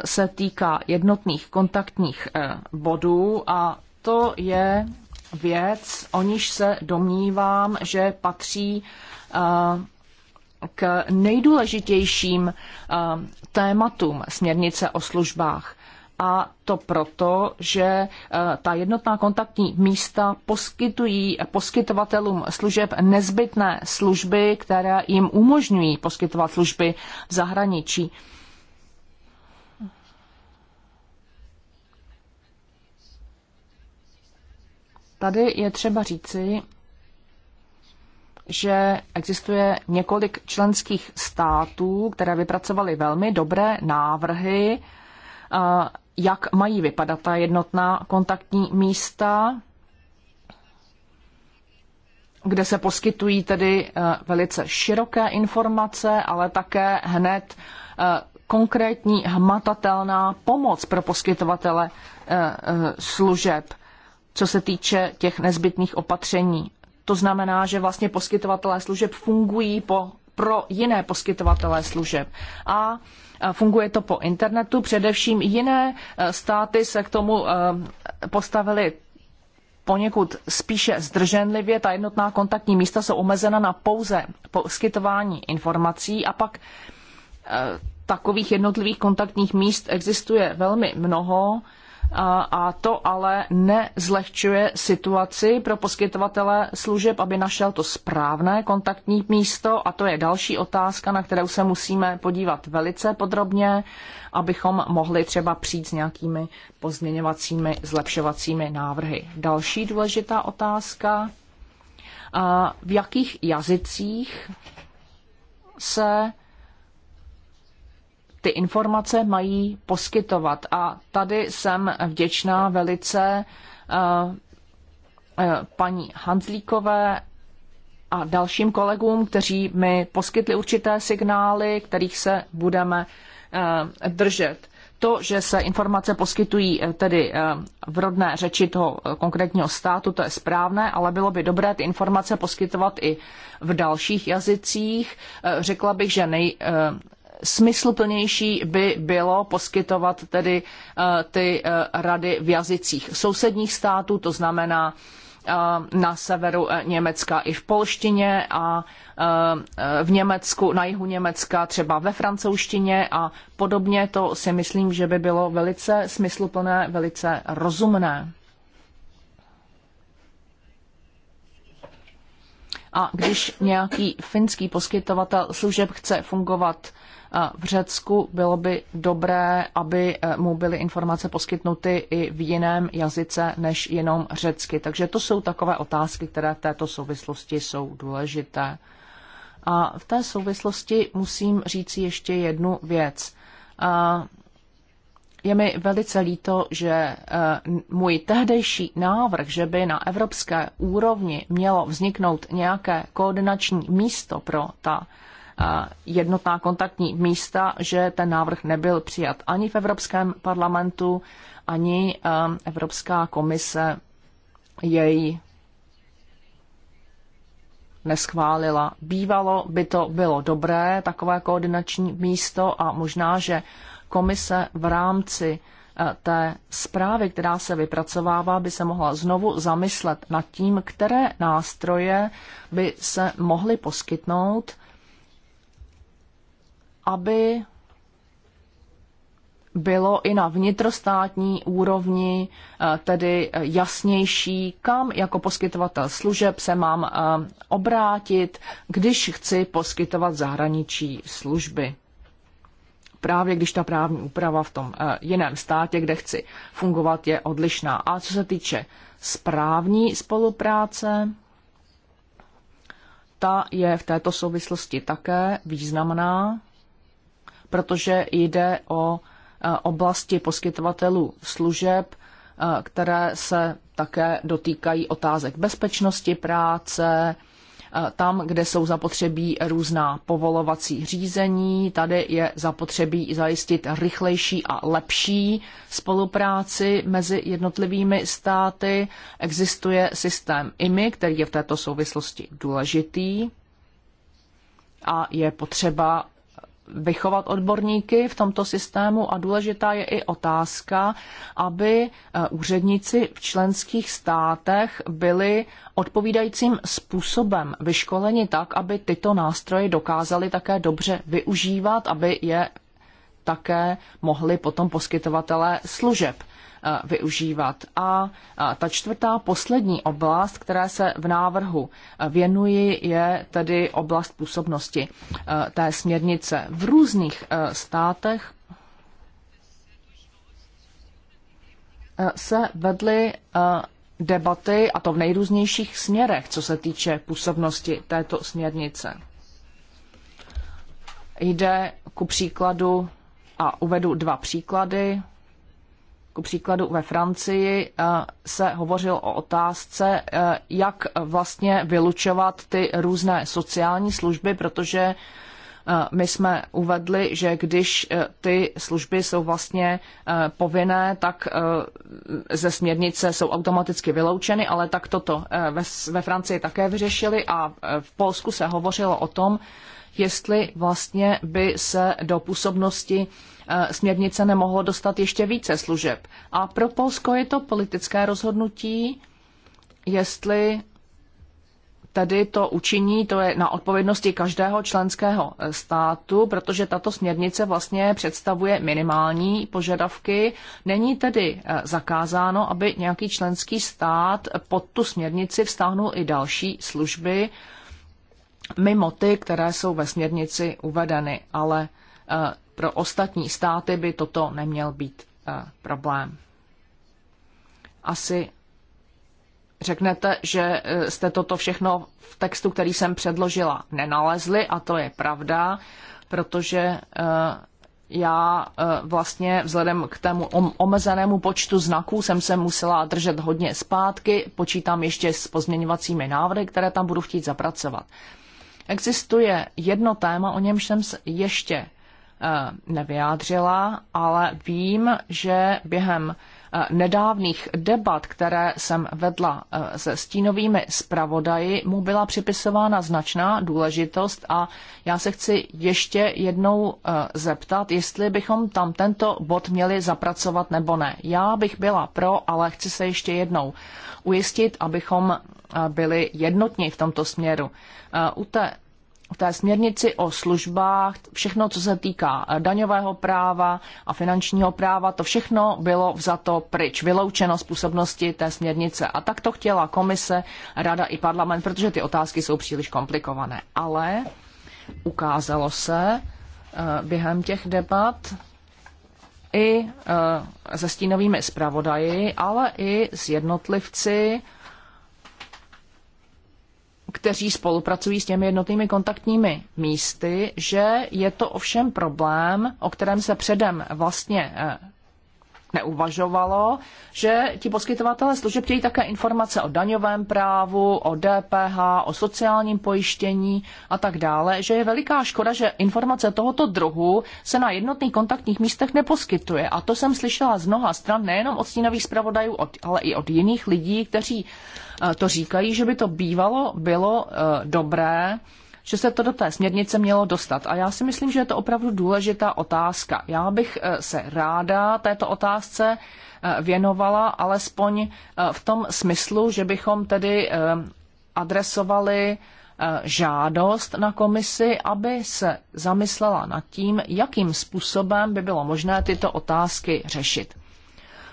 se týká jednotných kontaktních bodů a to je věc, o níž se domnívám, že patří eh, k nejdůležitějším eh, tématům směrnice o službách. A to proto, že eh, ta jednotná kontaktní místa poskytují poskytovatelům služeb nezbytné služby, které jim umožňují poskytovat služby v zahraničí. Tady je třeba říci, že existuje několik členských států, které vypracovaly velmi dobré návrhy, jak mají vypadat ta jednotná kontaktní místa, kde se poskytují tedy e, velice široké informace, ale také hned e, konkrétní hmatatelná pomoc pro poskytovatele e, služeb co se týče těch nezbytných opatření. To znamená, že vlastně poskytovatelé služeb fungují po, pro jiné poskytovatelé služeb. A funguje to po internetu. Především jiné e, státy se k tomu e, postavili poněkud spíše zdrženlivě. Ta jednotná kontaktní místa jsou omezena na pouze poskytování informací a pak e, takových jednotlivých kontaktních míst existuje velmi mnoho a to ale nezlehčuje situaci pro poskytovatele služeb, aby našel to správné kontaktní místo a to je další otázka, na kterou se musíme podívat velice podrobně, abychom mohli třeba přijít s nějakými pozměňovacími zlepšovacími návrhy. Další důležitá otázka, v jakých jazycích se ty informace mají poskytovat. A tady jsem vděčná velice eh, eh, paní Hanzlíkové a dalším kolegům, kteří mi poskytli určité signály, kterých se budeme eh, držet. To, že se informace poskytují tedy v rodné řeči toho konkrétního státu, to je správné, ale bylo by dobré ty informace poskytovat i v dalších jazycích. Řekla bych, že nej, smysluplnější by bylo poskytovat tedy eh, ty eh, rady v jazycích sousedních států, to znamená eh, na severu Německa i v polštině a v Německu, na jihu Německa třeba ve francouzštině a podobně. To si myslím, že by bylo velice smysluplné, velice rozumné. A když nějaký finský poskytovatel služeb chce fungovat v Řecku, bylo by dobré, aby eh, mu byly informace poskytnuty i v jiném jazyce než jenom řecky. Takže to jsou takové otázky, které v této souvislosti jsou důležité. A v té souvislosti musím říct ještě jednu věc. Je mi velice líto, že eh, můj tehdejší návrh, že by na evropské úrovni mělo vzniknout nějaké koordinační místo pro ta jednotná kontaktní místa, že ten návrh nebyl přijat ani v Evropském parlamentu, ani ehm, Evropská komise jej neschválila. Bývalo by to bylo dobré, takové koordinační místo a možná, že komise v rámci eh, té zprávy, která se vypracovává, by se mohla znovu zamyslet nad tím, které nástroje by se mohly poskytnout aby bylo i na vnitrostátní úrovni eh, tedy jasnější, kam jako poskytovatel služeb se mám eh, obrátit, když chci poskytovat zahraničí služby. Právě když ta právní úprava v tom eh, jiném státě, kde chci fungovat, je odlišná. A co se týče správní spolupráce, ta je v této souvislosti také významná protože jde o e, oblasti poskytovatelů služeb, e, které se také dotýkají otázek bezpečnosti práce, e, tam, kde jsou zapotřebí různá povolovací řízení. Tady je zapotřebí zajistit rychlejší a lepší spolupráci mezi jednotlivými státy. Existuje systém IMI, který je v této souvislosti důležitý a je potřeba vychovat odborníky v tomto systému a důležitá je i otázka, aby eh, úředníci v členských státech byli odpovídajícím způsobem vyškoleni tak, aby tyto nástroje dokázali také dobře využívat, aby je také mohli potom poskytovatelé služeb Eh, využívat. A eh, ta čtvrtá, poslední oblast, které se v návrhu eh, věnuji, je tedy oblast působnosti té směrnice. V různých státech se vedly debaty, a to v nejrůznějších směrech, co se týče působnosti této směrnice. Jde ku příkladu, a uvedu dva příklady, ku příkladu ve Francii eh, se hovořilo o otázce, eh, jak vlastně vylučovat ty různé sociální služby, protože eh, my jsme uvedli, že když ty služby jsou vlastně povinné, tak ze směrnice jsou automaticky vyloučeny, ale tak toto ve Francii také vyřešili a v Polsku se hovořilo o tom, jestli vlastně by se do působnosti Eh, směrnice nemohlo dostat ještě více služeb. A pro Polsko je to politické rozhodnutí, jestli tedy to učiní, to je na odpovědnosti každého členského eh, státu, protože tato směrnice vlastně představuje minimální požadavky. Není tedy eh, zakázáno, aby nějaký členský stát pod tu směrnici vstáhnul i další služby mimo ty, které jsou ve směrnici uvedeny, ale pro ostatní státy by toto neměl být eh, problém. Asi řeknete, že eh, jste toto všechno v textu, který jsem předložila, nenalezli a to je pravda, protože eh, já vlastně vzhledem k tomu omezenému počtu znaků jsem se musela držet hodně zpátky, počítám ještě s pozměňovacími návrhy, které tam budu chtít zapracovat. Existuje jedno téma, o němž jsem ještě Eh, nevyjádřila, ale vím, že během eh, nedávných debat, které jsem vedla eh, se stínovými zpravodaji, mu byla připisována značná důležitost a já se chci ještě jednou zeptat, jestli bychom tam tento bod měli zapracovat nebo ne. Já bych byla pro, ale chci se ještě jednou ujistit, abychom byli jednotní v tomto směru. U té v té směrnici o službách, všechno, co se týká eh, daňového práva a finančního práva, to všechno bylo vzato pryč, vyloučeno z působnosti té směrnice. A tak to chtěla komise, rada i parlament, protože ty otázky jsou příliš komplikované. Ale ukázalo se eh, během těch debat, i eh, se stínovými zpravodaji, ale i s jednotlivci, kteří spolupracují s těmi jednotnými kontaktními místy, že je to ovšem problém, o kterém se předem vlastně eh, neuvažovalo, že ti poskytovatelé služeb chtějí také informace o daňovém právu, o DPH, o sociálním pojištění a tak dále, že je veliká škoda, že informace tohoto druhu se na jednotných kontaktních místech neposkytuje. A to jsem slyšela z mnoha stran, nejenom od stínových zpravodajů, ale i od jiných lidí, kteří eh, to říkají, že by to bývalo bylo eh, dobré, že se to do té směrnice mělo dostat. A já si myslím, že je to opravdu důležitá otázka. Já bych eh, se ráda této otázce eh, věnovala alespoň eh, v tom smyslu, že bychom tedy adresovali žádost na komisi, aby se zamyslela nad tím, jakým způsobem by bylo možné tyto otázky řešit.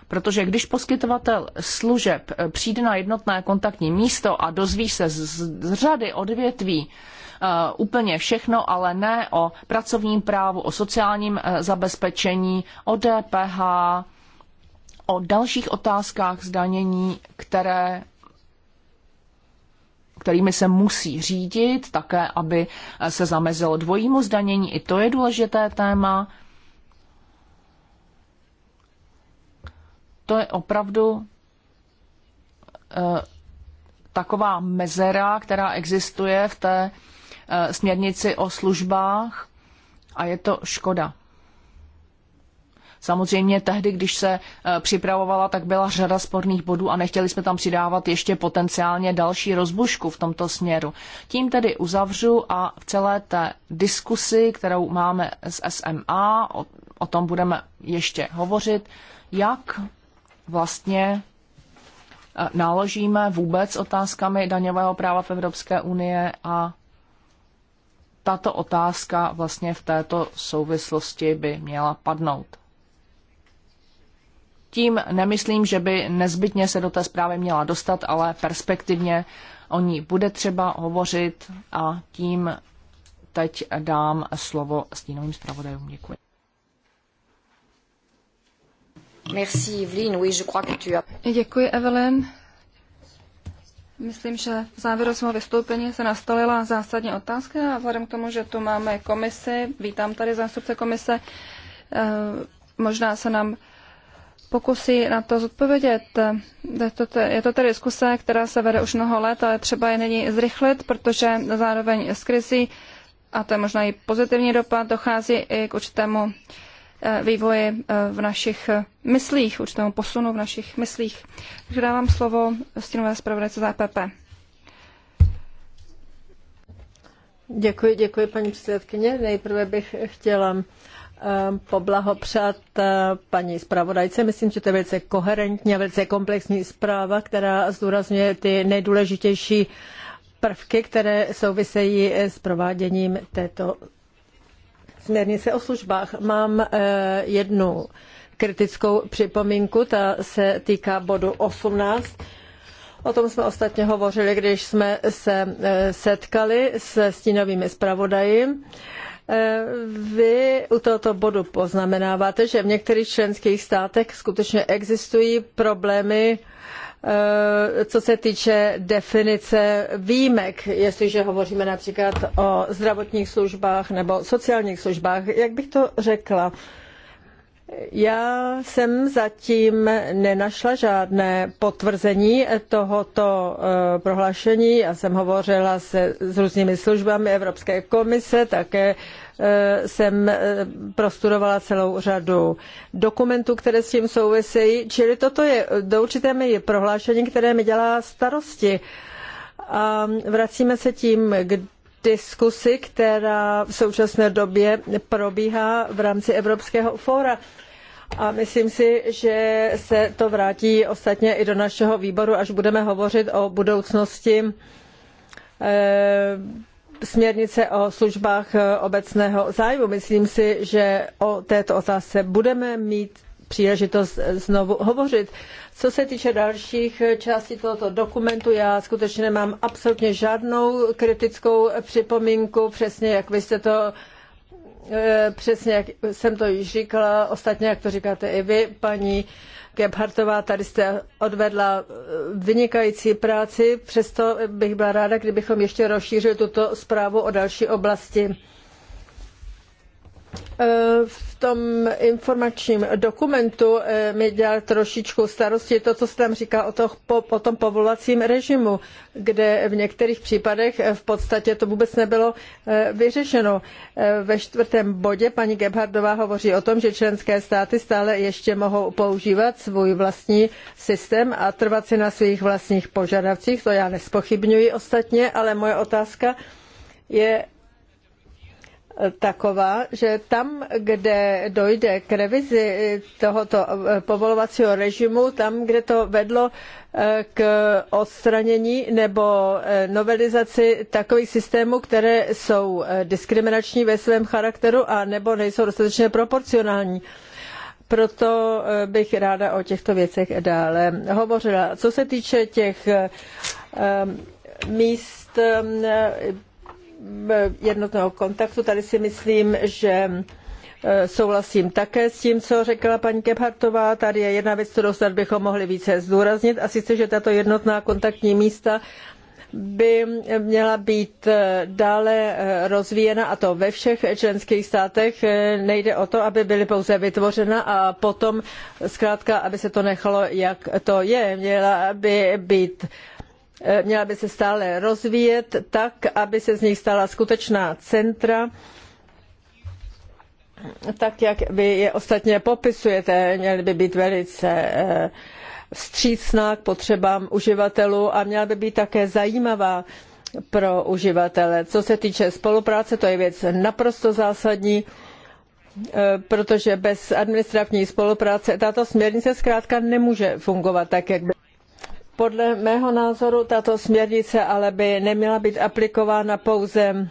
Protože když poskytovatel služeb přijde na jednotné kontaktní místo a dozví se z, z řady odvětví, Eh, úplně všechno, ale ne o pracovním právu, o sociálním eh, zabezpečení, o DPH, o dalších otázkách zdanění, které kterými se musí řídit, také aby eh, se zamezilo dvojímu zdanění. I to je důležité téma. To je opravdu taková mezera, která existuje v té Eh, směrnici o službách a je to škoda. Samozřejmě tehdy, když se eh, připravovala, tak byla řada sporných bodů a nechtěli jsme tam přidávat ještě potenciálně další rozbušku v tomto směru. Tím tedy uzavřu a v celé té diskusi, kterou máme s SMA, o, o tom budeme ještě hovořit, jak vlastně eh, náložíme vůbec otázkami daňového práva v Evropské unie a tato otázka vlastně v této souvislosti by měla padnout. Tím nemyslím, že by nezbytně se do té zprávy měla dostat, ale perspektivně o ní bude třeba hovořit a tím teď dám slovo stínovým zpravodajům. Děkuji. Merci, Evelyn. Oui, je crois que tu as... Děkuji, Evelyn. Myslím, že v závěru svého vystoupení se nastolila zásadní otázka a vzhledem k tomu, že tu máme komisi, vítám tady zástupce komise, eh, možná se nám pokusí na to zodpovědět. Je to tedy diskuse, která se vede už mnoho let, ale třeba je není zrychlit, protože zároveň s krizí, a to je možná i pozitivní dopad, dochází i k určitému Eh, vývoji eh, v našich eh, myslích, určitému posunu v našich myslích. Takže dávám slovo stínové zpravodajce ZPP. E děkuji, děkuji, paní předsedkyně. Nejprve bych chtěla poblahopřát paní zpravodajce. Myslím, že to je velice koherentní a velice komplexní zpráva, která zdůrazňuje ty nejdůležitější prvky, které souvisejí s prováděním této směrnice o službách. Mám eh, jednu kritickou připomínku, ta se týká bodu 18. O tom jsme ostatně hovořili, když jsme se eh, setkali se stínovými zpravodaji. Eh, vy u tohoto bodu poznamenáváte, že v některých členských státech skutečně existují problémy Eh, co se týče definice výjimek, jestliže hovoříme například o zdravotních službách nebo sociálních službách, jak bych to řekla? Já jsem zatím nenašla žádné potvrzení tohoto eh, prohlášení. Já jsem hovořila se, s různými službami Evropské komise, také Eh, jsem eh, prostudovala celou řadu dokumentů, které s tím souvisejí, čili toto je do určité míry prohlášení, které mi dělá starosti. A vracíme se tím k diskusi, která v současné době probíhá v rámci Evropského fóra. A myslím si, že se to vrátí ostatně i do našeho výboru, až budeme hovořit o budoucnosti eh, směrnice o službách eh, obecného zájmu. Myslím si, že o této otázce budeme mít příležitost eh, znovu hovořit. Co se týče dalších eh, částí tohoto dokumentu, já skutečně nemám absolutně žádnou kritickou připomínku, přesně jak vy jste to přesně jak jsem to již říkala, ostatně jak to říkáte i vy, paní Gebhardtová, tady jste odvedla eh, vynikající práci, přesto bych byla ráda, kdybychom ještě rozšířili tuto zprávu o další oblasti. Eh, v tom informačním dokumentu eh, mi dělal trošičku starosti to, co jste tam říkal o, to, o tom povolacím režimu, kde v některých případech eh, v podstatě to vůbec nebylo vyřešeno. Ve čtvrtém bodě paní Gebhardová hovoří o tom, že členské státy stále ještě mohou používat svůj vlastní systém a trvat si na svých vlastních požadavcích. To já nespochybňuji ostatně, ale moje otázka je, taková, že tam, kde dojde k revizi tohoto eh, povolovacího režimu, tam, kde to vedlo eh, k odstranění nebo eh, novelizaci takových systémů, které jsou diskriminační ve svém charakteru a nebo nejsou dostatečně proporcionální proto bych ráda o těchto věcech dále hovořila. Co se týče těch míst, Eh, jednotného kontaktu. Tady si myslím, že eh, souhlasím také s tím, co řekla paní Kephartová. Tady je jedna věc, kterou snad bychom mohli více zdůraznit, a sice, že tato jednotná kontaktní místa by měla být eh, dále rozvíjena a to ve všech členských státech. Nejde o to, aby byly pouze vytvořena a potom zkrátka, aby se to nechalo, jak to je. Měla by být Eh, měla by se stále rozvíjet tak, aby se z nich stala skutečná centra, tak jak vy je ostatně popisujete, měly by být velice eh, vstřícná k potřebám uživatelů a měla by být také zajímavá pro uživatele. Co se týče spolupráce, to je věc naprosto zásadní, eh, protože bez administrativní spolupráce tato směrnice zkrátka nemůže fungovat tak, jak by. Podle mého názoru tato směrnice ale by neměla být aplikována pouze eh,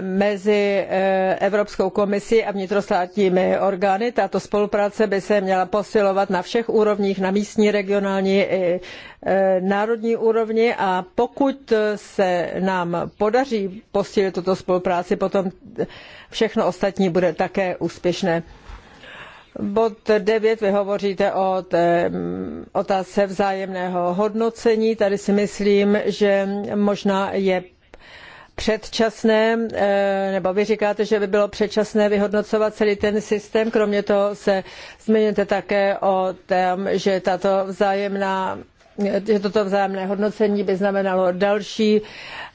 mezi eh, Evropskou komisí a vnitrostátními orgány. Tato spolupráce by se měla posilovat na všech úrovních, na místní, regionální i eh, národní úrovni a pokud se nám podaří posílit tuto spolupráci, potom všechno ostatní bude také úspěšné. Bod 9, vy hovoříte o té mm, otázce vzájemného hodnocení. Tady si myslím, že možná je předčasné, eh, nebo vy říkáte, že by bylo předčasné vyhodnocovat celý ten systém. Kromě toho se zmiňujete také o tom, že tato vzájemná že toto vzájemné hodnocení by znamenalo další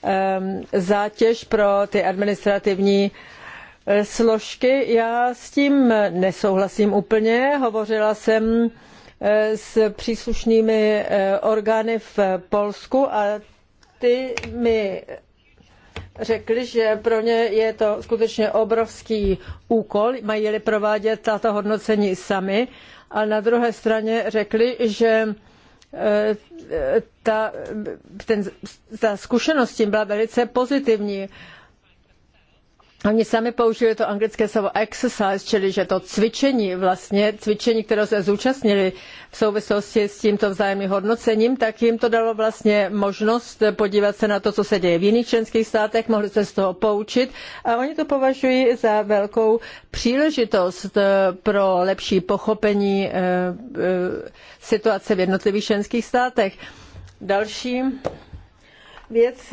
ehm, zátěž pro ty administrativní uh, Eh, složky. Já s tím nesouhlasím úplně. Hovořila jsem eh, s příslušnými eh, orgány v Polsku a ty mi řekli, že pro ně je to skutečně obrovský úkol, mají-li provádět tato hodnocení sami. A na druhé straně řekli, že ta, ten, ta zkušenost tím byla velice pozitivní. Oni sami použili to anglické slovo exercise, čili že to cvičení, vlastně cvičení, které se zúčastnili v souvislosti s tímto vzájemným hodnocením, tak jim to dalo vlastně možnost podívat se na to, co se děje v jiných členských státech, mohli se z toho poučit a oni to považují za velkou příležitost eh, pro lepší pochopení eh, eh, situace v jednotlivých členských státech. Další věc,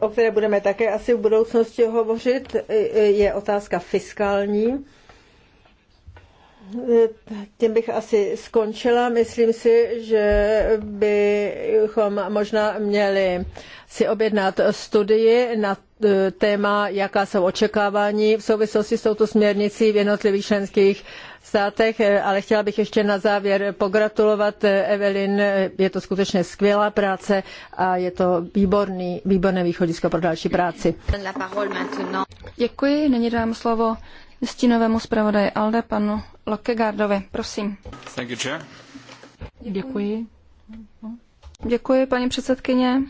o které budeme také asi v budoucnosti hovořit, je otázka fiskální. Tím bych asi skončila. Myslím si, že bychom možná měli si objednat studii na e, téma, jaká jsou očekávání v souvislosti s touto směrnicí v jednotlivých členských státech, eh, ale chtěla bych ještě na závěr pogratulovat eh, Evelyn. Je to skutečně skvělá práce a je to výborný, výborné východisko pro další práci. Děkuji, nyní dám slovo stínovému zpravodaji Alde, panu Lokegardovi. Prosím. Thank you, chair. Děkuji. Děkuji, paní předsedkyně.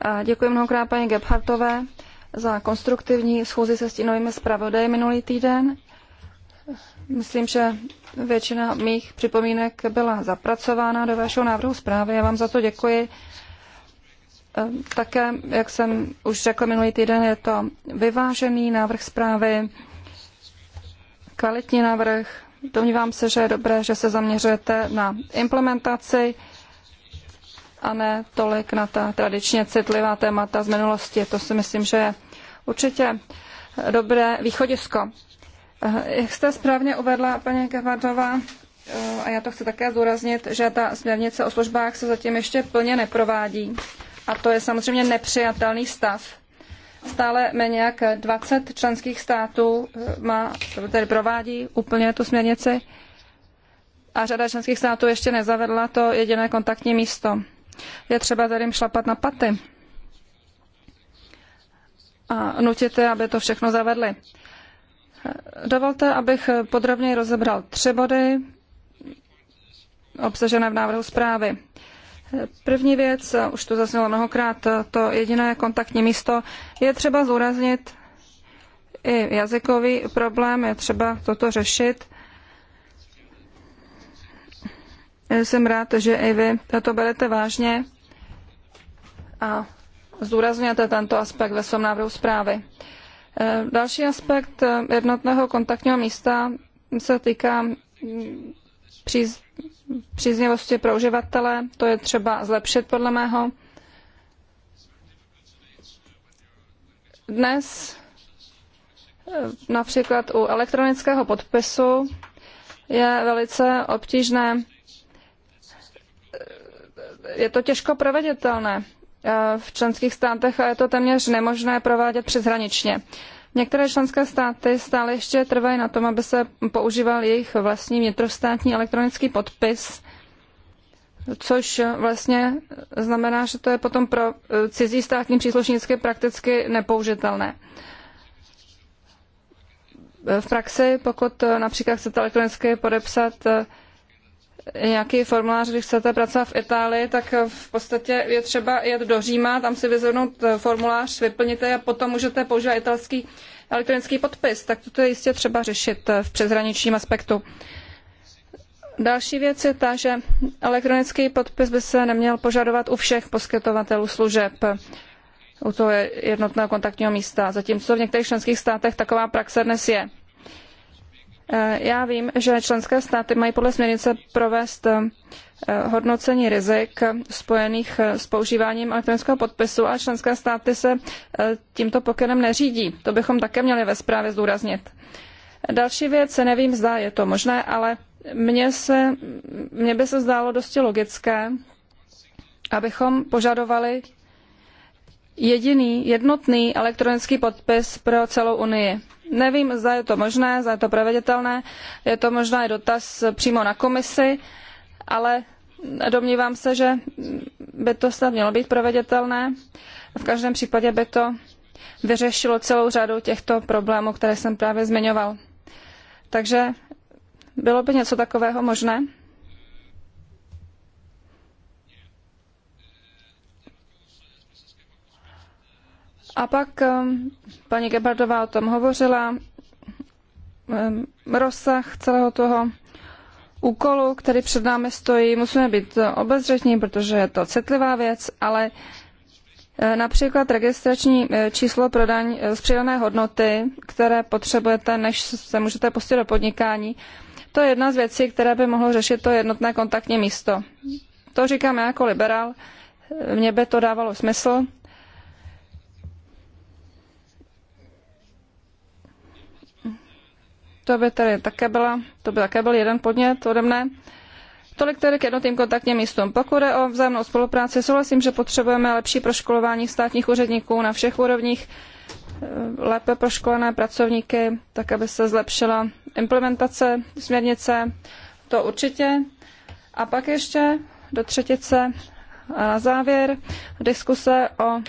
A děkuji mnohokrát paní Gebhartové za konstruktivní schůzi se stínovými zpravodaji minulý týden. Myslím, že většina mých připomínek byla zapracována do vašeho návrhu zprávy. Já vám za to děkuji. Ehm, také, jak jsem už řekl minulý týden, je to vyvážený návrh zprávy, kvalitní návrh. Domnívám se, že je dobré, že se zaměřujete na implementaci a ne tolik na ta tradičně citlivá témata z minulosti. To si myslím, že je určitě dobré východisko. Eh, jak jste správně uvedla, paní Gavardová, eh, a já to chci také zdůraznit, že ta směrnice o službách se zatím ještě plně neprovádí. A to je samozřejmě nepřijatelný stav. Stále méně jak 20 členských států eh, má, tedy provádí úplně tu směrnici a řada členských států ještě nezavedla to jediné kontaktní místo. Je třeba tady jim šlapat na paty a nutit je, aby to všechno zavedli. Dovolte, abych podrobněji rozebral tři body obsažené v návrhu zprávy. První věc, už to zaznělo mnohokrát, to jediné kontaktní místo, je třeba zúraznit i jazykový problém, je třeba toto řešit. Jsem rád, že i vy to berete vážně a zdůrazňujete tento aspekt ve svém návrhu zprávy. Eh, další aspekt eh, jednotného kontaktního místa se týká mm, příz, příznivosti pro uživatele. To je třeba zlepšit podle mého. Dnes eh, například u elektronického podpisu je velice obtížné, je to těžko proveditelné v členských státech a je to téměř nemožné provádět přeshraničně. Některé členské státy stále ještě trvají na tom, aby se používal jejich vlastní vnitrostátní elektronický podpis, což vlastně znamená, že to je potom pro eh, cizí státní příslušníky prakticky nepoužitelné. Eh, v praxi, pokud eh, například chcete elektronicky podepsat nějaký formulář, když chcete pracovat v Itálii, tak v podstatě je třeba jet do Říma, tam si vyzvednout eh, formulář, vyplnit a potom můžete používat italský elektronický podpis. Tak toto je jistě třeba řešit eh, v přeshraničním aspektu. Další věc je ta, že elektronický podpis by se neměl požadovat u všech poskytovatelů služeb u toho jednotného kontaktního místa, zatímco v některých členských státech taková praxe dnes je. Eh, já vím, že členské státy mají podle směrnice provést eh, hodnocení rizik spojených eh, s používáním elektronického podpisu a členské státy se tímto pokynem neřídí. To bychom také měli ve zprávě zdůraznit. Další věc, nevím, zda je to možné, ale mně, se, mně by se zdálo dosti logické, abychom požadovali jediný jednotný elektronický podpis pro celou Unii Nevím, zda je to možné, zda je to proveditelné. Je to možná i dotaz přímo na komisi, ale domnívám se, že by to snad mělo být proveditelné. V každém případě by to vyřešilo celou řadu těchto problémů, které jsem právě zmiňoval. Takže bylo by něco takového možné? A pak um, paní Gebardová o tom hovořila, um, rozsah celého toho úkolu, který před námi stojí, musíme být obezřetní, protože je to citlivá věc, ale eh, například registrační eh, číslo pro daň eh, z přidané hodnoty, které potřebujete, než se můžete pustit do podnikání, to je jedna z věcí, které by mohlo řešit to jednotné kontaktní místo. To říkám já jako liberál, mně by to dávalo smysl, to by tady také byla, to by také byl jeden podnět ode mne. Tolik tedy k jednotným kontaktním místům. Pokud jde o vzájemnou spolupráci, souhlasím, že potřebujeme lepší proškolování státních úředníků na všech úrovních, eh, lépe proškolené pracovníky, tak aby se zlepšila implementace směrnice. To určitě. A pak ještě do třetice a na závěr diskuse o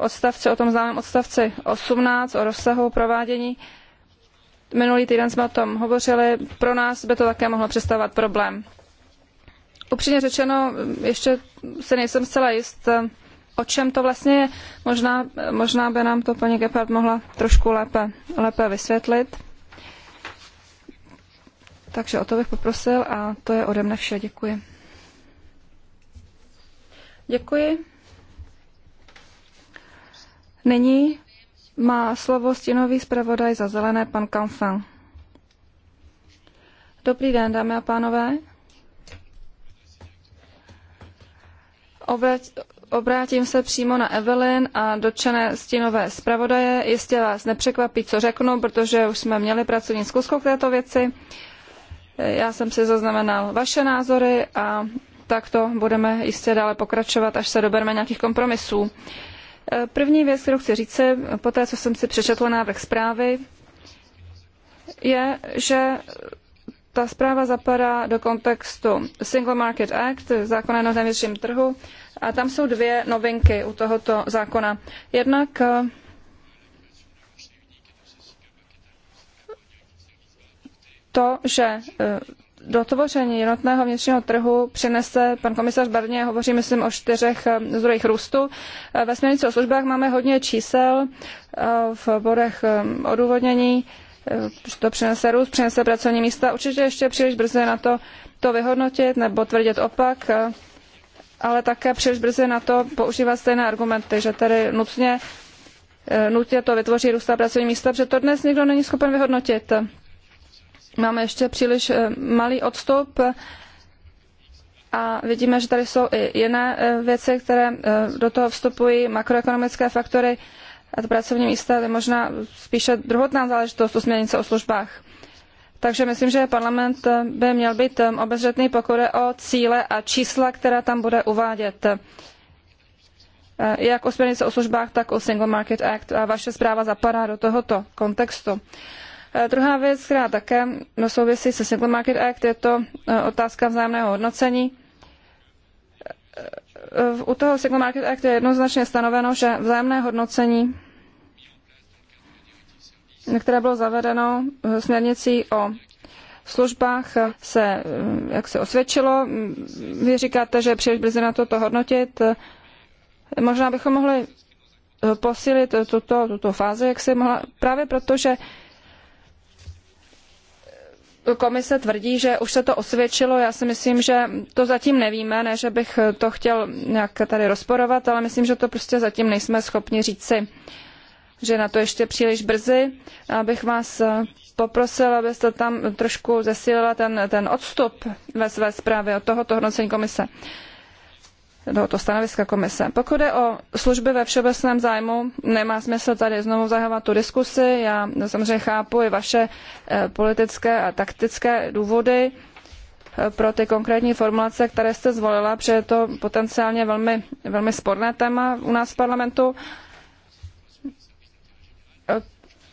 odstavci, o tom známém odstavci 18, o rozsahu provádění. Minulý týden jsme o tom hovořili. Pro nás by to také mohlo představovat problém. Upřímně řečeno, ještě se nejsem zcela jist, o čem to vlastně je. Možná, možná by nám to paní Gepard mohla trošku lépe, lépe vysvětlit. Takže o to bych poprosil a to je ode mne vše. Děkuji. Děkuji. Nyní má slovo stínový zpravodaj za zelené pan Kamfan. Dobrý den, dámy a pánové. Obrať, obrátím se přímo na Evelyn a dotčené stínové zpravodaje. Jistě vás nepřekvapí, co řeknu, protože už jsme měli pracovní zkusku k této věci. Já jsem si zaznamenal vaše názory a takto budeme jistě dále pokračovat, až se dobereme nějakých kompromisů. Uh, První věc, kterou chci říct, po té, co jsem si přečetla návrh zprávy, je, že ta zpráva zapadá do kontextu Single Market Act, zákona na největším trhu, a tam jsou dvě novinky u tohoto zákona. Jednak to, že eh, dotvoření jednotného vnitřního trhu přinese pan komisař Barně, hovoří myslím o čtyřech eh, zdrojích růstu. Eh, ve směrnici o službách máme hodně čísel eh, v bodech odůvodnění, to přinese růst, přinese pracovní místa. Určitě ještě příliš brzy na to to vyhodnotit nebo tvrdit opak, ale také příliš brzy na to používat stejné argumenty, že tedy nutně nutně to vytvoří růst a pracovní místa, protože to dnes nikdo není schopen vyhodnotit máme ještě příliš eh, malý odstup a vidíme, že tady jsou i jiné eh, věci, které eh, do toho vstupují, makroekonomické faktory a to pracovní místa je možná spíše druhotná záležitost u směrnice o službách. Takže myslím, že parlament by měl být obezřetný, pokud je o cíle a čísla, která tam bude uvádět. Jak o směrnice o službách, tak o Single Market Act a vaše zpráva zapadá do tohoto kontextu. Eh, druhá věc, která také no, souvisí se Single Market Act, je to eh, otázka vzájemného hodnocení. Eh, u toho Single Market Act je jednoznačně stanoveno, že vzájemné hodnocení, které bylo zavedeno směrnicí o službách, se, jak se osvědčilo. Mm, vy říkáte, že je příliš brzy na to, to hodnotit. Možná bychom mohli posílit tuto, tuto fázi, jak mohla, právě proto, že komise tvrdí, že už se to osvědčilo. Já si myslím, že to zatím nevíme, ne, že bych to chtěl nějak tady rozporovat, ale myslím, že to prostě zatím nejsme schopni říci, že na to ještě příliš brzy. Abych vás eh, poprosil, abyste tam trošku zesílila ten, ten odstup ve své zprávě od tohoto hodnocení komise. Uh, tohoto stanoviska komise. Pokud je o služby ve všeobecném zájmu, nemá smysl tady znovu zahávat tu diskusi. Já samozřejmě chápu i vaše eh, politické a taktické důvody eh, pro ty konkrétní formulace, které jste zvolila, protože je to potenciálně velmi, velmi sporné téma u nás v parlamentu.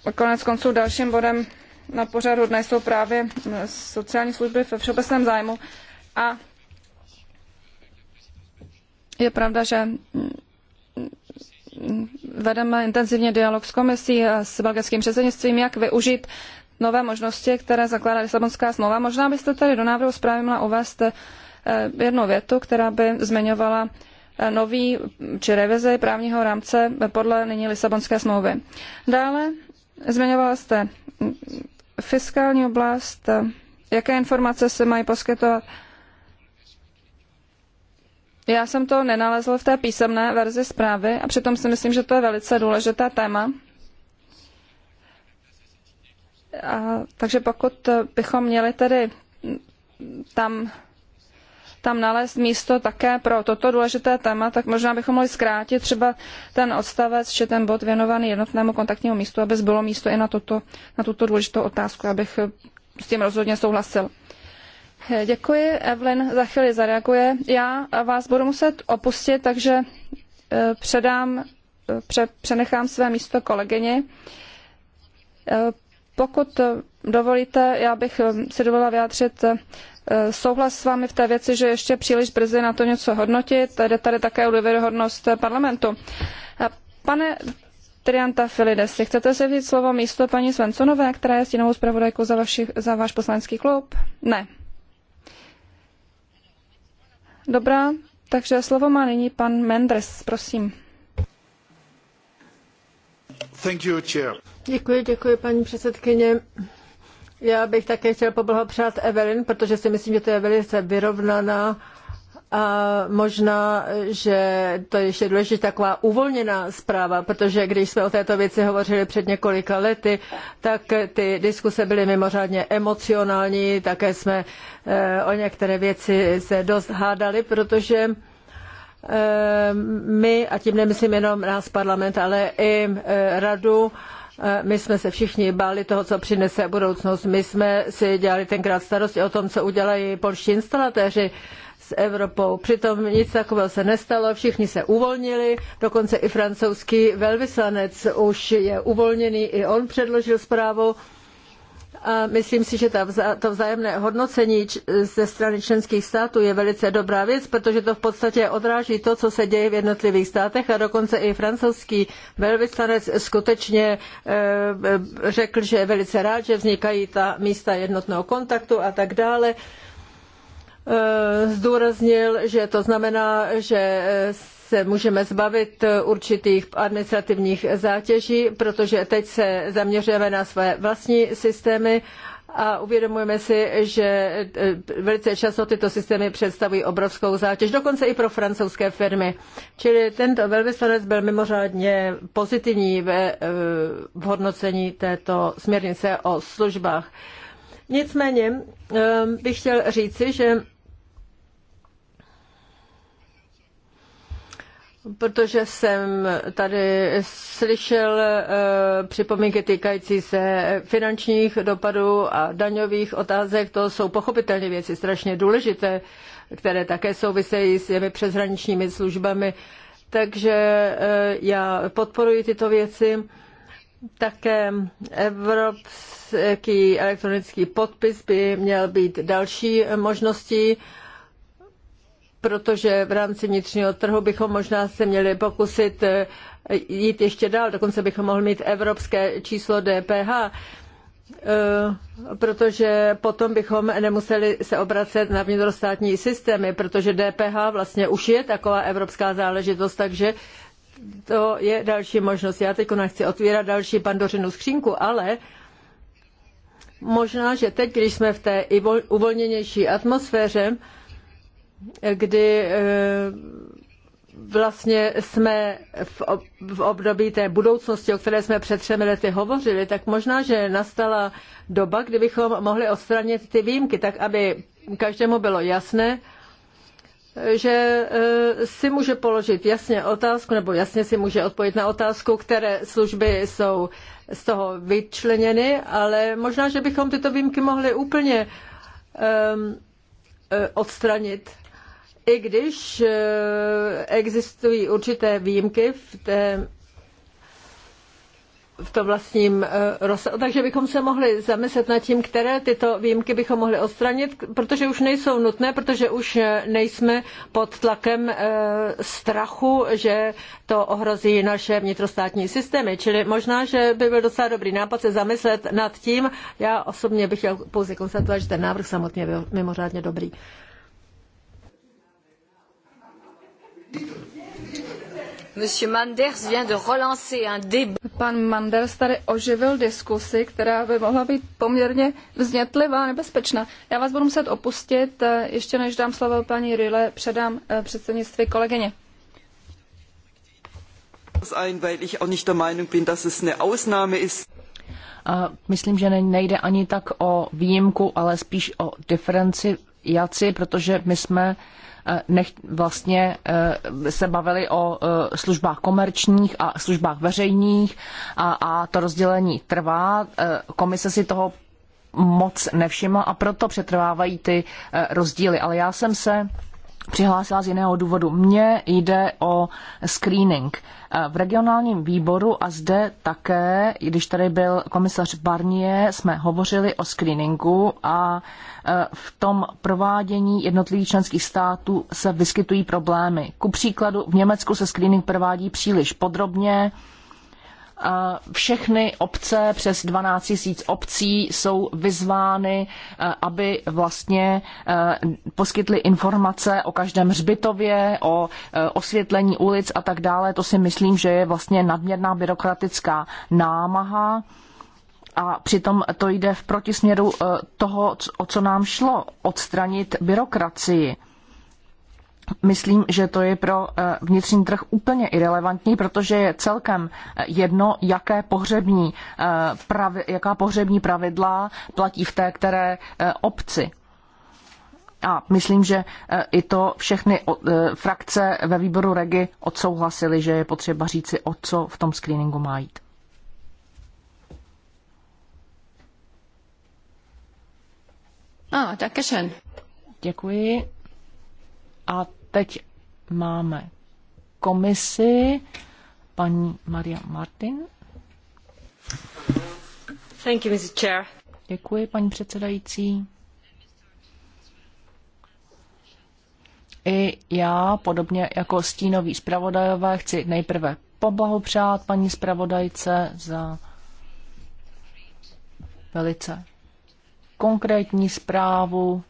Eh, konec konců dalším bodem na pořadu dnes jsou právě sociální služby ve všeobecném zájmu. A je pravda, že vedeme intenzivně dialog s komisí a s belgickým předsednictvím, jak využít nové možnosti, které zakládá Lisabonská smlouva. Možná byste tady do návrhu zprávy měla uvést eh, jednu větu, která by zmiňovala eh, nový či revizi právního rámce podle nyní Lisabonské smlouvy. Dále zmiňovala jste fiskální oblast, eh, jaké informace se mají poskytovat já jsem to nenalezl v té písemné verzi zprávy a přitom si myslím, že to je velice důležité téma. A, takže pokud bychom měli tedy tam, tam nalézt místo také pro toto důležité téma, tak možná bychom mohli zkrátit třeba ten odstavec či ten bod věnovaný jednotnému kontaktnímu místu, aby zbylo místo i na, toto, na tuto důležitou otázku, abych s tím rozhodně souhlasil. Děkuji, Evelyn za chvíli zareaguje. Já vás budu muset opustit, takže e, předám, e, pře, přenechám své místo kolegyni. E, pokud dovolíte, já bych si dovolila vyjádřit souhlas s vámi v té věci, že ještě příliš brzy na to něco hodnotit. Jde tady také o důvěryhodnost parlamentu. Pane Trianta Filides, chcete se vzít slovo místo paní Svensonové, která je stínovou zpravodajkou za, vaši, za váš poslanecký klub? Ne. Dobrá, takže slovo má nyní pan Mendres, prosím. Thank you, chair. Děkuji, děkuji, paní předsedkyně. Já bych také chtěl poblahopřát Evelyn, protože si myslím, že to je velice vyrovnaná a možná, že to je ještě důležitá taková uvolněná zpráva, protože když jsme o této věci hovořili před několika lety, tak ty diskuse byly mimořádně emocionální, také jsme e, o některé věci se dost hádali, protože e, my, a tím nemyslím jenom nás parlament, ale i e, radu, my jsme se všichni báli toho, co přinese budoucnost. My jsme si dělali tenkrát starosti o tom, co udělají polští instalatéři s Evropou. Přitom nic takového se nestalo, všichni se uvolnili, dokonce i francouzský velvyslanec už je uvolněný, i on předložil zprávu. A myslím si, že to vzájemné hodnocení ze strany členských států je velice dobrá věc, protože to v podstatě odráží to, co se děje v jednotlivých státech a dokonce i francouzský velvyslanec skutečně e, e, řekl, že je velice rád, že vznikají ta místa jednotného kontaktu a tak dále. Eh, zdůraznil, že to znamená, že eh, se můžeme zbavit určitých administrativních zátěží, protože teď se zaměřujeme na své vlastní systémy a uvědomujeme si, že eh, velice často tyto systémy představují obrovskou zátěž, dokonce i pro francouzské firmy. Čili tento velvyslanec byl mimořádně pozitivní ve, v hodnocení této směrnice o službách. Nicméně bych chtěl říci, že protože jsem tady slyšel eh, připomínky týkající se finančních dopadů a daňových otázek. To jsou pochopitelně věci strašně důležité, které také souvisejí s těmi přeshraničními službami. Takže eh, já podporuji tyto věci. Také evropský elektronický podpis by měl být další možností protože v rámci vnitřního trhu bychom možná se měli pokusit eh, jít ještě dál, dokonce bychom mohli mít evropské číslo DPH, eh, protože potom bychom nemuseli se obracet na vnitrostátní systémy, protože DPH vlastně už je taková evropská záležitost, takže to je další možnost. Já teď nechci otvírat další pandořinu skřínku, ale možná, že teď, když jsme v té uvolněnější atmosféře, kdy eh, vlastně jsme v období té budoucnosti, o které jsme před třemi lety hovořili, tak možná, že nastala doba, kdybychom mohli odstranit ty výjimky, tak aby každému bylo jasné, že eh, si může položit jasně otázku, nebo jasně si může odpovědět na otázku, které služby jsou z toho vyčleněny, ale možná, že bychom tyto výjimky mohli úplně um, odstranit i když eh, existují určité výjimky v, té, v tom vlastním eh, rozsahu. Takže bychom se mohli zamyslet nad tím, které tyto výjimky bychom mohli odstranit, protože už nejsou nutné, protože už eh, nejsme pod tlakem strachu, že to ohrozí naše vnitrostátní systémy. Čili možná, že by byl docela dobrý nápad se zamyslet nad tím. Já osobně bych chtěl pouze konstatovat, že ten návrh samotně byl mimořádně dobrý. Monsieur Manders vient de relancer un débat. Pan Manders tady oživil diskusi, která by mohla být poměrně vznětlivá a nebezpečná. Já vás budu muset opustit, eh, ještě než dám slovo paní Rile, předám eh, předsednictví kolegyně. myslím, že nejde ani tak o výjimku, ale spíš o diferenciaci, protože my jsme uh, Eh, nech, vlastně eh, se bavili o eh, službách komerčních a službách veřejných a, a to rozdělení trvá. Komise si toho moc nevšimla a proto přetrvávají ty rozdíly. Ale já jsem se přihlásila z jiného důvodu. Mně jde o screening. Eh, v regionálním výboru a zde také, když tady byl komisař Barnier, jsme hovořili o screeningu a eh, v tom provádění jednotlivých členských států se vyskytují problémy. Ku příkladu v Německu se screening provádí příliš podrobně, všechny obce, přes 12 tisíc obcí jsou vyzvány, eh, aby vlastně eh, poskytly informace o každém hřbitově, o eh, osvětlení ulic a tak dále. To si myslím, že je vlastně nadměrná byrokratická námaha a přitom to jde v protisměru toho, o co nám šlo, odstranit byrokracii. Myslím, že to je pro eh, vnitřní trh úplně irrelevantní, protože je celkem eh, jedno, jaké pohřební eh, pravi, jaká pohřební pravidla platí v té které obci. A myslím, že i to všechny frakce ve výboru Regi odsouhlasily, že je potřeba říci, o co v tom screeningu má jít. Ah, Děkuji. A teď máme komisi paní Maria Martin. Thank you, Mr. Chair. Děkuji, paní předsedající. I já, podobně jako stínový zpravodajové, chci nejprve poblahopřát paní zpravodajce za velice konkrétní zprávu,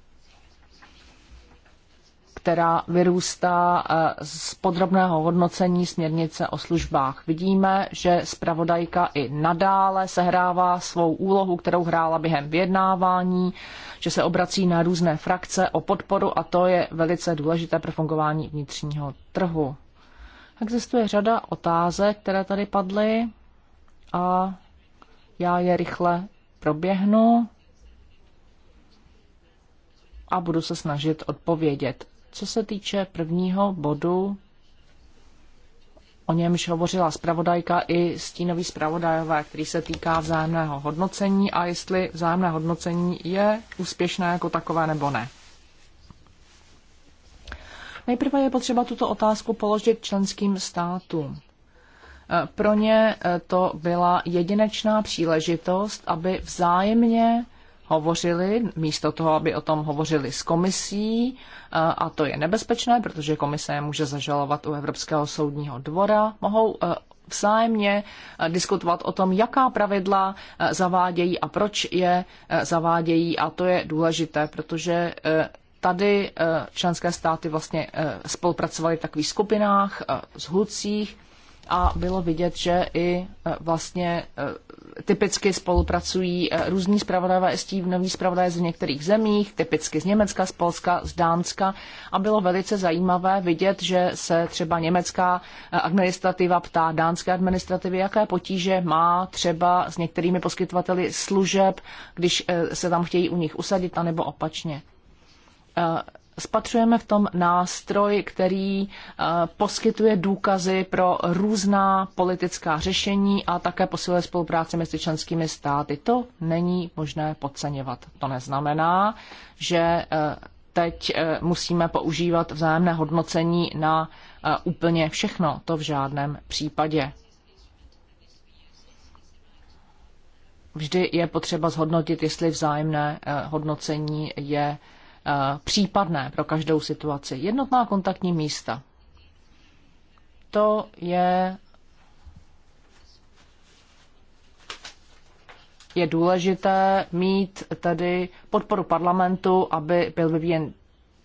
která vyrůstá eh, z podrobného hodnocení směrnice o službách. Vidíme, že zpravodajka i nadále sehrává svou úlohu, kterou hrála během vyjednávání, že se obrací na různé frakce o podporu a to je velice důležité pro fungování vnitřního trhu. Existuje řada otázek, které tady padly a já je rychle proběhnu a budu se snažit odpovědět. Co se týče prvního bodu, o němž hovořila zpravodajka i stínový zpravodajové, který se týká vzájemného hodnocení a jestli vzájemné hodnocení je úspěšné jako takové nebo ne. Nejprve je potřeba tuto otázku položit členským státům. E, pro ně e, to byla jedinečná příležitost, aby vzájemně hovořili, místo toho, aby o tom hovořili s komisí, eh, a to je nebezpečné, protože komise může zažalovat u Evropského soudního dvora, mohou eh, vzájemně eh, diskutovat o tom, jaká pravidla zavádějí a proč je zavádějí. A to je důležité, protože tady členské státy vlastně spolupracovaly v takových skupinách, zhlucích a bylo vidět, že i vlastně typicky spolupracují eh, různí zpravodajové i noví zpravodaje z některých zemích, typicky z Německa, z Polska, z Dánska a bylo velice zajímavé vidět, že se třeba německá eh, administrativa ptá dánské administrativy, jaké potíže má třeba s některými poskytovateli služeb, když eh, se tam chtějí u nich usadit, anebo opačně spatřujeme v tom nástroj, který eh, poskytuje důkazy pro různá politická řešení a také posiluje spolupráci mezi členskými státy. To není možné podceňovat. To neznamená, že eh, teď eh, musíme používat vzájemné hodnocení na úplně všechno. To v žádném případě. Vždy je potřeba zhodnotit, jestli vzájemné hodnocení je Eh, případné pro každou situaci. Jednotná kontaktní místa. To je je důležité mít tedy podporu parlamentu, aby byl vyvíjen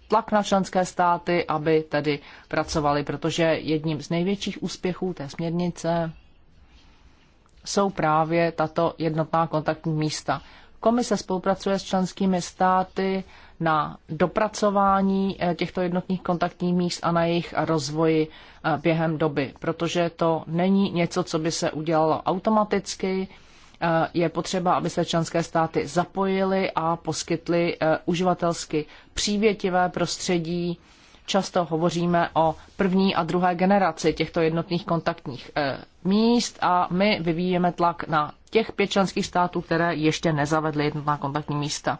tlak na členské státy, aby tedy pracovali, protože jedním z největších úspěchů té směrnice jsou právě tato jednotná kontaktní místa. Komise spolupracuje s členskými státy na dopracování eh, těchto jednotných kontaktních míst a na jejich rozvoji eh, během doby, protože to není něco, co by se udělalo automaticky. Eh, je potřeba, aby se členské státy zapojily a poskytly uživatelsky přívětivé prostředí. Často hovoříme o první a druhé generaci těchto jednotných kontaktních míst a my vyvíjeme tlak na těch pět členských států, které ještě nezavedly jednotná kontaktní místa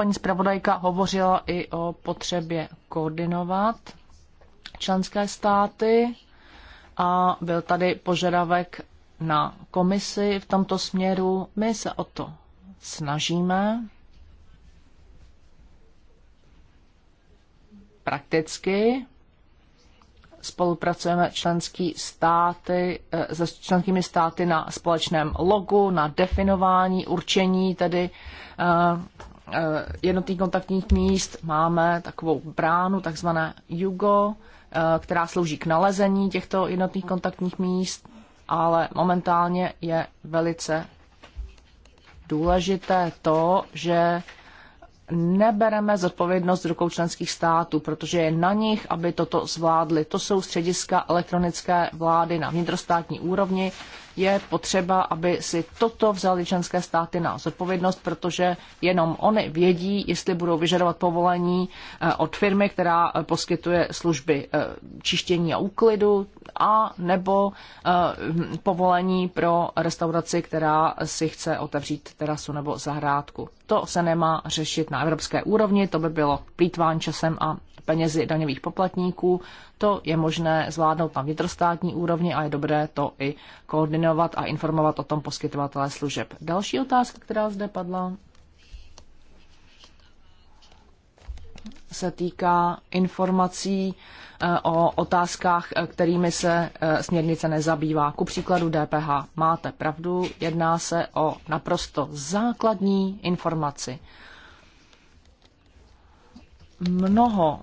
paní zpravodajka hovořila i o potřebě koordinovat členské státy a byl tady požadavek na komisi v tomto směru. My se o to snažíme. Prakticky spolupracujeme členský státy, eh, se členskými státy na společném logu, na definování, určení tedy eh, Eh, jednotných kontaktních míst máme takovou bránu, takzvané Jugo, eh, která slouží k nalezení těchto jednotných kontaktních míst, ale momentálně je velice důležité to, že nebereme zodpovědnost rukou členských států, protože je na nich, aby toto zvládli. To jsou střediska elektronické vlády na vnitrostátní úrovni, je potřeba, aby si toto vzali členské státy na zodpovědnost, protože jenom oni vědí, jestli budou vyžadovat povolení eh, od firmy, která eh, poskytuje služby eh, čištění a úklidu, a nebo povolení pro restauraci, která si chce otevřít terasu nebo zahrádku. To se nemá řešit na evropské úrovni, to by bylo plítván časem a penězi daňových poplatníků. To je možné zvládnout na vnitrostátní úrovni a je dobré to i koordinovat a informovat o tom poskytovatele služeb. Další otázka, která zde padla, se týká informací eh, o otázkách, eh, kterými se eh, směrnice nezabývá. Ku příkladu DPH. Máte pravdu, jedná se o naprosto základní informaci. Mnoho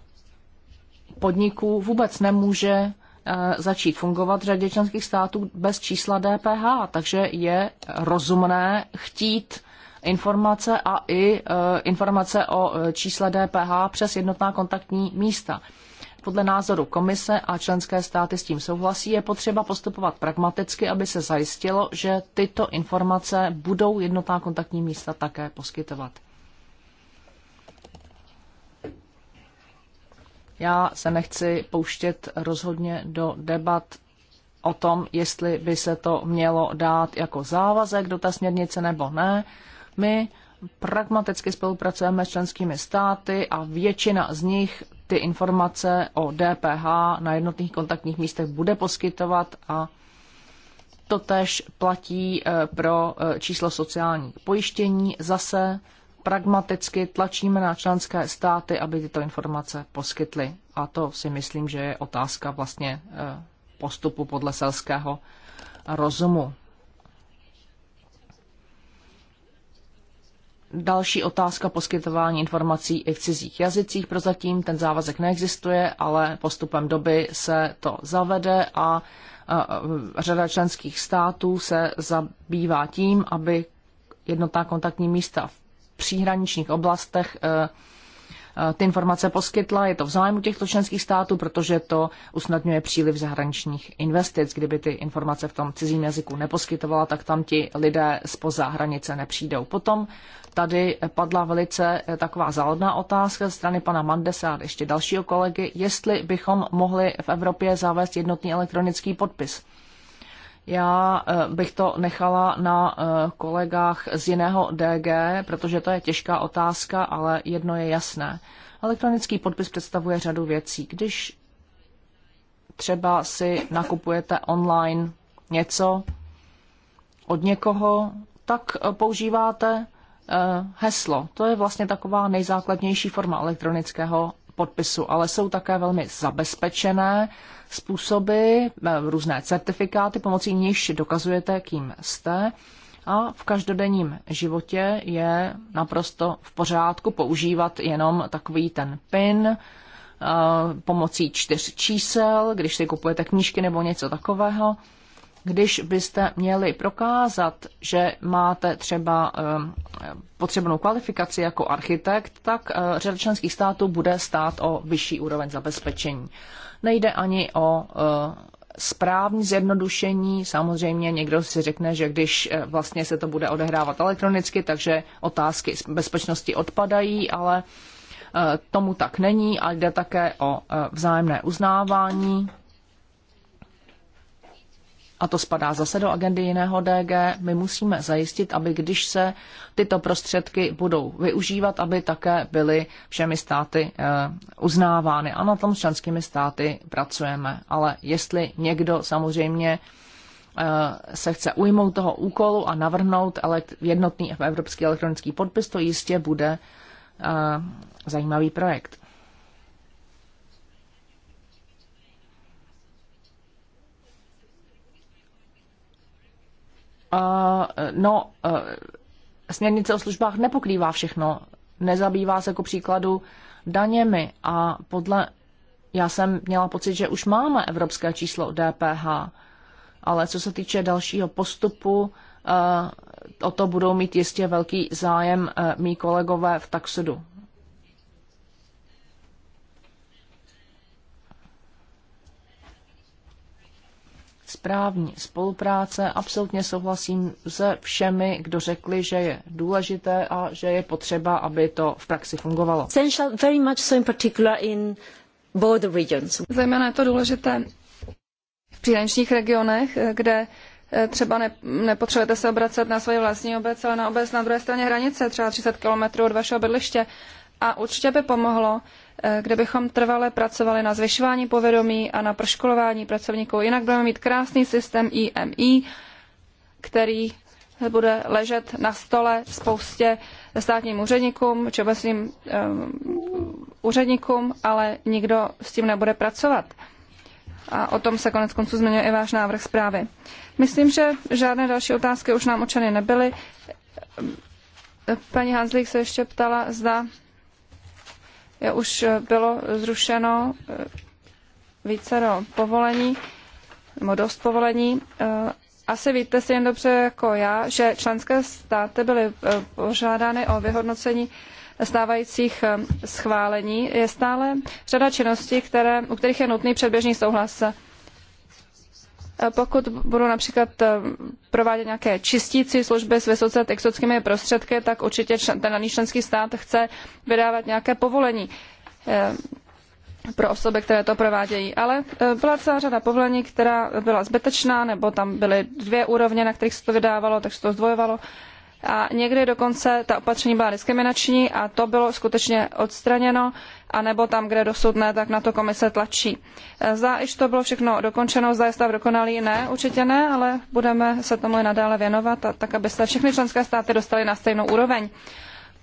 podniků vůbec nemůže eh, začít fungovat v řadě členských států bez čísla DPH, takže je rozumné chtít informace a i eh, informace o eh, čísle DPH přes jednotná kontaktní místa. Podle názoru komise a členské státy s tím souhlasí, je potřeba postupovat pragmaticky, aby se zajistilo, že tyto informace budou jednotná kontaktní místa také poskytovat. Já se nechci pouštět rozhodně do debat o tom, jestli by se to mělo dát jako závazek do té směrnice nebo ne. My pragmaticky spolupracujeme s členskými státy a většina z nich ty informace o DPH na jednotných kontaktních místech bude poskytovat a to tež platí eh, pro eh, číslo sociální pojištění. Zase pragmaticky tlačíme na členské státy, aby tyto informace poskytly. A to si myslím, že je otázka vlastně eh, postupu podle selského rozumu. Další otázka poskytování informací i v cizích jazycích. Prozatím ten závazek neexistuje, ale postupem doby se to zavede a eh, řada členských států se zabývá tím, aby jednotná kontaktní místa v příhraničních oblastech eh, eh, ty informace poskytla. Je to v zájmu těchto členských států, protože to usnadňuje příliv zahraničních investic. Kdyby ty informace v tom cizím jazyku neposkytovala, tak tam ti lidé spoza hranice nepřijdou. Potom tady padla velice eh, taková záhodná otázka ze strany pana Mandesa a ještě dalšího kolegy, jestli bychom mohli v Evropě zavést jednotný elektronický podpis. Já eh, bych to nechala na eh, kolegách z jiného DG, protože to je těžká otázka, ale jedno je jasné. Elektronický podpis představuje řadu věcí. Když třeba si nakupujete online něco od někoho, tak eh, používáte heslo. To je vlastně taková nejzákladnější forma elektronického podpisu, ale jsou také velmi zabezpečené způsoby, eh, různé certifikáty, pomocí nichž dokazujete, kým jste. A v každodenním životě je naprosto v pořádku používat jenom takový ten PIN, eh, pomocí čtyř čísel, když si kupujete knížky nebo něco takového. Když byste měli prokázat, že máte třeba um, potřebnou kvalifikaci jako architekt, tak uh, řada členských států bude stát o vyšší úroveň zabezpečení. Nejde ani o uh, správní zjednodušení. Samozřejmě někdo si řekne, že když uh, vlastně se to bude odehrávat elektronicky, takže otázky bezpečnosti odpadají, ale tomu tak není a jde také o vzájemné uznávání a to spadá zase do agendy jiného DG, my musíme zajistit, aby když se tyto prostředky budou využívat, aby také byly všemi státy eh, uznávány. A na tom s členskými státy pracujeme. Ale jestli někdo samozřejmě eh, se chce ujmout toho úkolu a navrhnout jednotný evropský elektronický podpis, to jistě bude eh, zajímavý projekt. no, směrnice o službách nepokrývá všechno. Nezabývá se jako příkladu daněmi a podle já jsem měla pocit, že už máme evropské číslo DPH, ale co se týče dalšího postupu, o to budou mít jistě velký zájem mý kolegové v Taxudu. správní spolupráce. Absolutně souhlasím se všemi, kdo řekli, že je důležité a že je potřeba, aby to v praxi fungovalo. Very much so in particular in border regions. Zejména je to důležité v příhraničních regionech, kde eh, třeba ne, nepotřebujete se obracet na svoji vlastní obec, ale na obec na druhé straně hranice, třeba 30 kilometrů od vašeho bydliště. A určitě by pomohlo, eh, kdybychom trvale pracovali na zvyšování povědomí a na proškolování pracovníků. Jinak budeme mít krásný systém IMI, který bude ležet na stole spoustě státním úředníkům či obecným um, eh, úředníkům, ale nikdo s tím nebude pracovat. A o tom se konec konců zmiňuje i váš návrh zprávy. Myslím, že žádné další otázky už nám očany nebyly. Paní Hanzlík se ještě ptala, zda je, už eh, bylo zrušeno eh, více do povolení, nebo dost povolení. Eh, asi víte si jen dobře jako já, že členské státy byly požádány o vyhodnocení stávajících schválení. Je stále řada činností, které, u kterých je nutný předběžný souhlas Eh, pokud budou například eh, provádět nějaké čistící služby s vysoce exotickými prostředky, tak určitě ten daný členský stát chce vydávat nějaké povolení eh, pro osoby, které to provádějí. Ale byla celá řada povolení, která byla zbytečná, nebo tam byly dvě úrovně, na kterých se to vydávalo, tak se to zdvojovalo. A někdy dokonce ta opatření byla diskriminační a to bylo skutečně odstraněno anebo tam, kde dosud ne, tak na to komise tlačí. E, zda, již to bylo všechno dokončeno, zda je stav dokonalý, ne, určitě ne, ale budeme se tomu i nadále věnovat, a, tak aby se všechny členské státy dostaly na stejnou úroveň.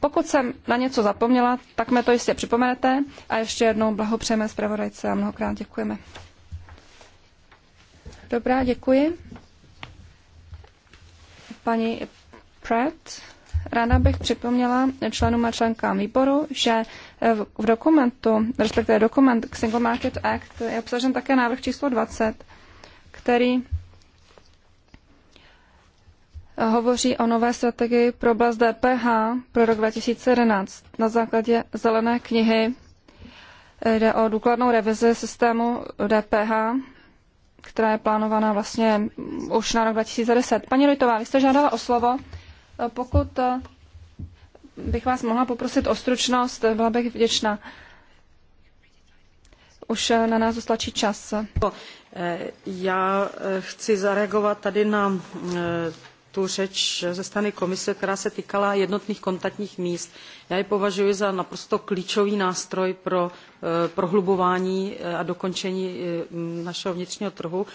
Pokud jsem na něco zapomněla, tak mi to jistě připomenete a ještě jednou blahopřejeme zpravodajce a mnohokrát děkujeme. Dobrá, děkuji. Paní Pratt, ráda bych připomněla členům a členkám výboru, že v dokumentu, respektive dokument k Single Market Act, je obsažen také návrh číslo 20, který eh, hovoří o nové strategii pro oblast DPH pro rok 2011 na základě zelené knihy. Eh, jde o důkladnou revizi systému DPH, která je plánovaná vlastně už na rok 2010. Paní Rojtová, vy jste žádala o slovo. Eh, pokud bych vás mohla poprosit o stručnost, byla bych vděčná. Už eh, na nás dostačí čas. Eh, já eh, chci zareagovat tady na tu řeč ze strany komise, která se týkala jednotných kontaktních míst. Já je považuji za naprosto klíčový nástroj pro prohlubování a dokončení našeho vnitřního trhu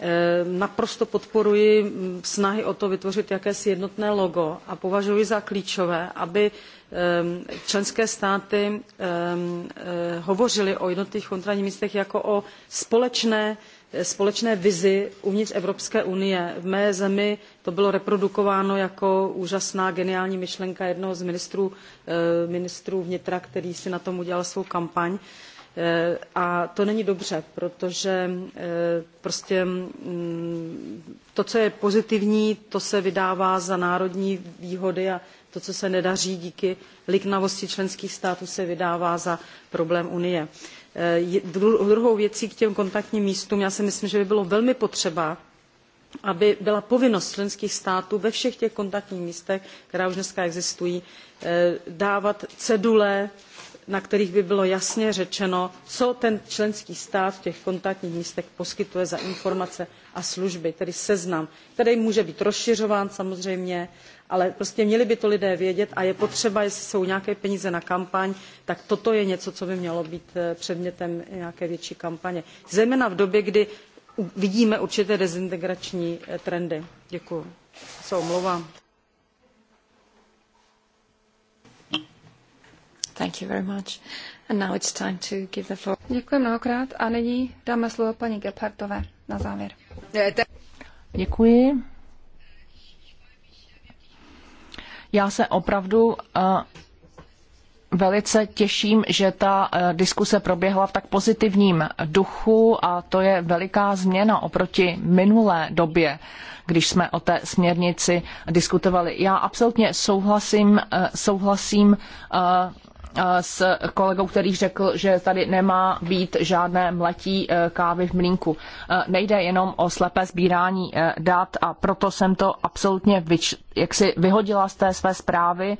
Eh, naprosto podporuji mm, snahy o to vytvořit jakési jednotné logo a považuji za klíčové, aby ehm, členské státy ehm, eh, hovořily o jednotných kontrolních místech jako o společné eh, společné vizi uvnitř Evropské unie. V mé zemi to bylo reprodukováno jako úžasná, geniální myšlenka jednoho z ministrů, ministrů vnitra, který si na tom udělal svou kampaň. Eh, a to není dobře, protože eh, prostě mm, to, co je pozitivní, to se vydává za národní výhody a to, co se nedaří díky liknavosti členských států, se vydává za problém Unie. Eh, druhou věcí k těm kontaktním místům, já si myslím, že by bylo velmi potřeba, aby byla povinnost členských států ve všech těch kontaktních místech, která už dneska existují, dávat cedule na kterých by bylo jasně řečeno, co ten členský stát v těch kontaktních místech poskytuje za informace a služby, tedy seznam, který může být rozšiřován samozřejmě, ale prostě měli by to lidé vědět a je potřeba, jestli jsou nějaké peníze na kampaň, tak toto je něco, co by mělo být eh, předmětem nějaké větší kampaně. Zejména v době, kdy vidíme určité dezintegrační eh, trendy. Děkuji. Se omlouvám. Thank you very much. And now it's time to give the floor. Děkuji mnohokrát a nyní dáme slovo paní Gebhardtové na závěr. Děkuji. Já se opravdu uh, velice těším, že ta eh, diskuse proběhla v tak pozitivním duchu a to je veliká změna oproti minulé době, když jsme o té směrnici diskutovali. Já absolutně souhlasím, eh, souhlasím s kolegou, který řekl, že tady nemá být žádné mletí eh, kávy v mlínku. Eh, nejde jenom o slepé sbírání eh, dat a proto jsem to absolutně vyč, vyhodila z té své zprávy,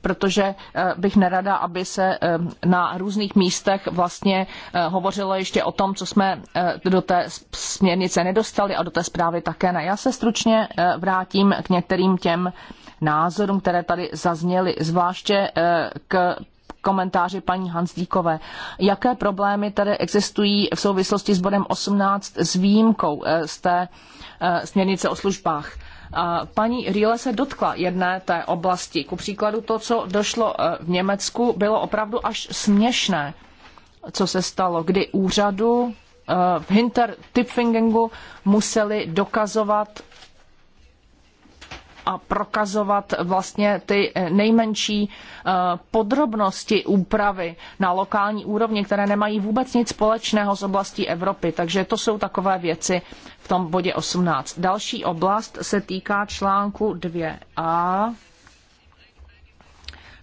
protože bych nerada, aby se na různých místech vlastně hovořilo ještě o tom, co jsme do té směrnice nedostali a do té zprávy také ne. Já se stručně vrátím k některým těm názorům, které tady zazněly, zvláště eh, k komentáři paní Hanzdíkové. Jaké problémy tady existují v souvislosti s bodem 18 s výjimkou eh, z té eh, směrnice o službách? Paní Riele se dotkla jedné té oblasti. Ku příkladu to, co došlo v Německu, bylo opravdu až směšné, co se stalo, kdy úřadu v Hinter Tipfingengu museli dokazovat a prokazovat vlastně ty nejmenší eh, podrobnosti úpravy na lokální úrovni, které nemají vůbec nic společného s oblastí Evropy. Takže to jsou takové věci v tom bodě 18. Další oblast se týká článku 2a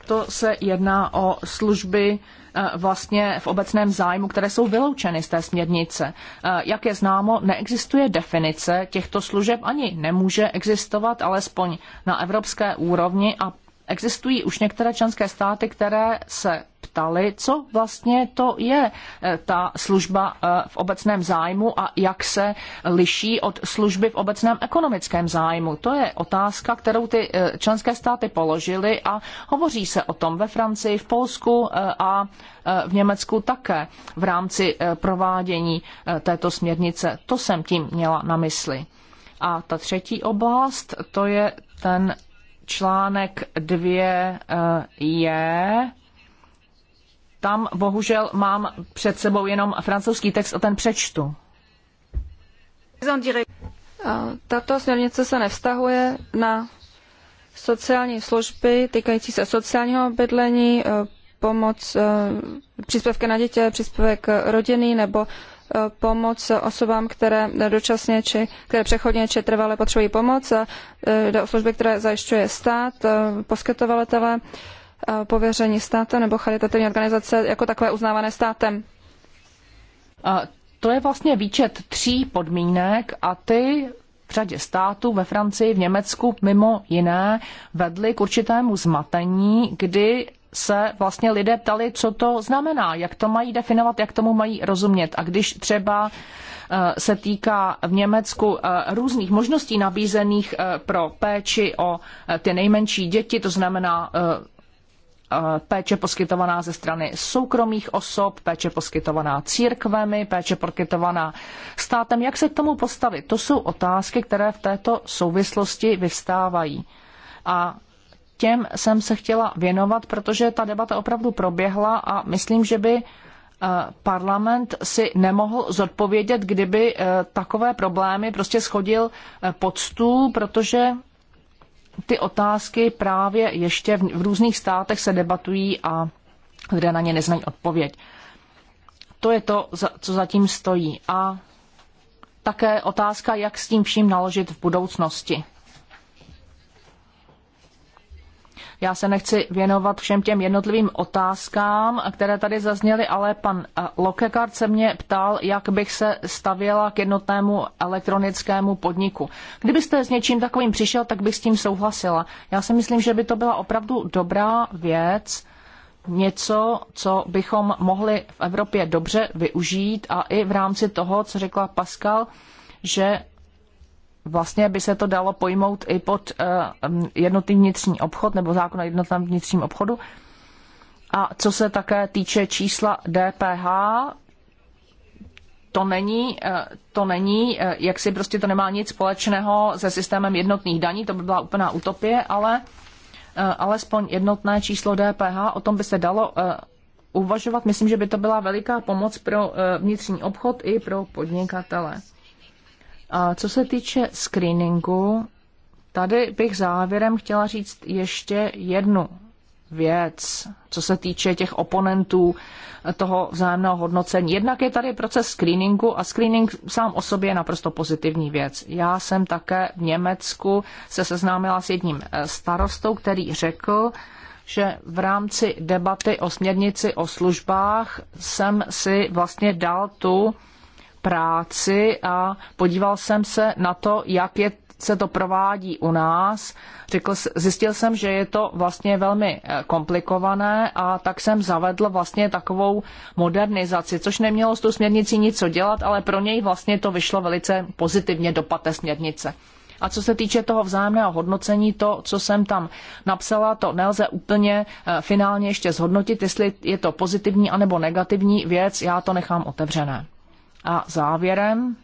to se jedná o služby eh, vlastně v obecném zájmu, které jsou vyloučeny z té směrnice. Eh, jak je známo, neexistuje definice těchto služeb, ani nemůže existovat, alespoň na evropské úrovni a existují už některé členské státy, které se ptali, co vlastně to je eh, ta služba eh, v obecném zájmu a jak se liší od služby v obecném ekonomickém zájmu. To je otázka, kterou ty eh, členské státy položily a hovoří se o tom ve Francii, v Polsku a v Německu také v rámci provádění této směrnice. To jsem tím měla na mysli. A ta třetí oblast, to je ten článek 2 eh, je tam bohužel mám před sebou jenom francouzský text o ten přečtu. Tato směrnice se nevztahuje na sociální služby týkající se sociálního bydlení, eh, pomoc, eh, příspěvky na dítě, příspěvek rodiny nebo Eh, pomoc osobám, které dočasně či které přechodně či trvale potřebují pomoc. Eh, jde o služby, které zajišťuje stát, eh, poskytovatele, pověření státem nebo charitativní organizace jako takové uznávané státem. A to je vlastně výčet tří podmínek a ty v řadě států ve Francii, v Německu, mimo jiné, vedly k určitému zmatení, kdy se vlastně lidé ptali, co to znamená, jak to mají definovat, jak tomu mají rozumět. A když třeba eh, se týká v Německu eh, různých možností nabízených eh, pro péči o ty nejmenší děti, to znamená péče poskytovaná ze strany soukromých osob, péče poskytovaná církvemi, péče poskytovaná státem. Jak se k tomu postavit? To jsou otázky, které v této souvislosti vyvstávají. A těm jsem se chtěla věnovat, protože ta debata opravdu proběhla a myslím, že by eh, parlament si nemohl zodpovědět, kdyby eh, takové problémy prostě schodil eh, pod stůl, protože ty otázky právě ještě v různých státech se debatují a lidé na ně neznají odpověď. To je to, co zatím stojí. A také otázka, jak s tím vším naložit v budoucnosti. Já se nechci věnovat všem těm jednotlivým otázkám, které tady zazněly, ale pan eh, Lokekart se mě ptal, jak bych se stavěla k jednotnému elektronickému podniku. Kdybyste s něčím takovým přišel, tak bych s tím souhlasila. Já si myslím, že by to byla opravdu dobrá věc, něco, co bychom mohli v Evropě dobře využít a i v rámci toho, co řekla Pascal, že vlastně by se to dalo pojmout i pod eh, mm, jednotný vnitřní obchod nebo zákon o jednotném vnitřním obchodu. A co se také týče čísla DPH, to není, eh, to není, eh, jak si prostě to nemá nic společného se systémem jednotných daní, to by byla úplná utopie, ale alespoň jednotné číslo DPH, o tom by se dalo uvažovat. Myslím, že by to byla veliká pomoc pro vnitřní obchod i pro podnikatele. A co se týče screeningu, tady bych závěrem chtěla říct ještě jednu věc, co se týče těch oponentů toho vzájemného hodnocení. Jednak je tady proces screeningu a screening sám o sobě je naprosto pozitivní věc. Já jsem také v Německu se seznámila s jedním eh, starostou, který řekl, že v rámci debaty o směrnici o službách jsem si vlastně dal tu práci a podíval jsem se na to, jak je se to provádí u nás. Řekl, zjistil jsem, že je to vlastně velmi eh, komplikované a tak jsem zavedl vlastně takovou modernizaci, což nemělo s tou směrnicí nic co dělat, ale pro něj vlastně to vyšlo velice pozitivně do paté směrnice. A co se týče toho vzájemného hodnocení, to, co jsem tam napsala, to nelze úplně eh, finálně ještě zhodnotit, jestli je to pozitivní anebo negativní věc, já to nechám otevřené. A závěrem,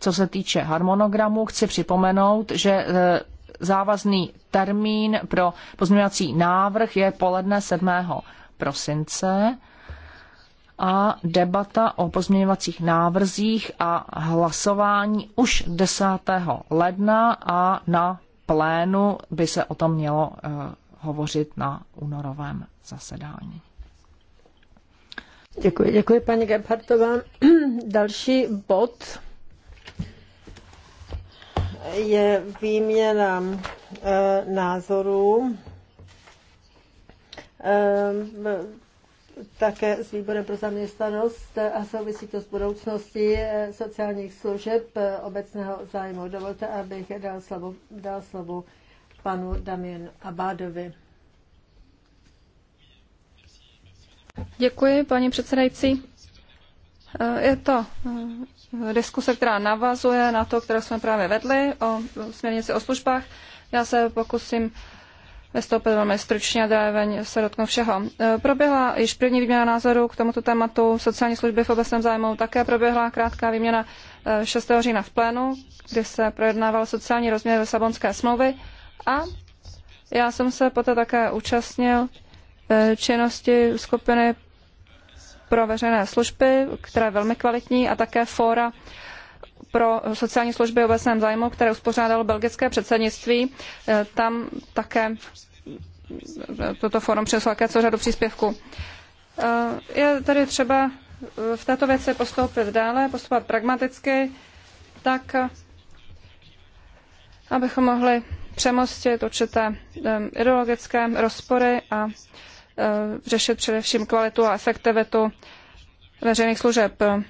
co se týče harmonogramu, chci připomenout, že e, závazný termín pro pozměňovací návrh je poledne 7. prosince a debata o pozměňovacích návrzích a hlasování už 10. ledna a na plénu by se o tom mělo e, hovořit na únorovém zasedání. Děkuji, děkuji paní Gebhardtová. Další bod je výměna e, názorů eh, také s výborem pro zaměstnanost a souvisí to s budoucností eh, sociálních služeb obecného zájmu. Dovolte, abych dal slovo, dal slovo panu Damien Abádovi. Děkuji, paní předsedající. Eh, je to eh, diskuse, která navazuje na to, kterou jsme právě vedli o směrnici o službách. Já se pokusím vystoupit velmi stručně a zároveň se dotknu všeho. Eh, proběhla již první výměna názorů k tomuto tématu. Sociální služby v obecném zájmu také proběhla krátká výměna 6. října v plénu, kdy se projednával sociální rozměr Lisabonské smlouvy a já jsem se poté také účastnil Eh, činnosti skupiny pro veřejné služby, která je velmi kvalitní, a také fóra pro sociální služby obecném zájmu, které uspořádalo belgické předsednictví. Eh, tam také toto fórum přineslo také co řadu příspěvku. Eh, je tady třeba v této věci postoupit dále, postupovat pragmaticky, tak abychom mohli přemostit určité ideologické rozpory a Eh, řešit především kvalitu a efektivitu veřejných služeb. Eh,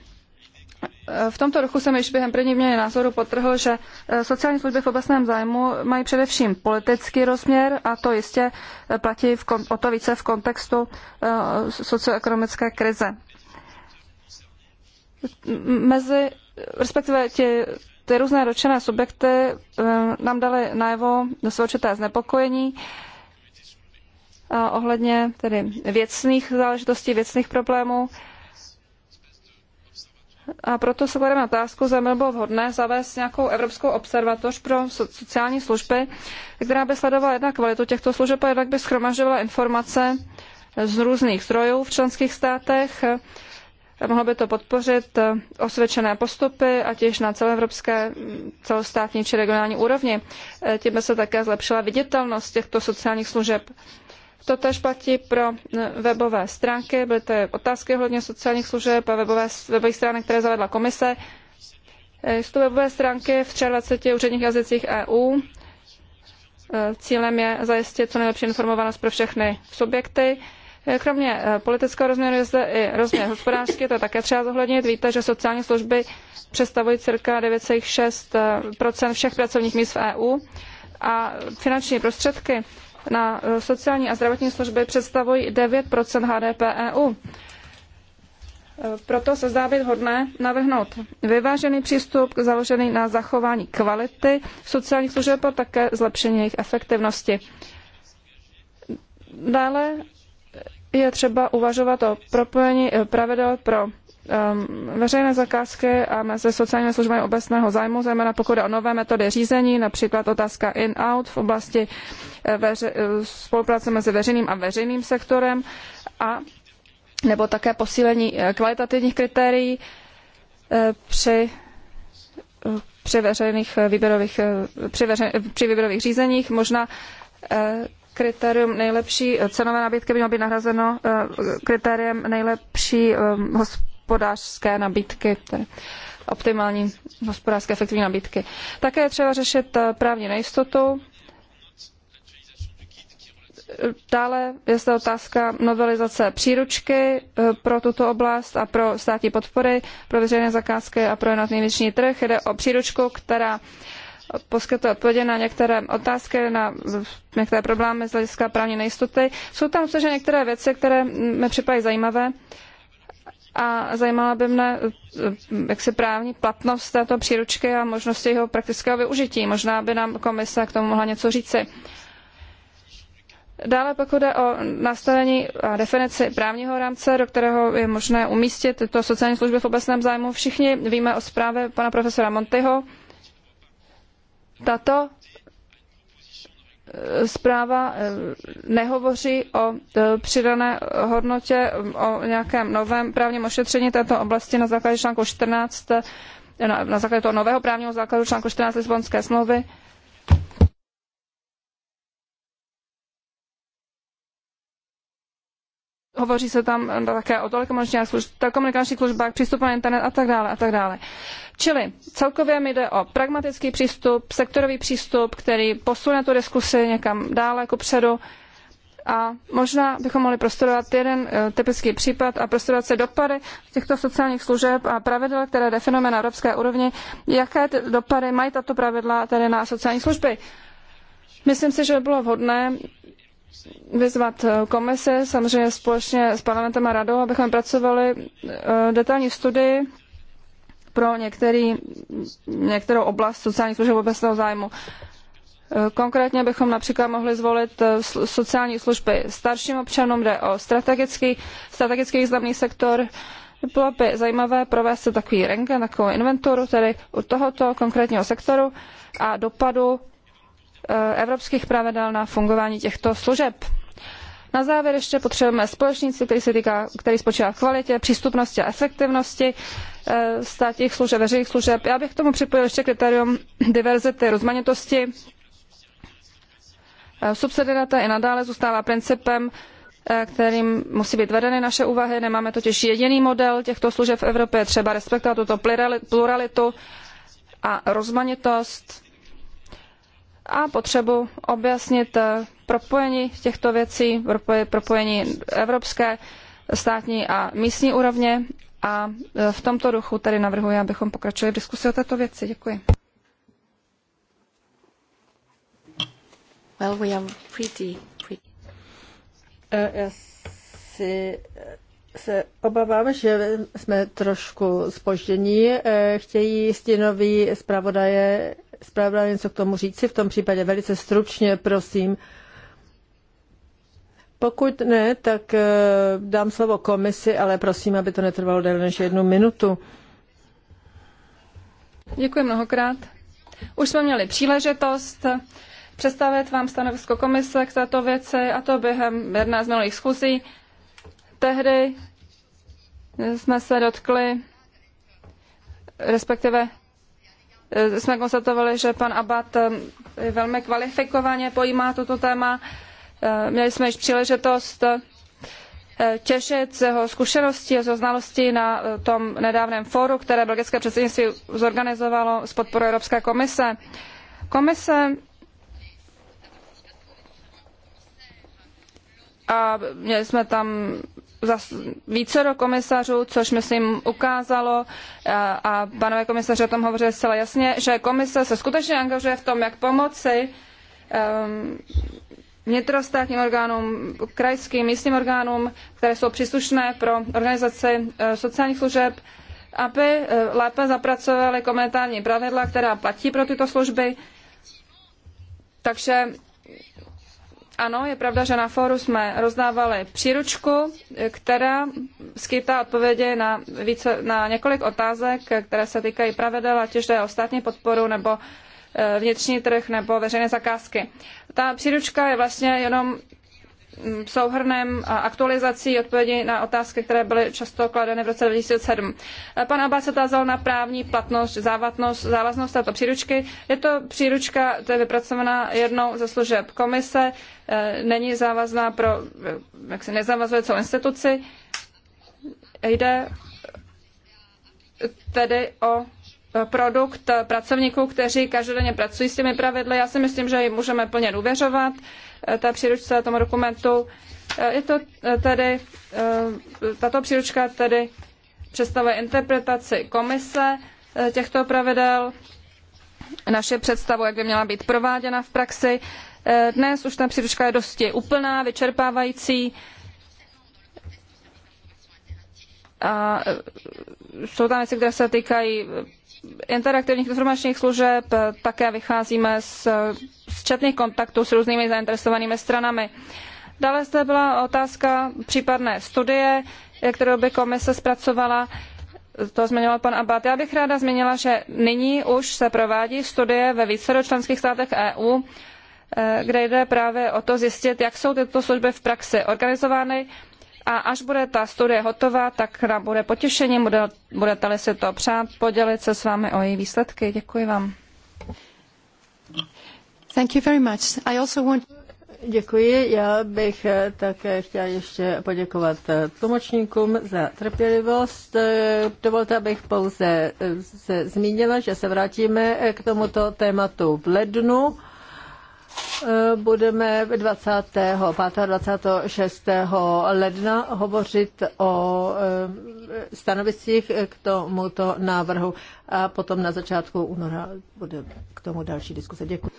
v tomto ruchu jsem již během první měny názoru potrhl, že eh, sociální služby v obecném zájmu mají především politický rozměr a to jistě platí v kon- o to více v kontextu socioekonomické krize. Mezi, respektive ti, ty různé ročené subjekty nám dali najevo určité znepokojení ohledně tedy věcných záležitostí, věcných problémů. A proto se klademe otázku, zda by bylo vhodné zavést nějakou evropskou observatoř pro sociální služby, která by sledovala jednak kvalitu těchto služeb a jednak by schromažďovala informace z různých zdrojů v členských státech. Mohlo by to podpořit eh, osvědčené postupy, ať již na celoevropské, mm, celostátní či regionální úrovni. Eh, tím by se také zlepšila viditelnost těchto sociálních služeb. To tež platí pro eh, webové stránky, byly to otázky ohledně sociálních služeb a webové, webových stránek, které zavedla komise. Eh, jsou to webové stránky v 23 úředních jazycích EU. Eh, cílem je zajistit co nejlepší informovanost pro všechny subjekty. Kromě politického rozměru je zde i rozměr hospodářský, to je také třeba zohlednit. Víte, že sociální služby představují cirka 9,6 všech pracovních míst v EU a finanční prostředky na eh, sociální a zdravotní služby představují 9 HDP EU. Proto se zdá být hodné navrhnout vyvážený přístup založený na zachování kvality sociálních služeb a také zlepšení jejich efektivnosti. Dále je třeba uvažovat o propojení eh, pravidel pro Ehm, veřejné zakázky a mezi sociálními službami obecného zájmu, zejména pokud jde o nové metody řízení, například otázka in-out v oblasti eh, veře, eh, spolupráce mezi veřejným a veřejným sektorem a nebo také posílení eh, kvalitativních kritérií při při veřejných výběrových, při, při výběrových řízeních. Možná kritérium nejlepší cenové nabídky by mělo být nahrazeno kritériem nejlepší hospodářské nabídky, tedy optimální hospodářské efektivní nabídky. Také je třeba řešit eh, právní nejistotu. Dále je zde otázka novelizace příručky eh, pro tuto oblast a pro státní podpory, pro veřejné zakázky a pro jednotný vnitřní trh. Jde o příručku, která poskytuje odpovědi na některé otázky, na některé problémy z hlediska právní nejistoty. Jsou tam obsaženy některé věci, které mi připadají zajímavé a zajímala by mne eh, jak se právní platnost této příručky a možnosti jeho praktického využití. Možná by nám komise k tomu mohla něco říci. Dále pokud jde o nastavení a definici právního rámce, do kterého je možné umístit tyto sociální služby v obecném zájmu, všichni víme o zprávě pana profesora Montyho. Tato zpráva eh, nehovoří o eh, přidané hodnotě, o nějakém novém právním ošetření této oblasti na základě článku 14, eh, na, základě toho nového právního základu článku 14 Lisbonské smlouvy. hovoří se tam také o telekomunikačních službách, přístupu na internet a tak dále a tak dále. Čili celkově mi jde o pragmatický přístup, sektorový přístup, který posune tu diskusi někam dále předu. A možná bychom mohli prostudovat jeden eh, typický případ a prostudovat se dopady těchto sociálních služeb a pravidel, které definujeme na evropské úrovni, jaké dopady mají tato pravidla tedy na sociální služby. Myslím si, že by bylo vhodné vyzvat eh, komise, samozřejmě společně s parlamentem a radou, abychom pracovali eh, detailní studii pro některý, některou oblast sociálních služeb obecného zájmu. Eh, konkrétně bychom například mohli zvolit sociální služby starším občanům, jde o strategický, strategický významný sektor. Bylo by zajímavé provést takový rengen, takovou inventuru, tedy u tohoto konkrétního sektoru a dopadu Eh, evropských pravidel na fungování těchto služeb. Na závěr ještě potřebujeme společný cíl, který, se týká, který spočívá v kvalitě, přístupnosti a efektivnosti eh, státních služeb, veřejných služeb. Já bych k tomu připojil ještě kritérium diverzity, rozmanitosti. Eh, subsidiarita i nadále zůstává principem, kterým musí být vedeny naše úvahy. Nemáme totiž jediný model těchto služeb v Evropě. Třeba respektovat tuto pluralitu a rozmanitost a potřebu objasnit eh, propojení těchto věcí, propojení evropské, státní a místní úrovně. A eh, v tomto duchu tedy navrhuji, abychom pokračovali v diskusi o této věci. Děkuji. Well, we are pretty, pretty. Eh, já si se obávám, že jsme trošku spoždění. Chtějí stínoví zpravodaje zpravodaj něco k tomu říci? V tom případě velice stručně, prosím. Pokud ne, tak eh, dám slovo komisi, ale prosím, aby to netrvalo déle než jednu minutu. Děkuji mnohokrát. Už jsme měli příležitost představit vám stanovisko komise k této věci a to během jedné z minulých schůzí. Tehdy jsme se dotkli, respektive Eh, jsme konstatovali, že pan Abad eh, velmi kvalifikovaně pojímá toto téma. Eh, měli jsme již příležitost těšit z jeho zkušeností a z znalostí na tom nedávném fóru, které belgické předsednictví zorganizovalo s podporou Evropské komise. Komise a měli jsme tam Vícero komisařů, což myslím ukázalo a panové komisaři o tom hovořili zcela jasně, že komise se skutečně angažuje v tom, jak pomoci ehm, vnitrostátním orgánům, krajským, místním orgánům, které jsou příslušné pro organizaci e, sociálních služeb, aby e, lépe zapracovali komentární pravidla, která platí pro tyto služby. Takže ano, je pravda, že na fóru jsme rozdávali příručku, která skýtá odpovědi na, více, na několik otázek, které se týkají pravidel, ať už jde o státní podporu nebo eh, vnitřní trh nebo veřejné zakázky. Ta příručka je vlastně jenom Mm, souhrnem a aktualizací odpovědi na otázky, které byly často kladeny v roce 2007. Eh, pan Abba se tázal na právní platnost, závatnost, závaznost této příručky. Je to příručka, to je vypracovaná jednou ze služeb komise, eh, není závazná pro, eh, jak se nezavazuje celou instituci. Jde tedy o produkt pracovníků, kteří každodenně pracují s těmi pravidly. Já si myslím, že jim můžeme plně důvěřovat. Eh, ta příručka tomu dokumentu. Eh, je to eh, tady, tato příručka tedy představuje interpretaci komise těchto pravidel, naše představu, jak by měla být prováděna v praxi. Dnes už ta příručka je dosti úplná, vyčerpávající. A jsou tam věci, které se týkají interaktivních informačních služeb eh, také vycházíme z, z četných kontaktů s různými zainteresovanými stranami. Dále zde byla otázka případné studie, eh, kterou by komise zpracovala. To zmiňoval pan Abad. Já bych ráda zmínila, že nyní už se provádí studie ve více členských státech EU, eh, kde jde právě o to zjistit, jak jsou tyto služby v praxi organizovány a až bude ta studie hotová, tak nám bude potěšením, budete-li si to přát, podělit se s vámi o její výsledky. Děkuji vám. Thank you very much. I also want... Děkuji. Já bych eh, také chtěla ještě poděkovat eh, tlumočníkům za trpělivost. Eh, dovolte, abych pouze se zmínila, že se vrátíme k tomuto tématu v lednu. Eh, budeme 25. 26. ledna hovořit o eh, stanoviscích k tomuto návrhu a potom na začátku února bude k tomu další diskuse. Děkuji.